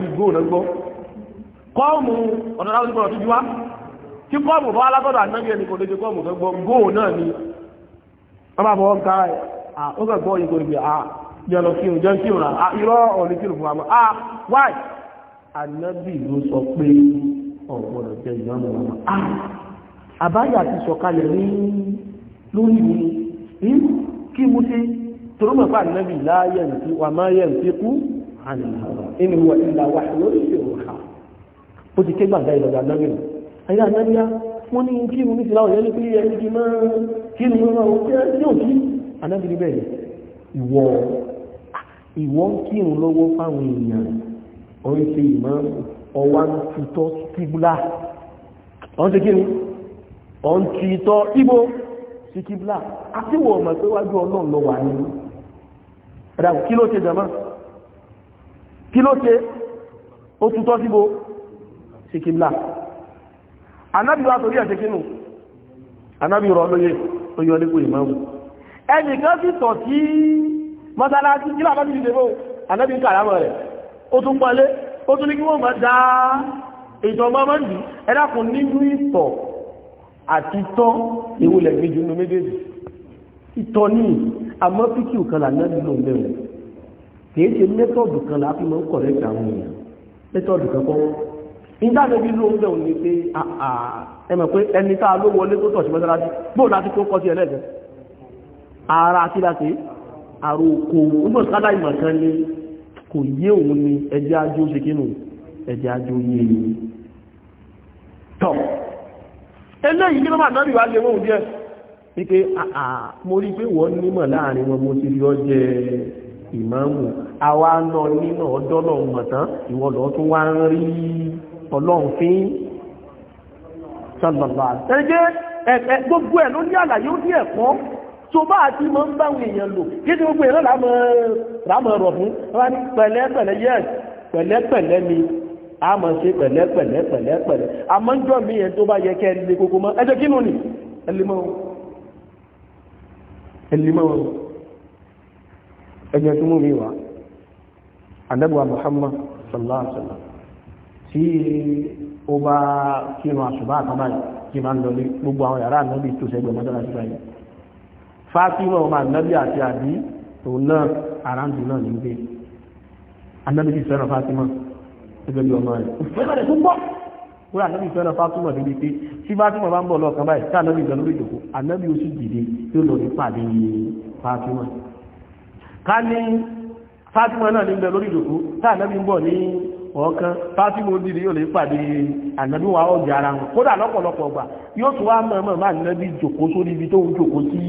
bá ti kọ́ọ̀mù ọ̀nà láwọn ìgbọ̀nà tó ju wá tí kọ́ọ̀mù bá alábọ̀dọ̀ ànágbé ẹni kò lè ṣe kọ́ọ̀mù tó gbọ́ gbóò náà ni wọ́n bá ká ẹ̀ gbọ́ yìí kò jẹ́ fún wa mọ́ ó ti ké gbàgbá ìlọ̀gà lọ́gbìn ayé àdáríyá wọ́n ní kí irun nítorí àwọn ìyẹ́lẹ́ pé ẹni kí máa kí irun máa wọ́n kí ó kí anábìrì bẹ́ẹ̀ ìwọ ìwọ ń kírun lọ́wọ́ fáwọn èèyàn ọ̀rẹ́ ṣe ìmọ̀ ọwá ń tutọ́ kíbúlá ọ̀n ti kírun ọ̀n ti tọ́ ibo sí kíbúlá àti wọ̀ ọ̀mọ̀ pé wájú ọlọ́run lọ wà ní ẹ̀dá kí ló ṣe jàmá kí ló ṣe ó tutọ́ síbo sí kíblà anábì wá torí ẹ̀ṣẹ́ kínú anábì rọ lóye oyún ọdínkù ìmáàmù ẹnìkan sì tọ̀ sí mọ́sálásí kílà bá bìí dèbò anábì ń kàrámọ̀ rẹ̀ ó tún pọ́lé ó tún ní kí wọ́n máa dá ìjọba máa ń dì ẹ̀dàkùn nínú ìtọ̀ àti tọ́ ìwòlẹ̀ méjì nínú méjèèjì ìtọ́ ní àmọ́ píkì kan là náà nílò mẹ́rin kìí ṣe mẹ́tọ̀dù kan là á fi máa ń ìdánilóbi ló ń bẹ̀ òní pé ah, ah, ẹ pé ẹni tá a ló wọlé tó tọ̀ sí mọ́sálásí bóòlù láti tó kọ́ sí ẹlẹ́gbẹ̀ẹ́ ara àti láti àrò kò nígbà sádà ìmọ̀ ni kò yé òun ni ẹjẹ́ ajó ṣe kínú ẹjẹ́ ajó yé e ni tọ̀ eléyìí kí ló máa dábì wá lé wọ́n díẹ̀ wípé ah, mo rí pé wọ́n nímọ̀ láàrin wọn mo ti fi ọ́ jẹ ìmáàmù àwa náà nínà ọjọ́ náà mọ̀ tán ìwọ lọ́ tún wá ń rí ọlọ́run fi ń sọlọ̀lọ̀ àtẹ́jẹ́ ẹ̀ẹ́ gbogbo ẹ̀ ló ní àlàyé ó ní ẹ̀kọ́ tó bá àti mọ́ ń báwọn èèyàn lò kí ni gbogbo ìran láàmọ̀ rọ̀ fún wá ní pẹ̀lẹ́pẹ̀lẹ́ yẹ pẹ̀lẹ́pẹ̀lẹ́ ni a mọ̀ ṣe pẹ̀lẹ́pẹ̀lẹ́ pẹ̀lẹ́pẹ̀lẹ́ àmọ́ ń jọ mí yẹn tó bá yẹ kẹ́ lè kókó mọ́ ẹjọ́ kínú ni ẹlẹ́mọ́ ẹjọ́ tó mú mi wá àdẹ́bùwà Muhammad sallallahu alaihi wasallam tí ó bá kírun àṣùbá àtàbà kí máa ń lọlé gbogbo àwọn yàrá ànábì tó sẹ́gbẹ̀ mọ́tọ́lá sí báyìí Fátímà ọmọ ànábì àti àbí òun náà àráǹdì náà ní gbé ànábì sì fẹ́ràn Fátímà gẹ́gẹ́ bí ọmọ rẹ̀ fẹ́ràn rẹ̀ tó gbọ́ wọ́n ànábì fẹ́ràn Fátímà débi pé tí Fátímà bá ń bọ̀ lọ́ọ̀kan báyìí tí ànábì ìjọ lórí ìjòkó ọ̀kan pàtí mo dìrì yóò lè pàdé ànábí wa ọjà ara wọn kódà lọ́pọ̀lọpọ̀ ọgbà yóò tún wá mọ̀ọ́mọ̀ máa ní lẹ́bí jòkó sórí ibi tó ń jòkó sí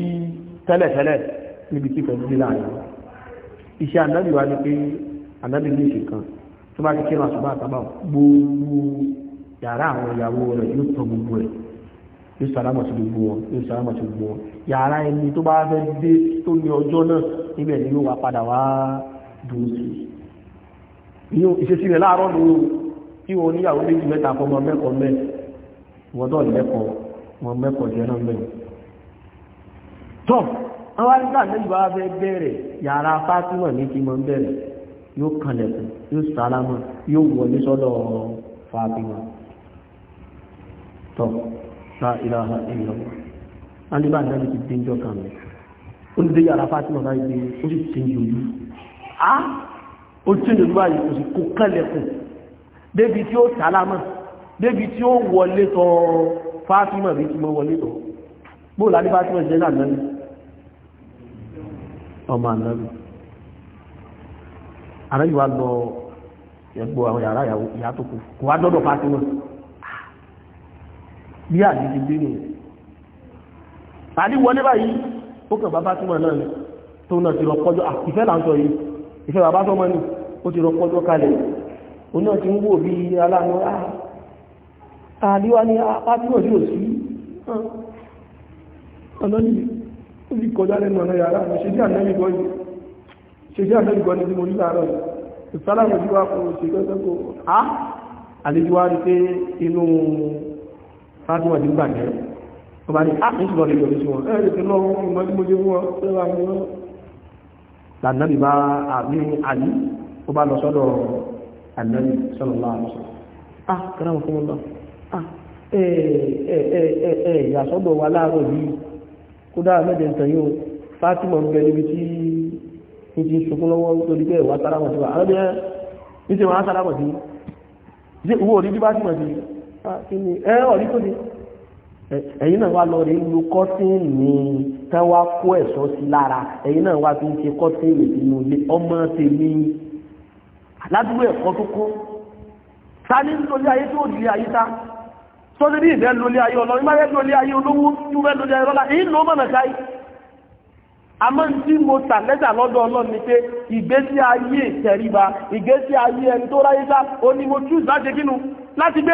tẹ́lẹ̀tẹ́lẹ̀ níbi tí fẹ̀mí láàrin iṣẹ́ ànábí wa ni pé ànábí ní ìṣe kan tó bá ti kírun àṣùbà àtàbà gbogbo yàrá àwọn ìyàwó rẹ̀ yóò tọ gbogbo ẹ̀ yóò sàlámà sí gbogbo wọn yóò sàlámà sí gbogbo wọn yàrá ẹni tó bá fẹ́ dé tó ní ọjọ́ náà níbẹ̀ ni yóò wá padà wá dùn sí i ní ìṣesí rẹ̀ láàárọ̀ ní tí wọn oníyàwó méjì mẹ́ta fọmọ mẹ́kọ̀ọ́ mẹ́ wọ́n dọ̀ lẹ́kọ̀ọ́ wọn mẹ́kọ̀ọ́ jẹ́ náà mẹ́rin tọ́ àwọn àríkà méjì wá fẹ́ bẹ̀rẹ̀ yàrá Fátímà ní ti mọ́ bẹ̀rẹ̀ yóò kànlẹ̀kùn yóò sálámà yóò wọlé sọ́dọ̀ Fátímà tọ́ la ilaha illallah alibá náà ti dín jọ kàn mí ó ti dé yàrá Fátímà báyìí ó sì ti ń yọjú ó tún nínú báyìí kò sì kó kẹ́lẹ̀kùn débi tí ó tàlámà débi tí ó wọlé tọ fátímà bí tí mo wọlé tọ bóòlù adé fátímà jẹ́ náà lẹ́nu ọmọ ànábì ànábì wa lọ ẹgbọ́ àwọn yàrá ìyá tó kù kò wá dọ́dọ̀ fátímà bí àdìdì bí nìyẹn tàbí wọlé báyìí ó kàn bá fátímà náà tó náà ti lọ ìfẹ́ bàbá tọ́mọ ní ó ti rọpọ́jọ́ kalẹ̀ o náà ti ń wò bí aláàánú àríwá ní apájúwọ̀ sí òsí ah, ọlọ́ni ó fi kọjá lẹ́nu ọ̀nà yàrá ṣe jẹ́ àmẹ́rìkọ́ ní tí mo rí láàárọ̀ ìsálàmù ojú wa kò ṣe kẹ́kẹ́kọ́ á ah, àlejò wá rí pé inú fátíwà ti gbàgbẹ́ ọba ni á ń sọ̀rọ̀ ah, ìjọba sí mo jẹ́ fún ọ lànàbì bá àbí àlì ó bá lọ sọ́dọ̀ ànàbì sallallahu alaihi wasallam ah kẹrẹ wọn fún wọn lọ ah ẹ ẹ ẹ ẹ ẹ ìyàsọ́dọ̀ wa láàárọ̀ yìí kódà mẹ́jẹ̀ ń tẹ̀yìn o fátímà ń bẹ níbi tí ní ti sunkún lọ́wọ́ nítorí pé ìwà sára wọn sí wa àlọ́bí ẹ ní ti wọn á sára wọn sí ṣé ìwọ ọ̀rí tó ni ẹ̀yin náà wá lọ rí lu kọ́tíìnì tán wá kó ẹ̀ṣọ́ sí lára ẹ̀yin náà wá fi ń ṣe kọ́tíìnì sínú ilé ọmọ tèmi aládùúgbò ẹ̀kọ́ tó kó sani ń lórí ayé tó di ayé ta sọ́ni bí ìfẹ́ lórí ayé ọlọ́run má fẹ́ lórí ayé olówó tí ó lórí ayé ọlọ́run èyí ló mọ̀nà káyé àmọ́ mo tà lẹ́tà lọ́dọ̀ ọlọ́run ni pé ìgbésí ayé ìtẹríba ìgbésí ayé ẹni tó ráyé sá ó ní mo tú ìsáṣe kínú láti gbé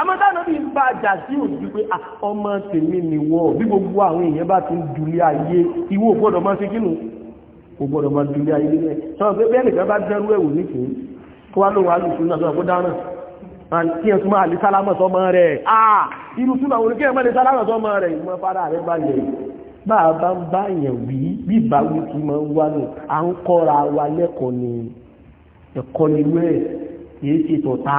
amọ́tánà bí n bá jà sí òjú pé ah, ọmọ tèmi nìwọ bí gbogbo àwọn èèyàn bá ti ń dulé ayé ìwọ gbọ́dọ̀ máa ṣe kínú kò gbọ́dọ̀ máa dulé ayé nílẹ̀ sọ pé bẹ́ẹ̀ nìkan bá dẹ́rú ẹ̀wò nìkan kó wá lóun alùsù náà sọ pé dáná àti ẹ̀sùn máa lè sálámọ̀ sọmọ rẹ̀ àà ah, irú súnà òun kí ẹ̀ máa lè sálámọ̀ sọmọ rẹ̀ ìmọ̀ fara rẹ̀ balẹ̀ bá a bá ń bá èèyàn wí bí ìbáwí ti máa ń wá nù à ń kọ́ra wa lẹ́kọ̀ọ́ ni ẹ̀kọ́ ni wẹ́ẹ̀ kì í ṣe tọ̀tá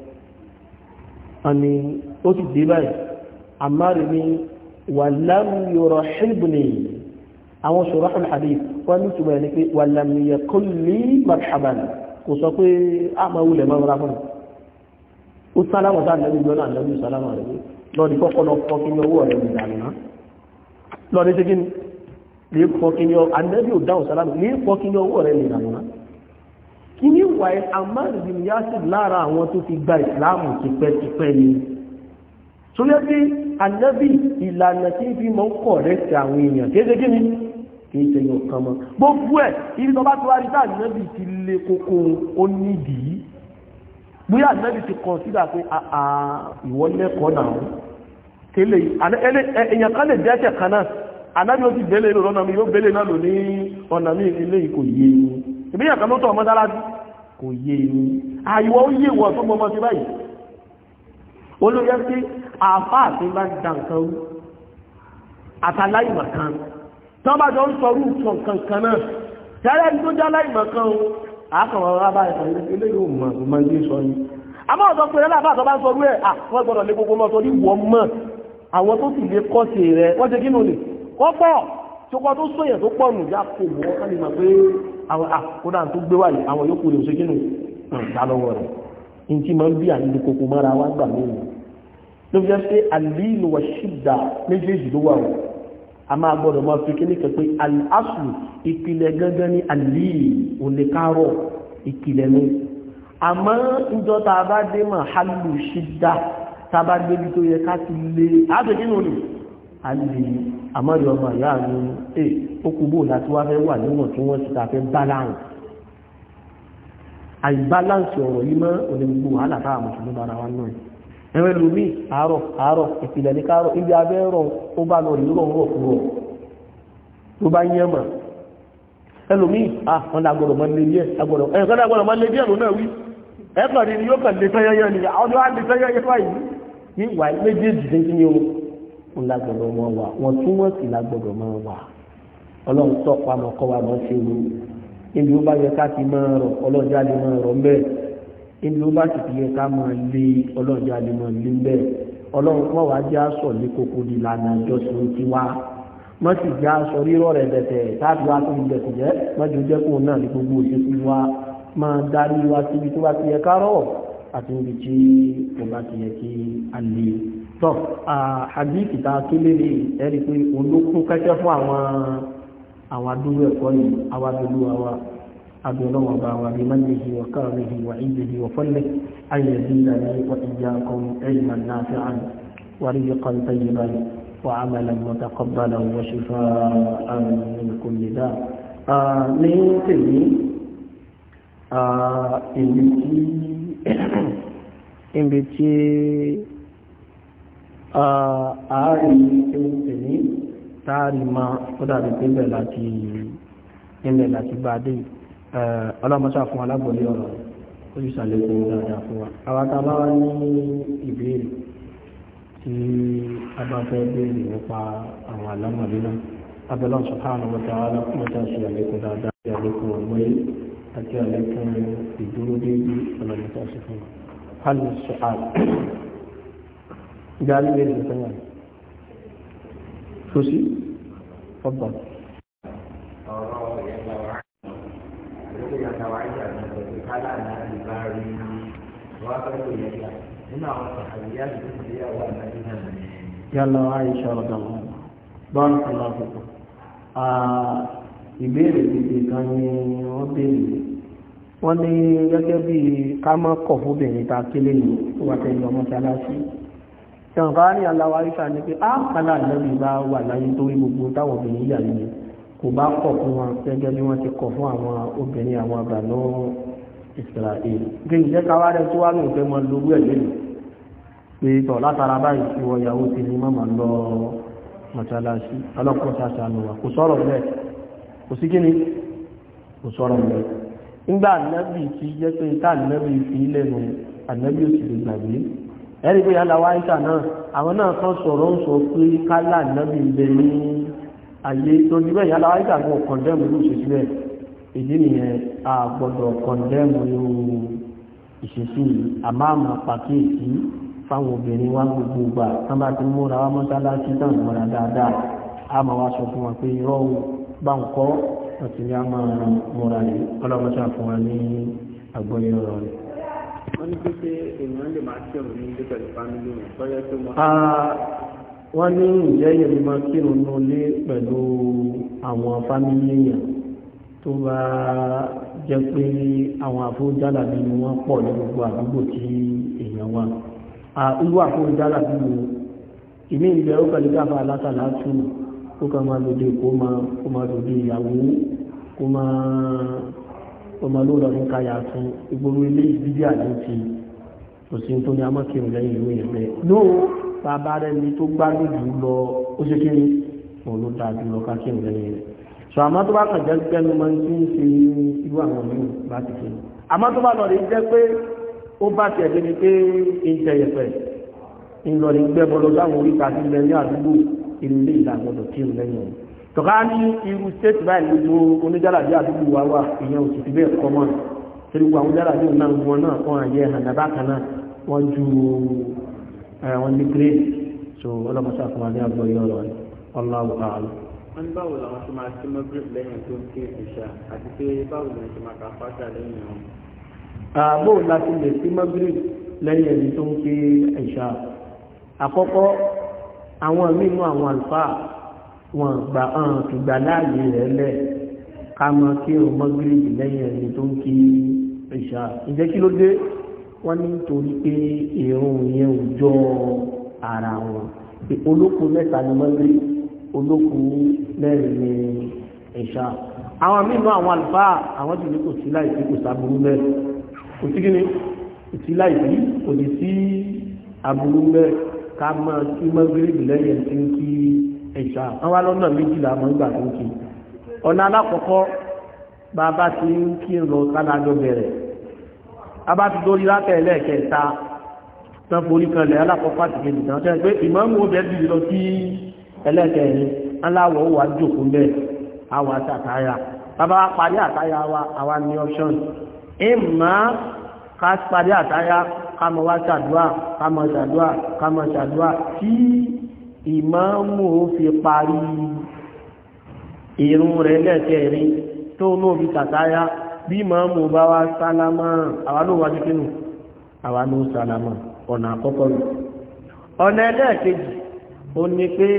àni ó ti dé báyìí àmárì ni wàlám yọrọ ṣílbùnì àwọn ṣòro àwọn àdé wọn ní túmọ̀ ní pé wàlám yẹ kó lè marhaban kò sọ pé a máa wulẹ̀ máa rárá fún ó sálámà sáà nàbí gbọ́nà nàbí sálámà rẹ̀ lọ́ọ̀dì kọ́kọ́ lọ fọ́ kí ní owó rẹ̀ nìdàmì náà lọ́ọ̀dì tí kí lè fọ́ kí ní ọ ànábì ò dáhùn kìíní wà ẹ́ Ammar bin Yasir lára àwọn tó fi gba ìsìláàmù tipẹ́tipẹ́ ni tó yẹ pé ànábì ìlànà tí ń fi mọ́ ń kọ̀ rẹ̀ sí àwọn èèyàn kéde kí ni kìí ṣe yọ kan mọ́ gbogbo ẹ̀ ibi tó bá ti wá rí sáà ànábì ti lé kókó ó nídìí bóyá ànábì ti consider pé ah, ah, ìwọ lẹ́kọ̀ọ́ náà tẹ́lẹ̀ e, èèyàn kan lè dẹ́ṣẹ̀ kan náà ànábì ó ti bẹ́lẹ̀ lọ́nà mi yóò bẹ́lẹ̀ náà lò ní ọ̀nà mi ilé ìkòyí ẹ̀mí ìyàkan ló tọ̀ ọmọdé aláàbí kò yé ní àìwọ ó yé wọ tó mọmọ sí báyìí olóyẹ sí àáfàá tí bá ń da nǹkan rú àtàláìmọ̀ kan tó bá jọ ń sọrú nǹkan kan náà tẹ́lẹ̀ tó já láìmọ̀ kan o àákànwọ̀ rábà ẹ̀sọ̀ ilé yóò mọ̀ tó máa ń gbé sọ ni àmọ́ ọ̀sọ̀ pé lẹ́lá àbá àtọ́bá sọrú ẹ̀ àwọn gbọ́dọ̀ lé gbogbo mọ́ tí wọ́n tó sóyẹ̀ tó pọ̀ nù já kò mọ́ ká lè mọ̀ pé àwọn àkódà ah, tó gbé wáyé àwọn yòókù lè ṣe kínú ìgbà hmm, lọ́wọ́ rẹ̀ ní tí máa ń bí àlejò kòkó mọ́ra wá gbà mí ló fi jẹ́ pé àlìlù wà ṣídà méjèèjì ló wà wọ́n a máa gbọ́dọ̀ máa fi kíní kan pé al ìpìlẹ̀ gangan ní àlìlù òní kárọ̀ ìpìlẹ̀ ní àmọ́ ìjọ tá a bá dé mọ̀ hálù ṣídà tá a bá débi tó yẹ ká ti lé àbẹ̀kínú alì àmọ́rí ọmọ ìyá mi ẹ̀ eh, okùnbó láti wá fẹ́ wà níwọ̀n tí wọ́n ti ta fẹ́ balance àìbáláǹsì ọ̀rọ̀ yìí mọ́ onígbò wàhálà táà bára wa náà ẹ̀rẹ́ lómi àárọ̀ àárọ̀ ìpìlẹ̀ ní káàrọ̀ ibi abẹ́ rọ̀ ó bá lọ rọ̀ rọ̀ tó bá yẹ́ mọ̀ àwọn mọ́ ń lágbọ̀dọ̀ mọ́ wà wọ́n tún wọ́n sì lágbọ̀dọ̀ wà ọlọ́run tọ́ pamọ́ kọ́ wa mọ́ ṣe wo níbi ó bá yẹ ká ti máa rọ̀ ọlọ́jà lè máa rọ̀ ńbẹ́ níbi ó bá ti yẹ ká máa lé ọlọ́jà lè máa lé ńbẹ́ ọlọ́run kọ́ wa jẹ́ aṣọ ní kókó di lànà ìjọsìn tiwa mọ́ sì jẹ́ aṣọ rírọ̀ rẹ̀ bẹ̀tẹ̀ táàbí wa tó ń jẹ̀kùjẹ́ mọ́jú jẹ́kùn náà ní gbogbo òṣèlú wa máa darí wa síbi tó bá ti yẹ ká rọ̀ àti níbi tí kò bá ti yẹ kí a lè tọ́ àdìsí tá a tó lélẹ̀ ẹ̀rí pé olókùn kẹ́kẹ́ fún àwọn àwọn adúgbò ẹ̀kọ́ yìí àwọn abẹ́lú àwọn أدلوا وبمنه وكرمه وعيده وفضله أن يزيدني وإياكم علما نافعا ورزقا طيبا وعملا متقبلا وشفاء من كل داء ní tèmi ibi tí àárín ewu tèmi táàrí ma ó dàbí pé bẹ̀rẹ̀ láti ilẹ̀ láti bá dé ọlọ́mọṣà fún alábòlé ọ̀rọ̀ ó sì ṣàlékún dáadáa fún wa àwọn tábà wá ní ìbéèrè tí a bá fẹ́ béèrè nípa àwọn àlámọ̀lé náà abẹ́lọ́n sọ̀hánà wọ́ta alákùnmọ́ta ṣe àlékún dáadáa àti àlékún ọgbọ́yé àti àlékún ìdúró déédéé ọlọ́mọṣà sí fún wa. جعل لي الثمان سوسي تفضل yàlla aisha rọ̀dọ̀lọ́ bọ́n aláàfẹ́kọ̀ ìbéèrè gbogbo kan ni wọ́n béèrè wọ́n ní gẹ́gẹ́ bí ká mọ́ kọ̀ fóbìnrin ta kílé ní wàtẹ̀lẹ̀ ọmọ sáláṣí ṣàǹkà ní aláwọ̀ àríṣà ní pé ah, ápàlà lẹ́bí bá wà láyé torí gbogbo táwọn obìnrin yà yìí kò bá kọ̀ fún wọn gẹ́gẹ́ bí wọ́n ti kọ̀ fún àwọn obìnrin àwọn àgbàlọ́ Israel gbé ìjẹ́ káwá rẹ̀ tó wà ní òfẹ́ mọ́ lórí ẹ̀ lélẹ̀ pé tọ̀ látara báyìí tí wọ́n yàwó ti ní mọ́mọ́ lọ mọ́ṣáláṣí ọlọ́pọ̀ ṣàṣàánú wa kò sọ̀rọ̀ bẹ́ẹ̀ kò sí ẹ̀rí pé yàrá wáyíṣà náà àwọn náà kan sọ̀rọ̀ ń sọ pé kálà nàbì ń bẹ ní ayé tó ní bẹ́ẹ̀ yàrá wáyíṣà kan kọ̀ndẹ́mù ló ṣe sílẹ̀ ìdí nìyẹn a ma kọ̀ndẹ́mù irú ìṣesí pàkíyèsí fáwọn obìnrin wá gbogbo ìgbà tán bá ti múra wá mọ́ra dáadáa a máa wá sọ fún wa pé irọ́ bá ń kọ́ àti ní a máa múra wọ́n ní pé pé èèyàn lè máa kírun ní ilé pẹ̀lú fámílì rẹ̀ tọ́jọ́ tó mọ́. Ah, wọ́n ní ìyẹ́ yẹn lè máa kírun ní ilé pẹ̀lú àwọn fámílì yẹn tó bá jẹ́ pé àwọn àfojálàbí ni wọ́n pọ̀ ní gbogbo àdúgbò tí èèyàn wà. Ah, irú àfojálàbí ni ìmí ìbẹ̀ ó pẹ̀lú káfà látàlá tún kó kàn máa lòdì kó máa lòdì ìyàwó kó máa ọmọ ló lọ ní káyà fún ìgboro ilé ìbílẹ̀ àdéhùn òsì tó ní amákẹ́rù lẹ́yìn ìlú yẹn bẹ́ẹ̀. lóò bàbá rẹ ni tó gbádùn jù lọ ó ṣe kéré òun ló dáa jù lọ kákẹ́rù lẹ́yìn rẹ̀. sọ àmọ́ tó bá kàn jẹ́ pé ẹnu máa ń tí ń ṣe irú àwọn yìí bá ti ṣe. àmọ́ tó bá lọ rí jẹ́ pé ó bá tiẹ̀ dé ni pé ń jẹ yẹpẹ̀ ń lọ rí gbẹ́bọ lọ láwọn oríta sílẹ̀ ní àdúgbò ilé ìlàgbọ́dọ̀ kírun lẹ́yìn rẹ̀ tọ́ka ní irú stéètì báyìí gbogbo oníjàlàbí àdúgbò wa wà ìyẹn òsì ti bẹ́ẹ̀ kọ́ mọ́ torí gbogbo àwọn jàlàbí náà wọn náà wọn àyẹ àdàbà kan náà wọn ju wọn ní grade so ọlọ́mọṣà fún wa ní àgbọ̀ yìí ọ̀rọ̀ rẹ̀ ọlọ́wọ́ àlọ́. wọ́n ní báwo làwọn ṣe máa ṣe mọ́ grade lẹ́yìn tó ń ké ìṣà àti pé báwo làwọn ṣe máa kà fáṣà lẹ́yìn wọn. àbò láti lè ṣe mọ́ grade lẹ́yìn ẹni tó ń ké ìṣà àkọ́kọ́ àwọn mímú àwọn wọn gbà hàn fìgbà láàyè rẹ̀ lẹ̀ ká mọ kí o mọ́gírìjì lẹ́yìn ẹni tó ń kí ìṣà ìjẹ́ kí ló dé wọ́n ní torí pé ìrun yẹn ò jọ ara wọn olókùn mẹ́ta ni mọ́gírì olókùn mẹ́rin ni ìṣà àwọn mímọ́ àwọn àlùfáà àwọn jù ní kò sí láìsí kò sáburú mẹ́rin kò sí kíni kò sí láìsí kò ní sí aburú mẹ́rin ká mọ kí mọ́gírìjì lẹ́yìn ẹni tó ń kí ẹ̀ṣà àwọn alọ́nà méjìlá mọ́ ń gbà tó kí ọ̀nà alákọ̀ọ́kọ́ bá bá ti ń kí ń lọ sádájọ́ bẹ̀rẹ̀ a bá ti dórí látẹ̀ ẹlẹ́ẹ̀kẹta tán forí kanlẹ̀ alákọ̀ọ́kọ́ àti kejì tán tẹ́ pé ìmọ̀mù obẹ̀ bìí lọ sí ẹlẹ́ẹ̀kẹrin aláwọ̀ wà jòkó mẹ́ àwọn àtàtàyà bàbá wa parí àtàyà tí ìmáàmù ó fi parí ìrun rẹ̀ lẹ́ẹ̀kẹ́rin tó náà fi tàtáyá bí ìmáàmù bá wá sálámà àwa ló wájú kínú àwa ló sálámà ọ̀nà àkọ́kọ́ rẹ̀ ọ̀nà ẹlẹ́ẹ̀kejì ó ní pé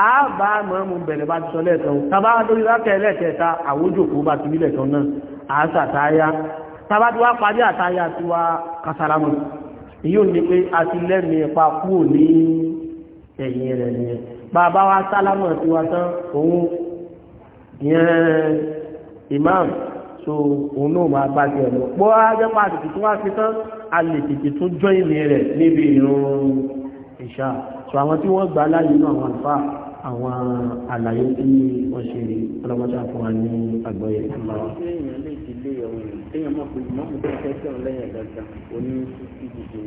àábá ìmáàmù bẹ̀rẹ̀ bá ti sọ lẹ́ẹ̀kan tàbá lórí lákẹ́ ẹlẹ́ẹ̀kẹta àwójòkó bá ti bí lẹ́ẹ̀kan ẹ̀yìn rẹ̀ ni bàbá wa sálámọ̀ sí wa tán òun yẹn imam so òun náà máa bá tiẹ̀ lọ pọ́ ajẹ́pọ̀ àtìkì tó wá sí tán a lè tètè tó jọ ìní rẹ̀ níbi ìrun ìṣà so àwọn tí wọ́n gbà láàyè náà àwọn àlùfáà àwọn àlàyé tí wọ́n ṣe rí ọlọ́mọdé fún wa ní àgbọ̀yé tó máa wà. téèyàn lè dìlé ọ̀hún téèyàn mọ̀ pé ìmọ̀ọ́mù tó fẹ́ sẹ́wọ̀n lẹ́yìn ẹ̀dọ́gbà oní ìdíje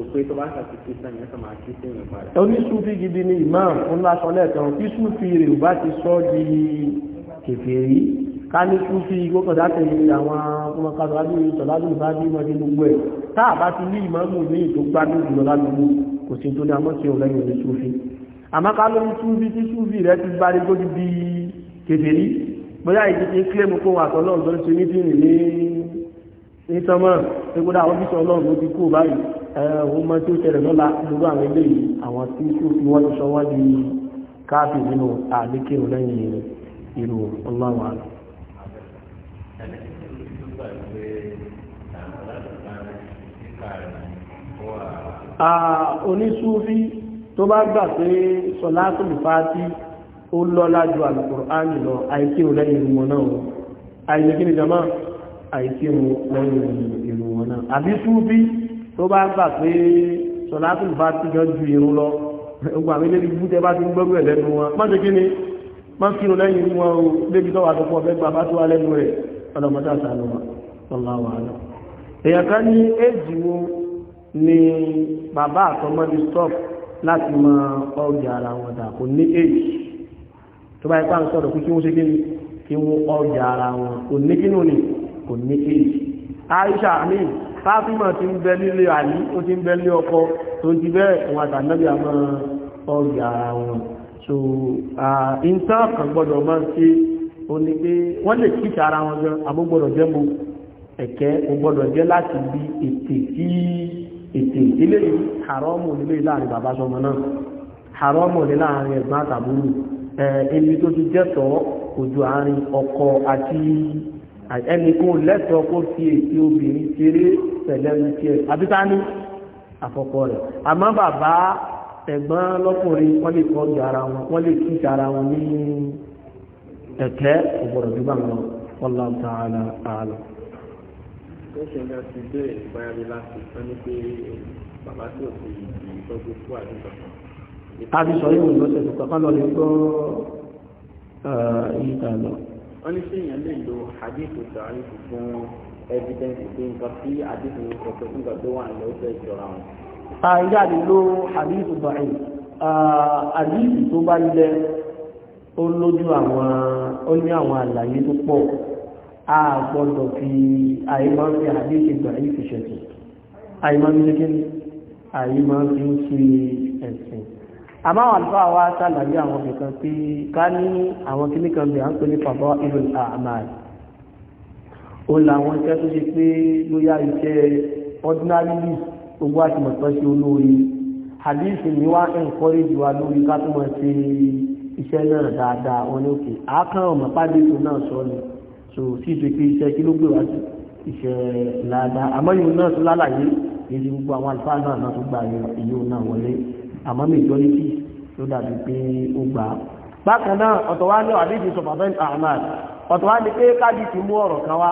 òpè tó bá ṣàtúnṣe sàn yẹn sàn máa kí sí ìyẹn padà. oníṣùfì gidi ni imam ń láṣọ lẹ́ẹ̀kan kí ṣùfì rè ò bá ti sọ di kèfèrí ká ní ṣùfì gbọ́kànlá tẹ̀lé àwọn ọmọkàtà lórí sọ̀lájú bá bí wọ́n dé gbogbo ẹ̀ tá a bá ti ní ìmáàmù ní ètò gbádùn jùlọ lálùmú kò sí tó ní amọ́sí ọ̀rẹ́ ìwé ṣùfì àmọ́ ká lórí ṣùfì tí ṣùfì rẹ ti bá dé gbójú bí kèfèrí bóyá ìdí ti kílẹ̀mù kó àtọ̀ náà tó ń ṣe ní ní ní sọmọ ẹ̀hún eh, mọ́ tí ó tẹ̀lẹ̀ lọ́la gbogbo àwọn ilé yìí àwọn tí ó fi wọ́n ti sọ wọ́n di káàfì nínú àlékèrò lẹ́yìn ìlú ọlọ́wà rẹ̀. onísúfí tó bá gbà pé sọlátùl fàtí ó lọ́lá ju àlùkùránì lọ àìkírò lẹ́yìn ìlú wọn náà àìlẹ́kìnìjàmá àìkírò lẹ́yìn ìlú wọn náà àbí súfí tó bá gbà pé sọ̀látùl bá tíjọ́ ju irun lọ ogun àwọn ilé ibú tẹ́ bá ti ń gbọ́rú ẹ̀ lẹ́nu wọn má ṣe kí ni má kí irun lẹ́yìn wọn o débi tó wà tó pọ̀ fẹ́gbà bá tó wà lẹ́nu rẹ̀ ọlọ́mọdé àtàlù wọn lọ́láwà lọ. èèyàn kan ní éèjì wo ni bàbá àtọmọ ti stop láti mọ ọjà ara wọn dà kò ní éèjì tó bá ipá ń sọ̀rọ̀ pé kí wọ́n ṣe kí ni kí wọ́n ọjà ara wọn kò ní kí ni kò ní éèjì Aisha amin fáfímọ̀ ti ń bẹ nílé àní ó ti ń bẹ nílé ọkọ tó ti bẹ́ẹ̀ wọn àtànẹ́bí àmọ́ ọgbà ara wọn so ìntàn kan gbọ́dọ̀ máa ṣe ó ní pé wọ́n lè kíkà ara wọn gan àbúgbọ́dọ̀ jẹ́ mo ẹ̀kẹ́ ó gbọ́dọ̀ jẹ́ láti bí ètè tí ètè ilé yìí haramu nílé láàrin bàbá sọmọ náà haramu ní láàrin ẹ̀gbọ́n àtàbúrò ẹ̀ẹ́ni tó ti jẹ́tọ̀ọ́ ojú àárín ọkọ àti ẹnì kò lẹ́tọ̀ọ́ kó fi èsì obìnrin ṣeré pẹ̀lẹ́nu tiẹ̀ abítání àkọ́kọ́ rẹ̀ àmọ́ bàbá ẹ̀gbọ́n lọ́kùnrin wọ́n lè kọ́ ju ara wọn wọ́n lè kí ara wọn ní ẹ̀kẹ́ ọ̀gbọ̀dọ̀ tó bá ń lọ wallahu ta'ala a'lam. ó ṣe ní ọtí bẹ́ẹ̀ ìpayà mi láti sọ ní pé bàbá tí ò fi ìtọ́jú fún àdúgbò kan. a ti sọ yóò lọ́sẹ̀ tó kọ́kọ́ lọ lè gbọ́ ìyíká wọ́n ní sí èèyàn lè lo àdéhùn sàárì fún evidence pé nǹkan tí àdéhùn ń sọ pé nǹkan tó wà ní ọjọ́ ìjọra wọn. àìyá lè lo àdéhùn báyìí àdéhùn tó bá lẹ ó lójú àwọn ó ní àwọn àlàyé tó pọ̀ a gbọ́dọ̀ fi àìmọ́ fi àdéhùn báyìí fi ṣẹ̀tù àìmọ́ fi ṣe kí ni àìmọ́ fi ń ṣe ẹ̀sìn àmọ́ àwọn àlùfáà wa ṣàlàyé àwọn nìkan pé ká ní àwọn kíní kan bẹ̀ à ń pè ní pàbọ́ ìlú àmàlì ó làwọn iṣẹ́ tó ṣe pé lóyá iṣẹ́ ordinary gbogbo àtìmọ̀tán ṣe olóore hadith ni wá encourage wa lórí ká tó mọ̀ sí iṣẹ́ náà dáadáa wọn ní òkè àákàn ọ̀mọ̀ pàdé tó náà sọ ni so sí ìṣe pé iṣẹ́ kí ló gbé wá sí iṣẹ́ dáadáa àmọ́ ìhun náà tó lálàyé èyí gbogbo àwọn àlùfáà náà náà tó gbà yọ ìyóò náà wọlé àmọ́ majority ló dàbí pé ó gbà á. bákan náà ọ̀tọ̀ wá ní àdéhùn sọ bàbá ahmad ọ̀tọ̀ wá ní pé káàdì ti mú ọ̀rọ̀ kan wá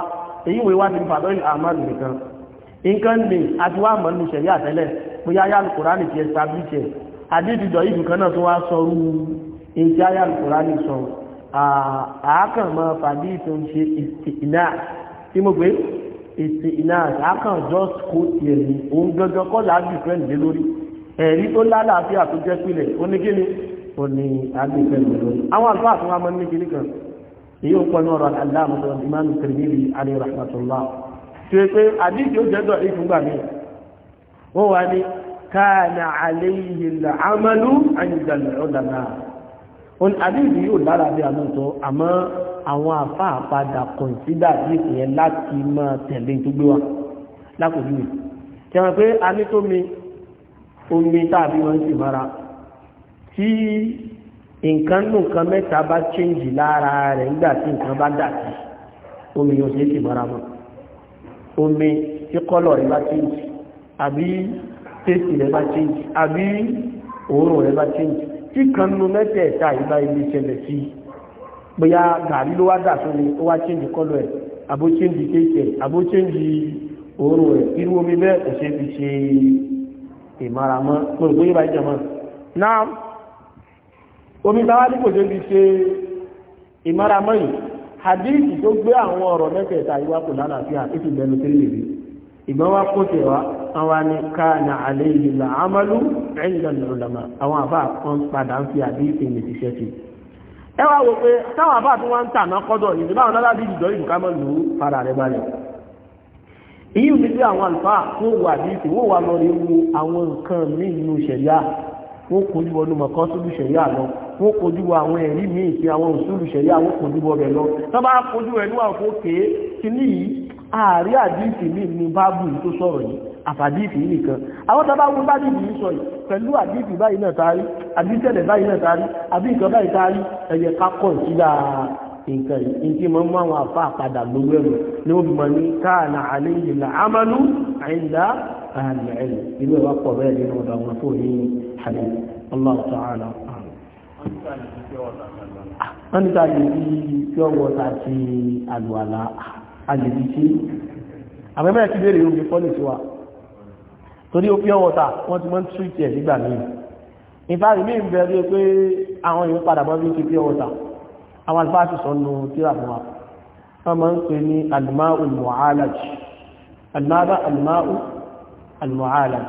èyí wòye wá ti ní bàbá ahmad nìkan nǹkan lè àti wá mọ̀ nínú ṣẹ̀rí àtẹ́lẹ̀ bóyá ayálu kùránì ti establish ẹ̀ àdéhùn ìjọ ìdù kan náà tó wá sọ rú èyí ayálu kùránì sọ àákàn mọ fàdí tó ń ṣe ìtìná tí mo pé ìtìná àákàn just kó tiẹ̀ ní òun gangan kọ́ làá jù fẹ́ǹdé lórí ẹ̀rí tó lálàáfíà tó jẹ́ pìlẹ̀ onígíní ò ní agbègbè lórí àwọn àlùfáà tó wá mọ́ ní kíní kan èyí ń pọnú ọ̀rọ̀ aláàmùsọ̀ ìmáàmù kìrìmìlì alẹ́ rahmatullah tó yẹ pé àdíjì ó jẹ́dọ̀ ìfúngbà mi ó wà ní káàna àléyìí làámàlú àyíjàlẹ̀ ọ̀dàmà ó ní àdíjì yóò lálàáfíà náà tó àmọ́ àwọn àfáà padà kọ̀ǹsídà bí ìyẹn láti máa tẹ̀lé tó gbé wa lákòójú rẹ̀ tí pé a ní tó mi omi tàbí wọ́n sì mara tí nǹkan nù nǹkan mẹ́ta bá change lára rẹ̀ nígbà tí nǹkan bá dàtí omi yóò ṣe sì mara mọ́ omi tí kọ́lọ̀ rẹ̀ bá change àbí tẹ́sì rẹ̀ bá change àbí òórùn rẹ̀ bá change tí kan nù mẹ́tẹ̀ẹ̀ta ìbá ilé ṣẹlẹ̀ sí bóyá gàrí ló wá dà sómi ó wá change kọ́lọ̀ ẹ̀ àbó change tẹ́sì ẹ̀ àbó change òórùn rẹ̀ irú omi bẹ́ẹ̀ kò ṣe fi ṣe ìmáramọ́ gbogbo yíba ìjọmọ́ náà omi tàwádìí kò débi ṣe ìmáramọ́ yìí hadithi tó gbé àwọn ọ̀rọ̀ mẹ́tẹ̀ẹ̀ta ìwà kò lálàáfíà ètò ìbẹ̀nu tí lè rí ìgbọ́n wá kó tẹ̀ wá àwọn ni ká na àlẹ́ ìlà àmàlú ẹ̀yìnlá lọ́lọ́mà àwọn àbá kan padà ń fi àdíìsì ní ṣiṣẹ́ sí ẹ wá wò pé táwọn àbá tí wọ́n ń tà náà kọ́dọ̀ yìí èyí ò ní bí àwọn àlùfáà tó wà ní ìpè wọ́n wà lọ rí wo àwọn nǹkan míì nínú ìṣẹ̀yà wọ́n kojú wọnú mọ̀kán sílù ìṣẹ̀yà lọ wọ́n kojú wọ àwọn ẹ̀rí míì sí àwọn òṣèlú ìṣẹ̀yà wọ́n kojú wọ bẹ̀ lọ tó bá kojú ẹ̀ ní àwọn òkè kíní yìí ààrí àdìsí míì ní báàbù tó sọ̀rọ̀ yìí àfàdìsí yìí nìkan àwọn tó bá wọn bá dìbò yìí sọ pẹ̀lú àdìsí báyìí náà taari àdìsẹ̀lẹ̀ báyìí náà taari àbí nǹkan báyìí taari ẹ̀yẹ kọ̀ sí dáa nǹkan yìí nǹkan máa ń mú àwọn àfa àpadà lórí ẹ̀rù ní wọ́n fi mọ̀ ní káàna àléyìn ìlà amánú àyíǹda àhàlì ẹ̀rù inú ẹ̀wà pọ̀ bẹ́ẹ̀ nínú ọ̀dọ̀ àwọn tó ní àlẹ́ Allah ta'ala. wọ́n ní ká lè fi pure water ti àlùwàlà àlèbí tí àmẹ́mẹ́rẹ́ ti béèrè omi fọ́lì sí wa torí ó pure water wọ́n ti máa ń tírìtì ẹ̀ nígbà míì ìfàrí mi bẹ̀rẹ̀ pé àwọn èèyàn padà bọ́ bí ó ti pure water àwọn alifáàtì sọ́nù tíra fún wa wọ́n máa ń pè ní alimáù almu'alaj alimáàbá alimáù almu'alaj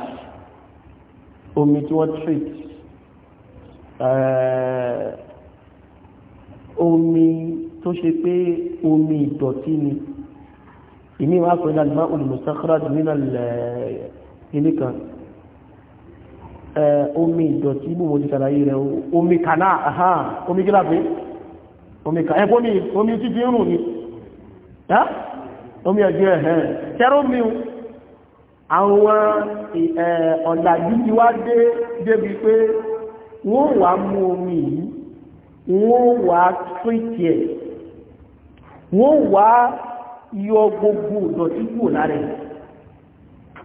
omi tí wọ́n treat omi tó ṣe pé omi ìdọ̀tí ni ìní wọ́n pè ní alimáù almustakhraj nínú ilé kan omi ìdọ̀tí bò mo ti rẹ̀ omi kanáà omi kíláàpé omi kà ẹkọ́ ní omi títí ń rùn ní ẹ́ omi ẹ̀jẹ̀ ẹ̀hẹ́n tẹ́rọ mi àwọn ọ̀làjú ti wá dé débi pé wọ́n wá mú omi yìí wọ́n wá tírìtì ẹ̀ wọ́n wá yọ gbogbo ìdọ̀tí kúrò lára ẹ̀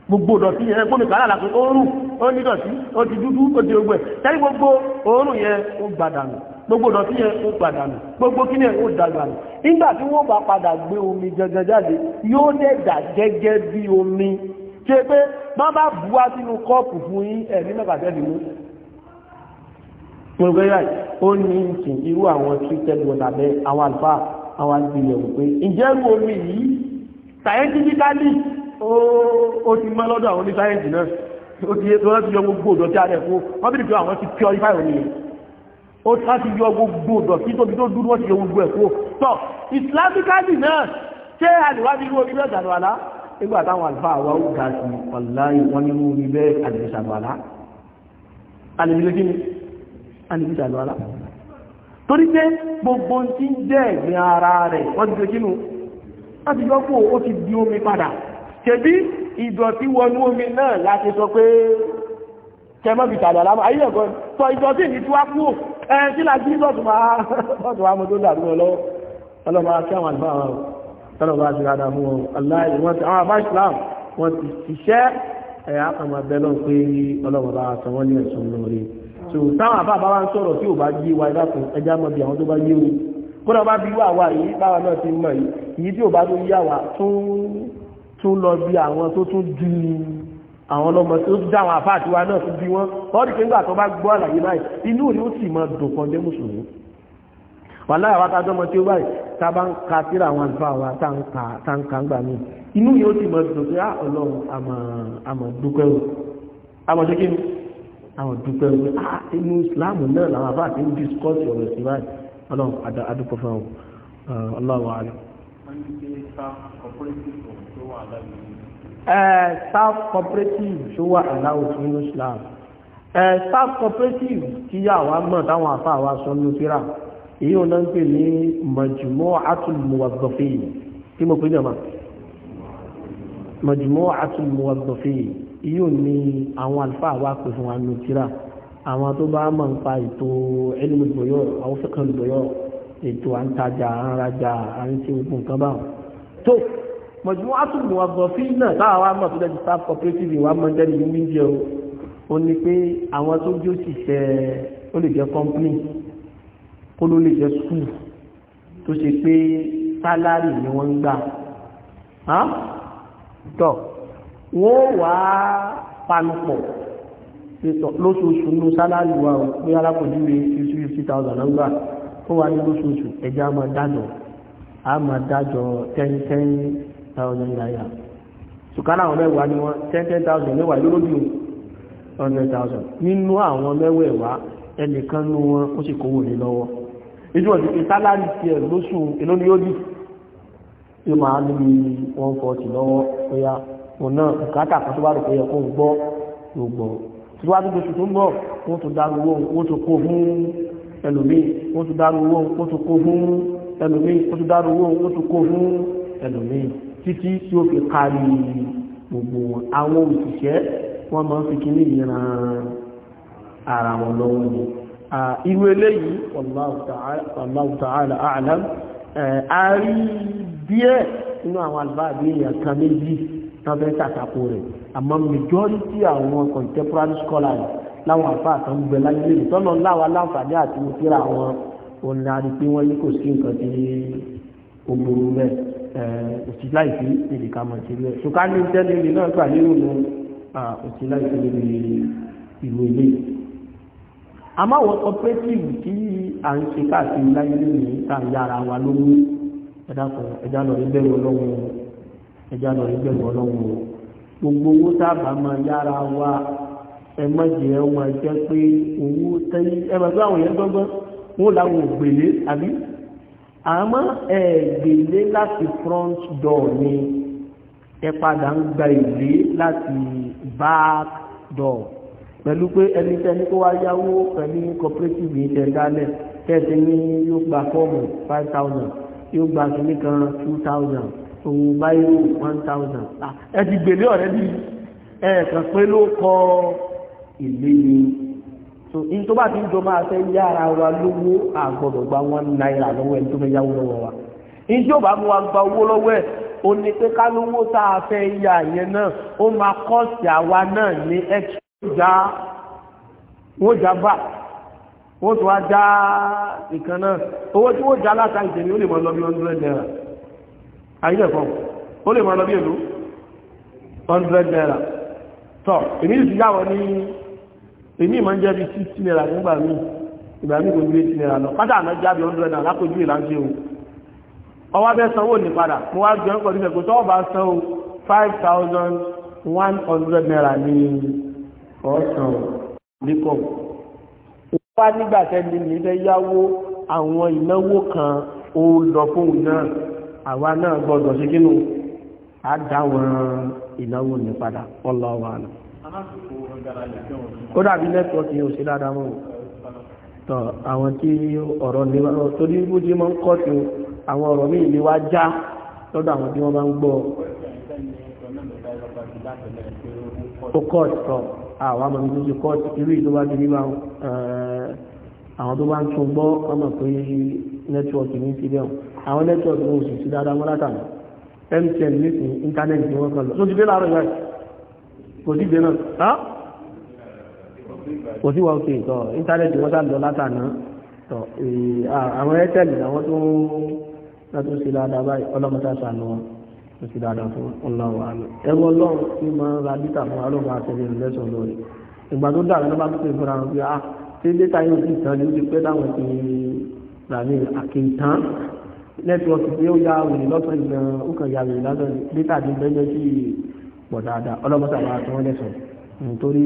gbogbo ìdọ̀tí yẹn gbómi kàrà làkùn ó rù ó ní ìdọ̀tí ó ti dúdú ó ti gbogbo ẹ̀ tẹ́lẹ̀ gbogbo òórùn yẹn ó gbàdànù gbogbo ọ̀dọ̀ tí yẹn ó padà nù gbogbo kí ni ó dàgbà nù nígbà tí wọ́n bá padà gbé omi gangan jáde yóò dẹ̀ dà gẹ́gẹ́ bí omi ṣe pé má bá buwá sínú kọ́ọ̀pù fún yín ẹ̀mí mẹ́fà tẹ́lẹ̀ mú gbogbo yáì ó ní ìsìn irú àwọn treated water bẹ́ẹ̀ àwọn àlùfáà àwọn àgbìyẹ̀wò pé ǹjẹ́ rú omi yìí scientifically ó ti mọ́ lọ́dọ̀ àwọn oníṣáyẹ̀nsì náà ó ti yẹ ó láti yọ gbogbo ìdọ̀tí tóbi tó dúró ti ewu gbogbo ẹ̀kọ́ tọ́ islamicali náà ṣé àdìwádìí irú orí bẹ́ẹ̀ sàdọ̀wàlá nígbà táwọn àlùfáà wa ó ga sí ọ̀láyé wọn nínú orí bẹ́ẹ̀ àdìwí sàdọ̀wàlá àdìwí kí ni àdìwí sàdọ̀wàlá torí pé gbogbo tí ń jẹ́ ẹ̀gbìn ara rẹ̀ wọ́n ti ṣe kínú láti yọ kó ó ti di omi padà ṣebí ìdọ̀tí wọnú omi náà láti sọ pé kẹmọ́bì sàdọ̀wàlá ayé ẹ̀kọ́ sọ ìdọ̀tí ìní tí wá kúrò ẹ̀ sí làjí sọ́tù wa mo tó dàrú ọ lọ́wọ́ ọlọ́mọ akẹ́ àwọn àlùfáà wọn tọ́lọ́mọ àti Islam wọ́n ti ṣiṣẹ́ ẹ̀yà àmà bẹ́ẹ̀ náà pé ọlọ́mọ bá sọ wọ́n ní ẹ̀sùn lórí so táwọn àbá bá wá ń sọ̀rọ̀ tí ò bá yé wa ẹ̀dá kan ẹja mọ̀ bí àwọn tó bá yé o kódà bá bí wà wá yìí báwa náà ti mọ̀ yìí èyí tí ò bá tó yá wa tún lọ bí àwọn tó tún dùn àwọn ọlọ́mọ tó dá àwọn àfáà tí wa náà tó bí wọ́n lọ́dí pé nígbà tó bá gbọ́ àlàyé báyìí inú ni ó sì máa dùn kan jẹ́ mùsùlùmí wà láyà wá tájọ́mọ tí ó báyìí tá bá ń ka síra àwọn àlùfáà wa tá ń ka ń gbà mí inú ni ó sì máa dùn pé ọlọ́run àmọ̀ dúpẹ́ o àmọ̀ ṣe kí ni àmọ̀ dúpẹ́ o inú ìsìláàmù náà làwọn àfáà ti ń discourse ọ̀rọ̀ sí báyìí ọlọ́run staff cooperative ṣó wà aláwọ̀ tó ní Islam staff cooperative tí àwa mọ̀ táwọn afá wa sọ ní òfìrà èyí ò náà ń pè ní Majmu'atul Muwazzafin tí mo pè ní ọmọ Majmu'atul Muwazzafin èyí ò ní àwọn àlùfáà wa pè fún wa ní òfìrà àwọn tó bá mọ̀ ń pa ètò ẹlùmí ìgbòyọ̀ àwọn fẹ́kàn ìgbòyọ̀ ètò àǹtajà àǹrajà àǹtí ogun kan báwọn tó Majmu'atul Muwazzafin náà táwa wá mọ̀ tó dẹ́jú staff cooperative wa mọ̀ jẹ́ nínú india o ó ní pé àwọn tó jó ṣiṣẹ́ ó lè jẹ́ company kó ló lè jẹ́ school tó ṣe pé sálárì ni wọ́n ń gbà tọ̀ wọ́n wá panupọ̀ lóṣooṣù ní sálárì wa o pé alákòjúwe fifty fifty thousand náà gbà ó wà ní lóṣooṣù ẹ̀jẹ̀ á máa dájọ́ á máa dájọ́ ten ten thousand naira ṣùkárà àwọn mẹ́wàá ni wọ́n ten ten thousand mẹ́wàá ló lóbi hundred thousand nínú àwọn mẹ́wẹ̀ẹ̀wá ẹnìkan ní wọn ó sì kówó ní lọ́wọ́ ìjú ọ̀sẹ̀ ìsálárì ti ẹ̀ lóṣù èló ni ó dì yóò máa ní one forty lọ́wọ́ ọ̀yà òun náà bùkátà kan tó bá rò pé yẹ kó ń gbọ́ ló gbọ́ tí wàá dúdú oṣù tó ń bọ̀ wọ́n tún dárú owó wọ́n tún kó fún ẹlòmíì wọ́n tún dárú owó wọ́n tún kó fún ẹlòmíì wọ́n tún dárú owó wọ́n tún kó fún ẹlòmíì títí tí ó fi kárí gbogbo wọn àwọn òṣìṣẹ́ wọ́n máa ń fi kíní ìran ara wọn lọ́wọ́ ni irú eléyìí Allahu ta'ala a'lam a rí díẹ̀ nínú àwọn albáàbí èèyàn kan méjì tán fẹ́ ṣàtàkò rẹ̀ àmọ́ majority àwọn contemporary scholars láwọn àfáà kan gbẹ láyé lè tọ́nà láwa láǹfààní àti mo kíra àwọn òǹdarí pé wọ́n ní kò sí nǹkan tí ó burú bẹ́ẹ̀ òsì láìsí èdè ká mọ̀ sí rẹ̀ ṣùgbọ́n ní tẹ́lẹ̀ ilé náà gbà nínú nu òsì láìsí lórí ìlú ilé àmọ́ àwọn cooperative tí à ń ṣe káàkiri láyé lónìí tá à ń yára wa lóhùn ẹ̀dàkùn ẹ̀dà lọ rí bẹ̀rù ọlọ́run ẹ̀dà lọ rí bẹ̀rù ọlọ́run gbogbo owó tábà máa yára wa ẹ má jẹ́ ọmọ ẹ̀jẹ̀ pé owó tẹ́lẹ̀ ẹ bàbá àwọn èèyàn gbọ́ngbọ́n wọn làwọn ògbèlé àbí àmọ́ ẹ̀ẹ́gbèlé láti front door ni ẹ padà ń gba ìlé láti back door pẹ̀lú pé ẹni tẹ́ni kó wá yáwó pẹ̀lú cooperative yìí tẹ̀ dálẹ̀ tẹ́sí ní yóò gba fọ́ọ̀mù five thousand yóò gba kìíní kan two thousand òun báyìí one thousand ẹ ti gbèlé ọ̀rẹ́ bí ẹ̀ẹ̀kan pé ló kọ ìlé ni so in tó bá ti ń jọ máa fẹ́ yára wa lówó àgbọ̀dọ̀ gba wọn náírà lọ́wọ́ ẹni tó fẹ́ yáwó lọ́wọ́ wa in tí ó bá mú wa gba owó lọ́wọ́ ẹ̀ o ní pé ká lówó tá a fẹ́ yá yẹn náà ó máa kọ́ọ̀sì àwa náà ní ẹ̀kíjà wọ́n já bá wọ́n tún wá já ìkan náà owó tí wọ́n já látàrí tèmi ó lè máa lọ bí hundred naira àyíkẹ́kọ̀ọ́ ó lè máa lọ bí èlò hundred naira tọ́ èmi sì yá wọn ní èmi ìmọ̀ ń jẹ́ bí sixty naira nígbà míì ìgbà míì kò ju eighty naira lọ pátá àná jáde hundred naira lápòjú ìlànṣẹ́ o ọwọ́ abẹ́ sanwó ní padà mo wá jẹun pẹ̀lú ìfẹ̀kọ́ tó ọba san o five thousand one hundred naira ní ọ̀sán lẹ́kọ̀ọ́ wá nígbà tẹ́lẹ̀ ní ilé yáwó àwọn ìnáwó kan ó lọ fóun náà àwa náà gbọ́dọ̀ sí kínú á dá ìnáwó ní padà ọlọ́wọ́ àná ó dàbí nẹ́tíwọ́ọ̀kì yóò ṣe dáadáa mọ́ tọ́ àwọn tí ọ̀rọ̀ ní wọ́n torí bó jí mọ́ ń kọ́ tí àwọn ọ̀rọ̀ míì ní wá já lọ́dọ̀ àwọn tí wọ́n bá ń gbọ́ ó kọ́ọ̀tì tọ́ àwọn àmọ́ tó ti kọ́ọ̀tì irú ìlú wá dirí wọn àwọn tó bá ń tún gbọ́ ọmọ pé nẹ́tíwọ́ọ̀kì ní ti bẹ́ẹ̀ àwọn nẹ́tíwọ́ọ̀kì ní oṣù sí dáadáa mọ́ látàná MTN nísìnyí íńtánẹ́ẹ̀tì ni wọ́n kàn lọ tó ti dé láàárọ̀ yẹn kò sí dé náà kò sí wa òkè tọ íńtánẹ́ẹ̀tì wọ́n sáà lọ látàná tọ àwọn airtel àwọn tó náà tó ṣe dáadáa báyìí ọlọ́mọta sànù wọn tó ṣe dáadáa fún ọlọ́wọ́ àná ẹgbẹ́ ọlọ́run tí máa ń ra lítà fún alóòbá àtẹ̀lé rẹ̀ lẹ́sọ̀ọ́ lórí ìgbà tó dàgbà ló bá tó pè fúnra wọn pé a ah, ṣé dẹ́ta yóò ti tán ni ó ti pẹ́ táwọn ti rà ní àkìntán nẹ́tíwọ́ọ̀kì tí ó yá wèrè lọ́sàn ìgbọ̀n ó kàn yá wèrè lásán dẹ́ta ti gbẹ́jọ́ sí pọ̀ dáadáa ọlọ́mọta bá tó wọ́n lẹ́sọ̀ọ́ nítorí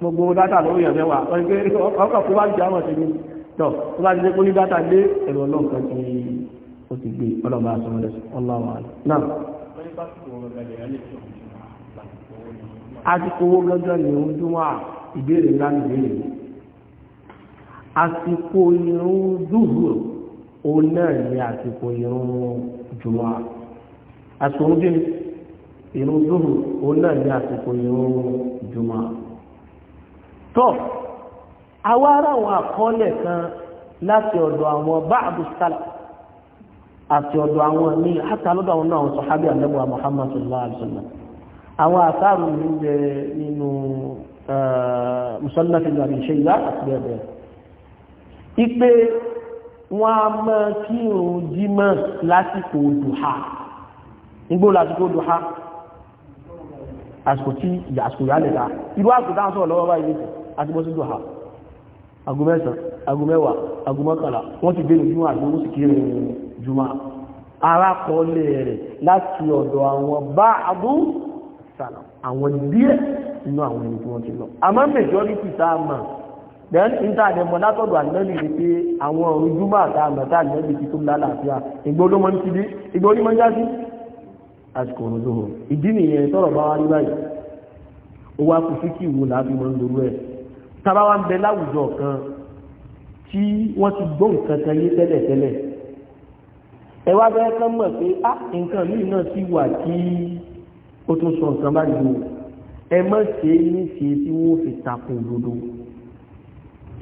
gbogbo dátà lórí ẹ̀ mẹ́wàá wọ́n gbé ọkọ̀ kó bá ń jámọ̀ sí ní tọ́ tó bá ti dé kó ní dátà lé ẹ̀rọ ọlọ́nkan tí ó ti gbé ọlọ́mọ àtúnwọ̀n lẹ́sùn ọlọ́wọ́ náà. àsìkò owó gángan ni òun dún wà ìbéèrè ńlá ní ìbéèrè àsìkò irun dùhù òun náà ni àsìkò irun jùmọ̀ àsìkò irun dùhù òun tọ́ àwa ará àwọn àkọọ́lẹ̀ kan láti ọ̀dọ̀ àwọn báàbù sálà àti ọ̀dọ̀ àwọn ní àtàlọ́dọ̀ àwọn náà sọ̀hábí àlẹ́bùwà Muhammad sallallahu alaihi wasallam àwọn àtàrù ní jẹ nínú musallati àbí ṣeìlá àti bẹ́ẹ̀ ipe wọn a mọ́ kí òun jímọ̀ lásìkò dùhà nígbó lásìkò dùhà àsìkò tí ìyàsìkò yálẹ̀ ta irú àsìkò táwọn sọ̀rọ̀ lọ́wọ́ báyìí àti bọ́ sí dùhà ago mẹ́sàn ago mẹ́wàá ago mọ́kànlá wọ́n ti gbénu júmọ́ àti wọ́n sì kí rìn júmọ́ ara kọlẹ̀ rẹ̀ láti ọ̀dọ̀ àwọn bá abú sàlà àwọn díẹ̀ inú àwọn ẹni tí wọ́n ti lọ àmọ́ majority then níta àdẹ̀mọ̀ látọ̀dọ̀ àlẹ́lì rí pé àwọn ọ̀rùn júmọ́ àti àmọ̀tá àlẹ́lì ti tó lálàáfíà ìgbó ló mọ́ ní ti dé ìgbó ní mọ́ ń já sí àsìkò kí ìwò làá mọ́ ń dorú ẹ̀ tábà wá ń bẹ láwùjọ kan tí wọ́n ti gbọ́ nǹkan kan yé tẹ́lẹ̀tẹ́lẹ̀ ẹ wá bẹ́ẹ̀ kán mọ̀ pé á ah, nǹkan míì náà sì wà tí ó tún sọ nǹkan bá yìí ẹ má ṣe é níṣe tí wọ́n fi takò òdodo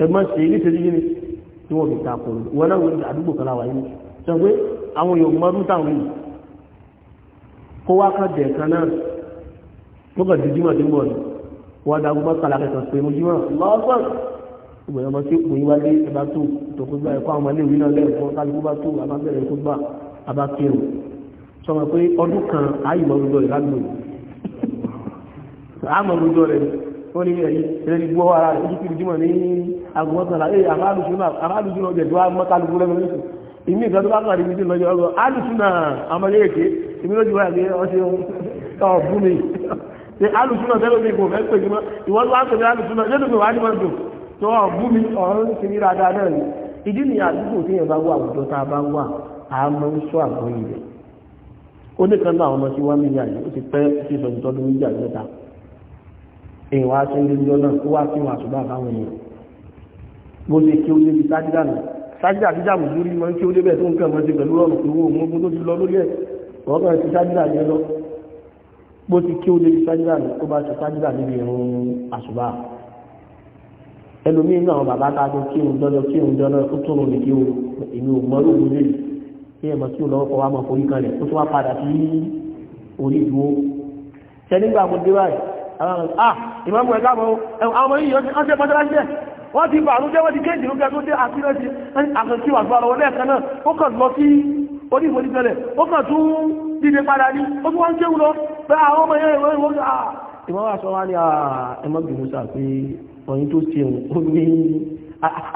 ẹ má ṣe é níṣe tí yìí tí wọ́n fi takò òdodo wọn náà wọ́n àdúgbò kan láwàá yìí sọ pé àwọn èèyàn mọ́rú táwọn yìí kó wá kàn jẹ̀ kan náà tó dídí mọ̀ wọ́n dá gbogbo kàlà kẹsàn pé mo jímọ̀ lọ́sàn ìgbìyànjú ọmọ tí òyìn wá dé ẹ̀bá tó ìtòkúgbà ẹ̀kọ́ àwọn iléèwé náà lẹ́ẹ̀kọ́ kálukú bá tó abábẹ̀rẹ̀ kó gbà abákẹ́rù sọmọ pé ọdún kan àyìnbọn gbogbo rẹ̀ lágbo àmọ́ gbogbo rẹ̀ ó ní ẹ̀yí ẹ̀rí gbọ́ ara rẹ̀ ojú kiri jímọ̀ ní aago mọ́kànlá ẹ̀ àmàlùsùn ọjọ́ ìdúrà mọ́kàlùkù lẹ́nu lẹ́sùn ìmí ìgbàdúrà bá àlùsùn ṣe alùsùnà tẹ́lẹ̀ mi kò fẹ́ pè mí mọ́ ìwọ́n wá pè mí alùsùnà lẹ́nu mi wá ní mọ́tò tó ọ̀ bú mi ọ̀rọ̀ ń ṣe ní dáadáa náà ni ìdí ni àdúgbò tí yẹn bá wà àwùjọ tá a bá wà á mọ ń sọ àgbọ̀ ilẹ̀ ó ní kan náà ọmọ tí wọ́n mi yà yìí ó ti pẹ́ sí sọ ìtọ́jú méjì àgbẹ̀ta èèwà ṣe ń lójọ́ náà ó wá sí wọn àṣùgbọ́n àbáwọn èèyàn bó ṣe kí ó débi sájídà náà sájídà tí jàmù lórí mọ́ kí ó débẹ̀ tó ń kàn mọ́ sí pẹ̀lú ọ̀rùn tó wó mú tó ti lọ lórí ẹ̀ ọ̀gá ti sájídà yẹn lọ bó ti kí ó lè sájúdà tó bá ti sájúdà níbi ìrun àṣùbà ẹlòmíín náà bàbá ká tó kí òun dọ́dọ̀ kí òun dọ́dọ̀ ó tún òun kí òun èmi ò mọ lóògùn lè kí ẹ̀mọ́ tí ò lọ́wọ́ kọ́ wa mọ̀ forí kan rẹ̀ ó tún wá padà sí orí ìdúró tẹ́nígbà mo dé báyìí àwọn ọmọ ah ìmọ̀mù ẹ̀ká mọ́ àwọn ọmọ yìí wọ́n ṣe pọ́tẹ́lá jẹ́ wọ́n ti bàánú jẹ́ wọ́n ti kéèjì ló gẹ́gẹ́ tó dé àfihàn sí àkànṣíwà gbọ́ra wọn lẹ́ẹ̀kan náà ó kàn lọ sí orí dìde padà ní ó tún wá ń kéwù lọ pé àwọn ọmọ yẹn ìwọ́n ìwọ́n àà ìwọ́n wà sọ wá ní ẹmọ́gbìmọ̀ sà pé ọ̀yìn tó ṣe òun ó ní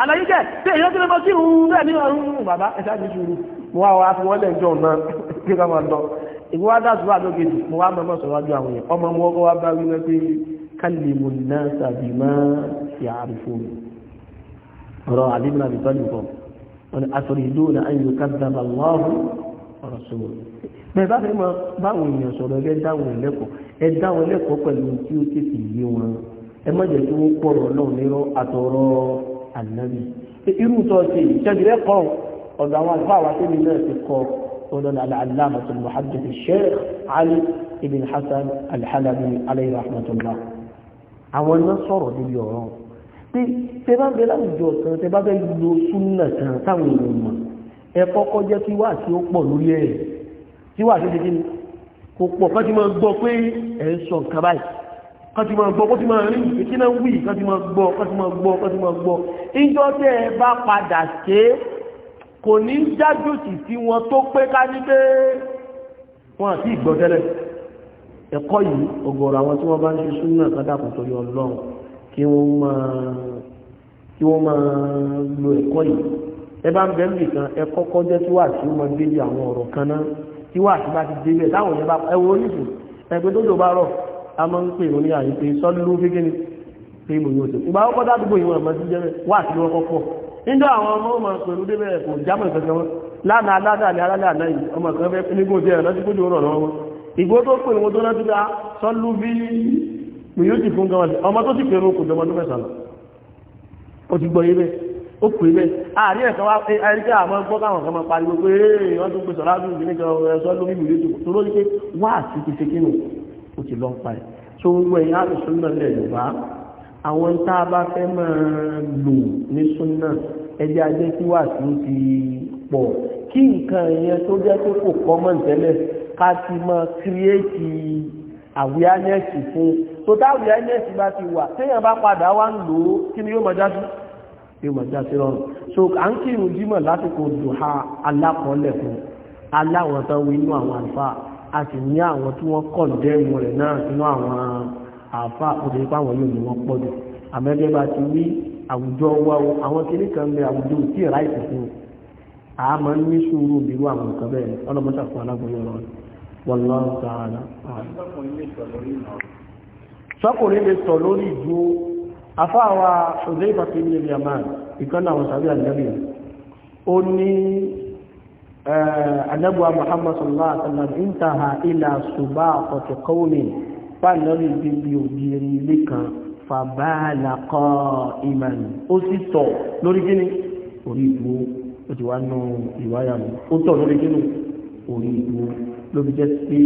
àlàyé jẹ́ tí èyàn tí lè mọ́ sí òun rẹ̀ ní ọ̀run bàbá ẹ̀ṣá ti ṣòro mo wá wá fi wọ́n lẹ̀ jọ náà kí ká máa lọ ìwọ wá dá sùúrù àdókè jù mo wá mọ́mọ́ sọ̀rọ̀ wájú àwọn èèyàn ọmọ mo wọ́kọ́ wá bá wí náà pé kálímù náà tàbí máa yà á rí fóònù ọ̀rọ̀ àdébìnrin àbítọ́lì kan wọn ni àtọ̀rìdó náà ń yọ kábíyàmà lọ́hùn ọ̀rọ̀ sọ̀rọ̀ bẹ́ẹ̀ bá fẹ́ mọ báwọn èèyàn sọ̀rọ̀ ẹgbẹ́ dáwọn ẹlẹ́kọ̀ọ́ ẹ dáwọn ẹlẹ́kọ̀ọ́ pẹ̀lú tí ó tètè yé wọn ẹ má jẹ́ kí wọ́n pọ̀rọ̀ náà nírọ́ àtọ̀rọ̀ ànábì irú tó ṣe ìṣẹ́jìrẹ́ kan ọ̀dọ̀ àwọn àlùfáà wa tẹ́lẹ̀ náà ti kọ ọ̀dọ̀ al-allamah al-muhaddith sheikh ali ibn hasan al-halabi alayhi rahmatullah àwọn náà sọ̀rọ̀ níbi ọ̀rọ̀ tí tẹ bá bẹ láwùjọ kan tẹ bá bẹ lo súnà kan táwọn èèyàn mọ̀ ẹ kọ́kọ́ jẹ́ kí wà tí ó pọ̀ lórí ẹ̀ tí wà tí dídí kò pọ̀ kán ti máa gbọ́ pé ẹ̀ ń sọ nǹkan báyìí kán ti máa gbọ́ kán ti máa rí ìpínkí náà wì kán ti máa gbọ́ kán ti máa gbọ́ kán ti máa gbọ́ ìjọ tẹ́ ẹ bá padà ṣe kò ní jájú sí sí wọn tó pé ká ní pé wọn àti ìgbọ́ tẹ́lẹ̀ ẹ̀kọ́ yìí ọ̀gọ̀rọ̀ àwọn tí wọ́n bá ń ṣe súnmọ́ àkádàkùn torí ọlọ́run kí wọ́n máa lo ẹ̀kọ́ yìí ẹ bá ń bẹ níbi kan ẹ kọ́kọ́ jẹ́ tí wàá sí wọn débi àwọn ọ̀rọ̀ kan náà tí wàá sí bá ti débi ẹ̀ táwọn yẹn bá ẹ wo oníṣù ẹgbẹ́ tó dòbá rọ̀ a máa ń pè wọ́n ní àyè pé sọ́lú fíkínì pé mo yóò ṣe ìgbà ọkọ̀ dádúgbò ìwọ̀n ẹ̀mọ́ sí jẹ́ wàá sí wọn kọ́kọ́ níjọ́ àwọn ọmọ ọmọ pẹ̀lú débẹ̀ kò jámọ̀ ìfẹsẹ̀ wọn lánàá aládàá ni aládàá náà yìí ọmọ kan fẹ́ nígbò tí ẹ̀rọ tí kò jò rọ̀ lọ́wọ́ ìgbó tó pè wọn tó rántí bá sọ́lú bí mi yóò ti fún gan ọmọ tó ti pèrò kò jọmọ tó mẹ́sàn-án ó ti gbọ́ yé bẹ́ẹ̀ ó pè mẹ́ àárín ẹ̀kan wá ẹ̀ríkẹ́ àwọn gbọ́ káwọn kan máa pariwo pé wọ́n tún pè sọ̀rọ̀ ábí ìdílé jọ ẹ̀sọ́ lórí ìlú ètò tó lórí pé wá àti ti ṣe kí nù ó ti lọ́n pa ẹ̀ tó gbogbo ẹ̀yìn àti súnà lẹ̀ yorùbá àwọn tá a bá fẹ́ máa lò ní súnà ẹjẹ́ ajé tí wà sí ti pọ̀ kí nǹkan yẹn tó jẹ́ pé kò kọ́mọ̀ tẹ́lẹ̀ ká ti máa kíríétì àwíánẹ́sì fún tó yóò máa já sí rọrùn so à ń kírun jímọ̀ lásìkò dùhà alákọọ́lẹ̀ fún aláwọn tán wí inú àwọn àlùfáà a sì ní àwọn tí wọ́n kọ̀ dẹ́rù rẹ̀ náà inú àwọn àlùfáà òde ipá wọn yóò ní wọ́n pọ̀ jù àmẹ́gẹ́ bá ti wí àwùjọ wa o àwọn kiri kan bẹ àwùjọ tí ìrà ìsìnkú a máa ń ní sùúrù bírú àwọn nǹkan bẹ́ẹ̀ ọlọ́mọṣà fún aláboyún ọ̀rọ̀ wallahu ta'ala. sọkùnrin lè sọ lórí ìdúró afáwa ṣùgbẹ́ ìbàtí ní ilẹ̀ yamán ìkọ́nà àwọn sàbí ànábì ó ní anábùwa muhammad sallallahu alaihi wasallam intaha ila ṣùgbà ọ̀tọ̀ kọ́wọ́mì pàlọ́rì bíbí ògiri ilé kan fàbálàkọ́ ìmàn ó sì tọ̀ lórí gíní orí ìgbó ó ti wá nù ìwáyà mi ó tọ̀ lórí gíní orí ìgbó lóbi jẹ́ pé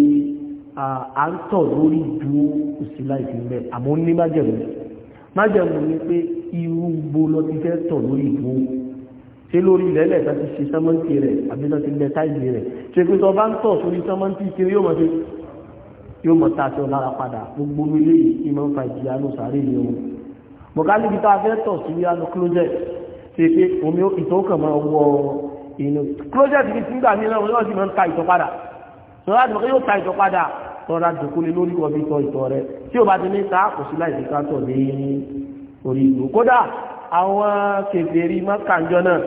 à ń tọ̀ lórí ìgbó òsì láì àmọ́ ní májẹ̀mú májẹ̀mú ni pé irú gbó lọ ti fẹ́ tọ̀ lórí ìbò ṣé lórí ilẹ̀lẹ̀ tó ti ṣe sẹ́mọ́ǹtì rẹ̀ àbí tó ti lẹ táìlì rẹ̀ ṣe pé tó bá ń tọ̀ sórí sẹ́mọ́ǹtì kiri yóò mọ̀ sí yóò mọ̀ tá a ṣe lára padà gbogbo ilé yìí kí máa ń fa ìjìyà ló sáré ní ohun bọ̀kálí ibi tá a tọ̀ sí wíwá closet ṣe pé omi ìtọ́kàn máa wọ inú closet ti ti ń gbà mí náà wọ́n sì máa ń ta ìtọ̀ padà tọ́ra dùkúlé lórí ọbí tọ ìtọ̀ rẹ̀ tí ó bá ti ní ta kò sí láì ká tọ̀ ní orí ìlú kódà àwọn kèfèrí mọ́kànjọ́ náà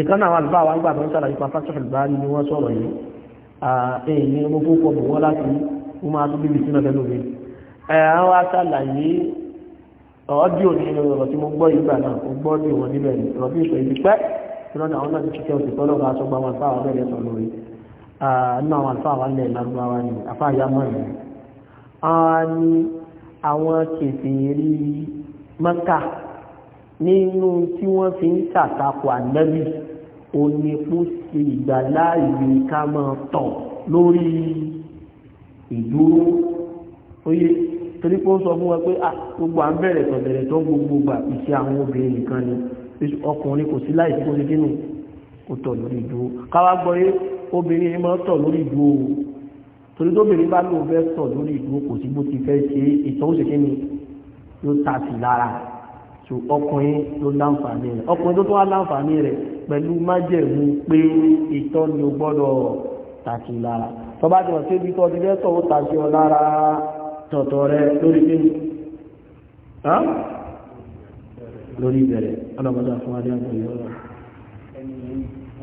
ìkànnà àwọn àlùbá wa ń gbà tó fásitì ìbáraẹni ni wọ́n sọ̀rọ̀ yìí ni mo fún kọ̀ọ̀bù wọn láti mo máa tún ni ọ̀rọ̀ tí mo ni ọ̀rọ̀ bí ìṣòyí ti pẹ́ ìrọ̀nà àwọn náà ti kíkẹ́ òsì tọ́lọ́ nínú àwọn àlùfáà wà nílẹ̀ lárúbáwá ni àfáà yá mọ́ ìlú àwọn ni àwọn kèfèrí mọ́kà nínú tí wọ́n fi ń ṣàtakò ànábì onípò sí ìgbàláàyè ká máa tọ̀ lórí ìdúró oyè torí pé ó sọ fún wa pé gbogbo à ń bẹ̀rẹ̀ tọ̀bẹ̀rẹ̀ tó gbogbo gbà iṣẹ́ àwọn obìnrin nìkan ni ọkùnrin kò sí láìsí kó ṣe dínú kó tọ̀ lórí ìdúró káwá gbọ́ yé obìnrin máa tọ̀ lórí ìdúró torí tóbìnrin bá lóun fẹ́ tọ̀ lórí ìdúró kò sí bó ti fẹ́ ṣe ìtọ̀ ó ṣe kí ni yóò ta sí lára tó ọkùnrin ló láǹfààní rẹ̀ ọkùnrin tó tó wá láǹfààní rẹ̀ pẹ̀lú májẹ̀mú pé ìtọ̀ ni ó gbọ́dọ̀ ta sí lára tó bá jọ sí ibi tó ti fẹ́ tọ̀ ta sí ọ lára tọ̀tọ̀ rẹ̀ lórí kí lórí ìbẹ̀rẹ̀ ọlọ́mọdé fún adé àgbẹ̀yọ́ ẹni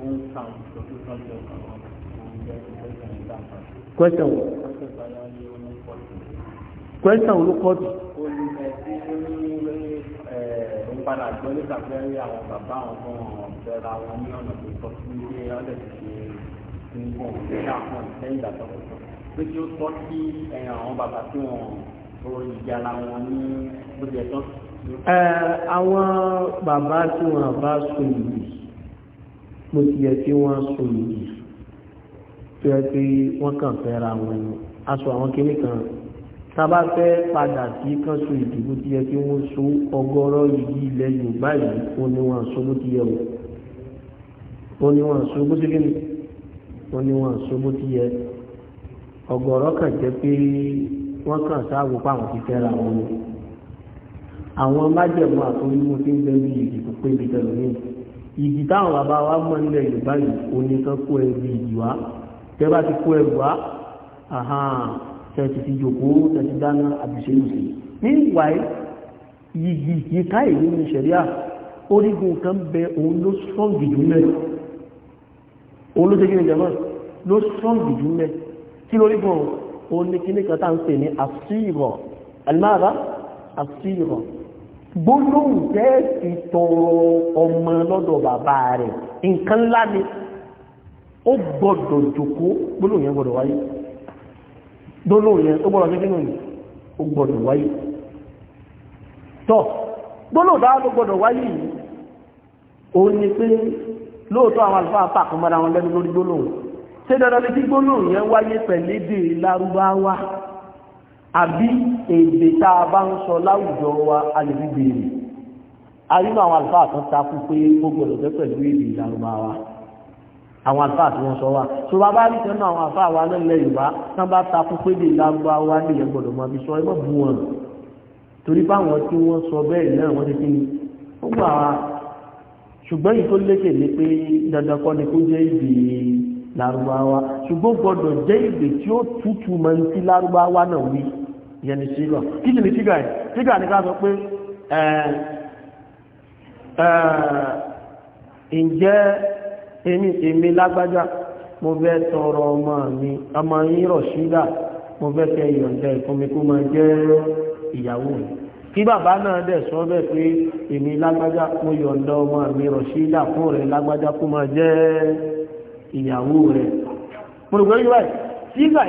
ń ta ìtọ́jú sọ́jọ́ kan question question ló kọ́ tù. Ìpadà àgbọ̀ nígbà fẹ́ rí àwọn bàbá àwọn fún ọ̀bẹ̀rẹ̀ àwọn ní ọ̀nà tó tọ́ sí ilé ọ̀dẹ̀ tó ṣe ń bọ̀ nígbà kan lẹ́yìn ìgbà Pé kí ó tọ́ sí àwọn bàbá tí wọ́n ro ìjà wọn ní bóde tọ́. Àwọn bàbá tí wọ́n bá sùn yìí, mo ti yẹ kí wọ́n sùn yìí tó yẹ pé wọ́n kàn fẹ́ ra wọn ni aṣọ àwọn kéré kan tábà fẹ́ padà sí kánṣu ìdìbò tí yẹ kí wọ́n so ọgọ́rọ́ yìí ilẹ̀ Yorùbá yìí ó ní wọn so bó ti yẹ o ó ní wọn so bó ti kí ni ó wọn so bó ti yẹ ọgọ́rọ́ kàn jẹ́ pé wọ́n kàn sáàwò fáwọn ti fẹ́ ra wọn ni àwọn májẹ̀mú àtúnyíwò tí ń bẹ ní ìdìbò pé ibi tẹ̀lómi ìdì táwọn bàbá wa mọ̀ nílẹ̀ Yorùbá yìí ó ní kán kó ìdì wá tẹ́ bá ti kó ẹrù wá tẹ́ ti fi jòkó tẹ́ ti dáná àbìṣẹ́lùsì níwáyé yìí yìí káyè nínú ìṣẹ̀ríà orígun kan bẹ òun ló sọ́ǹgì jù mẹ́ òun ló tẹ́jú ìjẹ̀mọ́ ló sọ́ǹgì jù mẹ́ kí lórígun òun ní kíní kan tá ń pè ní àṣírọ̀ ẹ̀lmára àṣírọ̀ gbólóhùn tẹ́ ti tọrọ ọmọ lọ́dọ̀ bàbá rẹ̀ nǹkan ńlá ni ó gbọ́dọ̀ jòkó gbólóhùn yẹn gbọ́dọ̀ wáyé gbólóhùn yẹn ó gbọ́dọ̀ kékeré nìyí ó gbọ́dọ̀ wáyé tọ́ gbólóhùn dáa ló gbọ́dọ̀ wáyé yìí ó ní pé lóòótọ́ àwọn àlùfáà pàkó mọ́ra wọn lẹ́nu lórí gbólóhùn ṣé ni kí gbólóhùn yẹn wáyé pẹ̀lú èdè lárúbáwá àbí èdè tá a bá ń sọ láwùjọ wa a lè fi àwọn àlùfáà kan takú pé ó gbọ́dọ̀ jẹ́ pẹ̀lú èdè lárúbáwá àwọn àfáà tí wọ́n sọ wá tó bá bá rí tẹ́nu àwọn àfáà wa lẹ́lẹ̀ yorùbá tán bá takú pé lè lágbá wá ní ìyẹn gbọ́dọ̀ mọ́ bí sọ ẹgbọ́ bu wọn torí báwọn tí wọ́n sọ bẹ́ẹ̀ náà wọ́n ti fi ní ó gbà wá ṣùgbọ́n yìí tó lékè ní pé dandan kọ́ ni kó jẹ́ ìdí lárúbáwá ṣùgbọ́n gbọ́dọ̀ jẹ́ ìdí tí ó tútù mọ́ ní sí lárúbáwá náà wí ìyẹn ni sígà kí ni sígà yìí sígà ni ká sọ pé ǹjẹ́ èmi èmi lágbájá mo fẹ́ tọrọ ọmọ mi ọmọ yín Rọ̀ṣídà mo fẹ́ fẹ́ yọ̀ǹda ma kó jẹ́ ìyàwó mi kí bàbá náà sọ bẹ́ẹ̀ pé èmi lágbájá mo yọ̀ǹda ọmọ mi Rọ̀ṣídà fún rẹ̀ lágbájá kú ma jẹ́ ìyàwó rẹ̀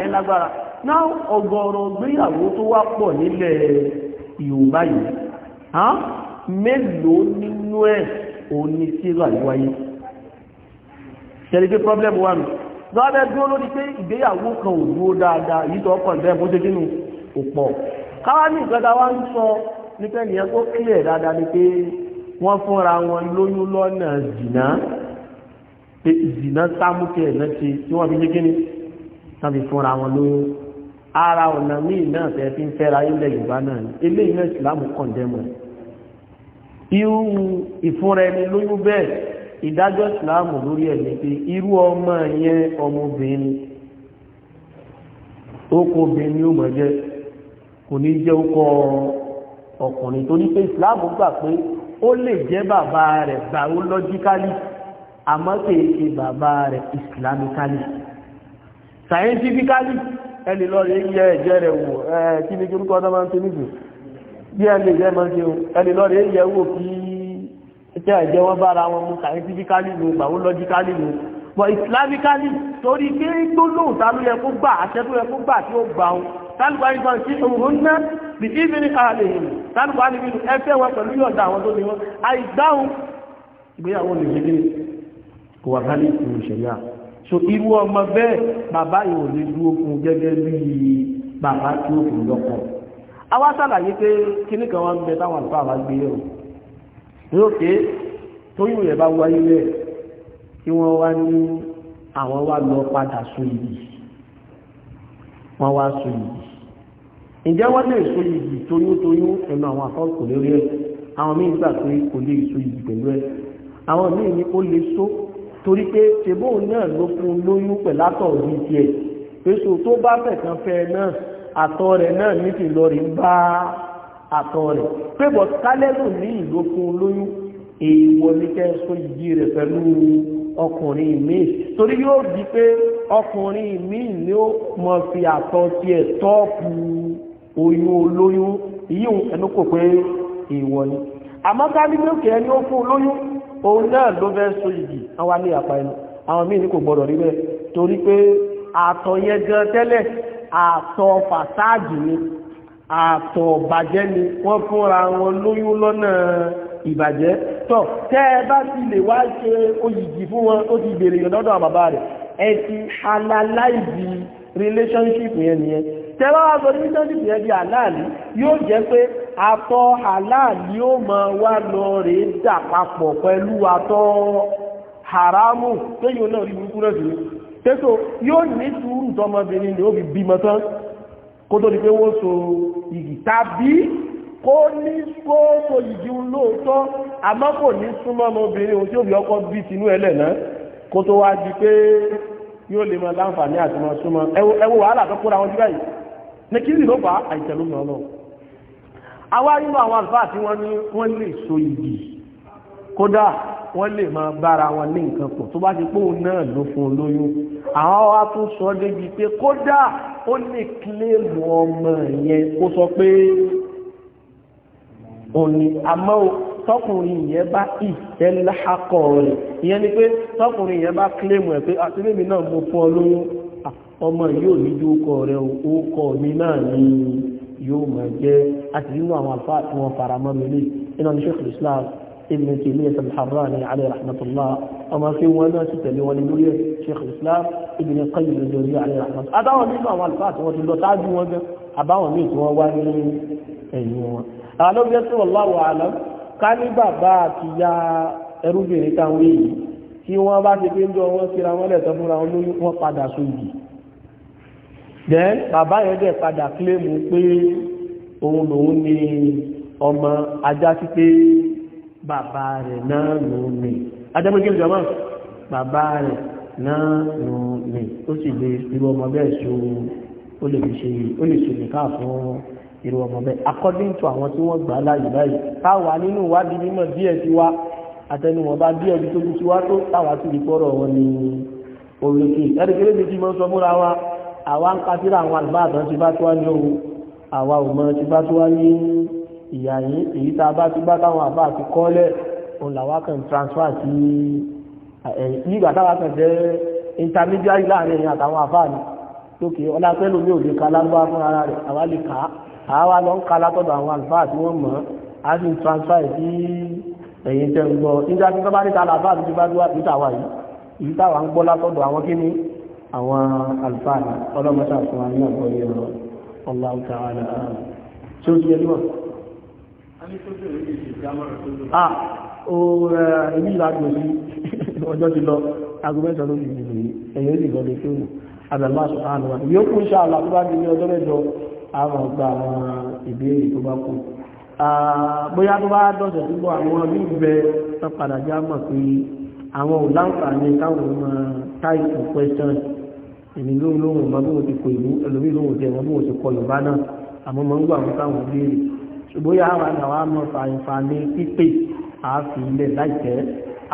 yẹn lágbára náà gbéyàwó tó wá pọ̀ nílẹ̀ Yorùbá yìí mélòó nínú ẹ̀ ni yìí wáyé tẹ̀lé pé problem wà nù lọ́dẹ dúró lórí pé ìgbéyàwó kan ò dúró dáadáa yìí tó ọkọ̀ ìbẹ́ bójú nínú ò pọ̀ káwá ní ìgbàdá wa ń sọ nípa ènìyàn tó kílẹ̀ dáadáa ni pé wọ́n fúnra wọn lóyún lọ́nà zìnà pé zìnà sámúkẹ́ ẹ̀ náà ti tí wọ́n fi jẹ́ kíni wọ́n fi fúnra wọn lóyún ara ọ̀nà míì náà fẹ́ fi ń fẹ́ra ilẹ̀ Yorùbá náà ni eléyìí náà ìsìlámù kọ̀ndẹ́mù irú ìfúnra ẹni lóyún bẹ́ẹ̀ ìdájọ́ ìsìláàmù lórí ẹ̀ ní pé irú ọmọ yẹn ọmọbìnrin ó kó obìnrin ní òmò jẹ kò ní jẹ́ ó kọ́ ọkùnrin tó ní pé ìsìláàmù gbà pé ó lè jẹ́ bàbá rẹ̀ biologically àmọ́ kìí ṣe bàbá rẹ̀ islamically scientifically ẹni lọ́rọ̀ yẹ ẹ̀jẹ́ rẹ̀ wò ẹ̀ kí ní kí orúkọ ọdọ́ máa ń tẹ́ nìjú bí ẹni jẹ́ máa ń ṣe ẹni lọ́rọ̀ yẹ wò kí tẹ́ ẹ̀jẹ̀ wọn bára wọn mú scientifically lò gbàwó logically lò but islamically torí pé gbólóhùn ta ló yẹ kó gbà àṣẹ tó yẹ kó gbà tí ó gbà ó tálùkù àyíká sí òun ná the evening ààrẹ yìí tálùkù àyíká sí ẹfẹ́ wọn pẹ̀lú yọ̀ǹda àwọn tó ní wọn àìdáhùn ìgbéyàwó lè ṣe kò wà ká ní ìṣòro ìṣẹ̀yà so irú ọmọ bẹ́ẹ̀ bàbá yìí ò lè dúró fún gẹ́gẹ́ bíi bàbá tí ó fi lọ́kọ̀. àwa ṣàlàyé pé kíní kan ní òkè tóyún yẹn bá wáyé rẹ̀ kí wọ́n wá ní àwọn wá lọ padà so yìí wọ́n wá so yìí ǹjẹ́ wọ́n lè so yìí tóyún tóyún ẹnu àwọn akọ́kọ̀ lórí ẹ̀ àwọn míì gbà pé kò lè so yìí pẹ̀lú ẹ̀ àwọn míì ní ó lè so torí pé tèbó náà ló fún lóyún pẹ̀látọ̀ òbí tiẹ̀ pèsè tó bá fẹ̀kan fẹ́ náà àtọ̀ rẹ̀ náà ní ti lọ rí bá àtọ̀ rẹ̀ pé bọ̀ kálẹ́lù ní ìlókun lóyún èèwọ̀ ní kẹ́ sọ ìdí rẹ̀ pẹ̀lú ọkùnrin míì torí yóò di pé ọkùnrin míì ni ó mọ̀ fi àtọ̀ tiẹ̀ tọ́ọ̀pù oyún olóyún ìyíhun ẹnu kò pé èèwọ̀ ni àmọ́ kálíbíò kẹ́ ni ó fún olóyún òun náà ló fẹ́ sọ ìdí àwọn ní àpá ẹnu àwọn míì ní kò gbọdọ̀ rí bẹ́ẹ̀ torí pé àtọ̀ yẹn gan tẹ́lẹ̀ àtọ̀ fàsáàdì ni àtọ̀ bàjẹ́ ni wọ́n fúnra wọn lóyún lọ́nà ìbàjẹ́ tọ́ tẹ́ ẹ bá ti lè wá ṣe oyìgì fún wọn ó ti bèrè ìrọ̀dọ́dọ̀ àbàbà rẹ̀ ẹ ti halaláìdì relationship yẹn nìyẹn tẹ́ bá wá sọ relationship yẹn di àláàlì yóò jẹ́ pé àtọ̀ àláàlì ó máa wá lọ rèé dà papọ̀ pẹ̀lú àtọ̀ haramu téyìn náà rí burúkú náà sí tẹ́tò yóò ní sùúrù tọmọbìnrin ni ó fi bímọ tán kó tó di pé wọ́n so igi tàbí kó ní kó so igi lóòótọ́ àmọ́ kò ní súnmọ́ ọmọbìnrin ohun tí ó bí ọkọ bí tinú ẹlẹ̀ náà kó tó wá di pé yóò lè máa láǹfààní àti máa súnmọ́ ẹwọ wàhálà tó kóra wọn jù báyìí ní kí ló fà á àìtẹ̀lómi ọlọ́run àwa nínú àwọn àlùfáà tí wọ́n ní wọ́n lè so igi kódà wọ́n lè máa bára wọn ní nǹkan pọ̀ tó bá ti póun náà ló fún un lóyún àwọn wa tún sọ débi pé kódà ó lè kílèmù ọmọ yẹn kó sọ pé òní àmọ́ tọkùnrin yẹn bá ìfẹ́ láhàkọ̀ rẹ̀ ìyẹn ni pé tọkùnrin yẹn bá kílèmù ẹ̀ pé àti mímí náà mo fún ọ lóyún ọmọ yóò ní ju ọkọ rẹ ọkọ mi náà ni yóò máa jẹ àti nínú àwọn àlùfáà tí wọn fara mọ́ mi ní iná ní Sheikh ابن تيمية الحراني عليه رحمة الله وما في وما ستلي ولنوية شيخ الإسلام ابن القيم الجوزي عليه رحمة الله أبا وميت وهو الفاتح وتلو تعجي وجه أبا ميت وهو وانين أيوة أعلم يسر والله أعلم كان بابا تيا ẹrúgbìn ní táwọn èyí tí wọ́n bá ti pé ń jọ wọ́n síra wọ́n then bàbá يجي dẹ̀ padà kílèmù pé òun lòun ni ọmọ bàbá rẹ̀ náà nù mí adẹ́gbẹ́gbẹ́ ìjọba bàbá rẹ̀ náà nù mí ó sì lè irú ọmọ bẹ́ẹ̀ so ó lè fi ṣe ó lè ṣe nìkan fún irú ọmọ bẹ́ẹ̀ according to àwọn tí wọ́n gbà láàyè báyìí táwa nínú ìwádìí mímọ̀ díẹ̀ sí wa àtẹnumọ̀ bá díẹ̀ bí tó bí sí wa tó táwa sì rí pọ́rọ̀ wọn ní oríkì ẹ̀rẹ́gẹ́rẹ́ méjì mọ́ sọ múra wa àwa ń ka síra àwọn àlùbáàdán ti bá tó wá ní òun àwa ò mọ ti bá tó wá ní ìyà yìí èyí tá a bá ti bá táwọn àbá àti kọ́lẹ̀ òun transfer sí ẹ̀yìn nígbà jẹ́ intermediary láàrin ẹ̀yìn àtàwọn àbá ni lókè ọlápẹ́lú mi ò lè ka lágbá fún ara rẹ̀ àwa lè kà á àwa lọ ń ka látọ̀dọ̀ àwọn àlùfáà tí wọ́n mọ̀ á sì ń transfer sí ẹ̀yìn tẹ̀ nígbà tí wọ́n bá níta àlàfáà tó ti bá dúwà níta yìí èyí táwa ń gbọ́ látọ̀dọ̀ àwọn kíní àwọn Ah, eh, èmi ìlàgbò sí ọjọ́ ti lọ agbẹ́sọ̀ lórí ìgbìmọ̀ yìí ẹ̀yẹ́ ìgbìmọ̀ lè fún àbẹ̀lá sọ̀rọ̀ àwọn yóò kún ṣe àlà tó bá di ní ọjọ́ mẹ́jọ àwọn ọgbà àwọn ìbéèrè tó bá kú ah, bóyá tó bá dọ̀sẹ̀ tó bọ̀ àwọn bí ìbẹ̀ tó padà já mọ̀ pé àwọn question èmi lóhùn lóhùn mọ́ bí wọ́n ti kọ ìlú ẹlòmí lóhùn jẹ́ wọn bí ṣùgbọ́n yà wà náà wà mọ̀ fàǹfààní pípé àáfin ilẹ̀ láìpẹ́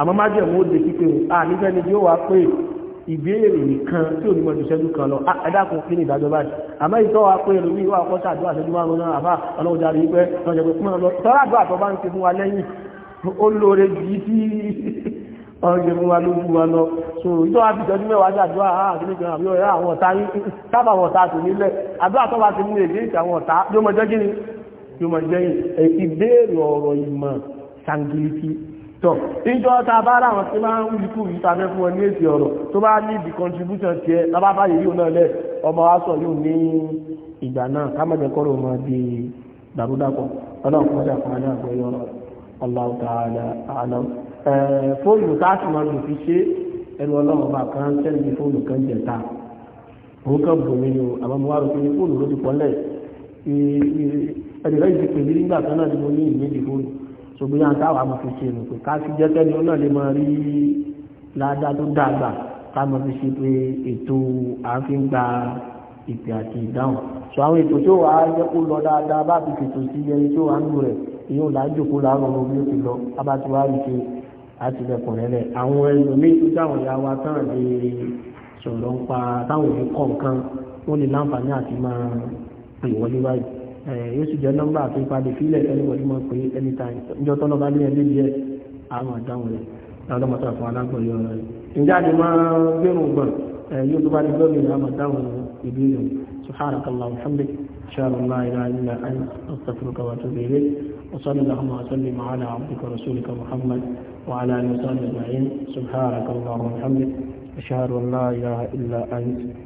àmọ́ má jẹ́ òun ó de pípé o à nífẹ̀ẹ́ ni yóò wá pé ìbéèrè nìkan tí òun mọ̀jú ṣẹ́jú kan lọ ẹ̀dàkùn kí ni ìdájọ́ báyìí àmọ́ ìtọ́ wa pé ẹ̀rù wíwá ọkọ̀ ṣàdúrà ṣẹ́jú márùn-ún náà àbá ọlọ́run jáde wípé lọ́jọ́ pé fún ọlọ́ tọ́lá àdúrà tó bá ń ṣe fún wa lẹ́yìn ó lóore jù í tí ọjọ́ fún wa lójú wa lọ so ìtọ́ wa fi ìtọ́jú mẹ́wàá ṣàdúrà àkíní kan àbí ọ̀rẹ́ àwọn ọ̀tá yín sábà àwọn ọ̀tá tò nílẹ̀ àdúrà tó bá ti mú èdè ìtàwọn ọ̀tá yóò mọjọ́ kí ni yóò máa jẹ́ ìbéèrè ọ̀rọ̀ ìmọ̀ sangiliti tọ̀ níjọ́ ta bá ráwọn tí máa ń wíkú yìí ta fẹ́ fún wọn ní èsì ọ̀rọ̀ tó bá ní ibi contribution tiẹ̀ lábá báyìí yóò náà lẹ̀ ọmọ wa sọ yóò ní ìgbà náà ká mọ̀jẹ̀ kọ́rọ̀ ọmọ di dàrúdàpọ̀ ọlọ́run kọjá fún alẹ́ àgbẹ̀ yọrọ Allahu ta'ala a'lam fóònù táàtì máa lò fi ṣe ẹnu ọlọ́run bá kan sẹ́ni fóònù kan jẹ̀ta òun kan bò mí ẹ̀dẹ̀ lẹ́yìn ti pèmí nígbà kan náà ni mo ní ìmẹ́jì fóònù ṣùgbọ́n yá ń táwà mo fi ṣe nùpẹ̀ ká fi jẹ́ tẹ́lẹ̀ náà lè máa rí ládá tó dàgbà ká mo fi ṣe pé ètò àáfin gba ìpè àti ìdáhùn sọ àwọn ètò tó wàá jẹ́ kó lọ dáadáa bá ti fètò sí ẹni tó wàá ń lò rẹ̀ èyí ò lájòkó láàrọ̀ lọ bí ó ti lọ abáti wá rí ṣe àtìlẹ̀kùn rẹ̀ àwọn ẹlòmíì tó dáwọn ìyá wa tán lè sọ̀rọ̀ ń pa táwọn òbí kọ̀ọ̀kan wọ́n lè láǹfààní àti máa pè wọlé báyìí Eh, yóò sì jẹ́ nọ́mbà tó padì fílẹ̀ ẹnìwọ̀n mọ̀ pé anytime ìjọ tọ́lọ́ bá ní ẹbí díẹ̀ àwọn àdáhùn rẹ̀ lọ́dọ̀ mọ́tò àfọwọ́ alágbọ̀nyẹ ọ̀rọ̀ rẹ̀. ǹjẹ́ àti máa gbẹ̀rùn gbọ̀n eh, yóò tó bá ní lọ́mì àwọn àdáhùn ìbéèrè subhanakallah alhamdulilayi ṣàrọ̀ ńlá ilá ilá ayé astaghfiruka wa atubu ilayk wa sallallahu wa sallim ala abdika rasulika muhammad wa ala alihi wa sahbihi ajma'in subhanakallahumma wa bihamdik ashhadu an la ilaha illa anta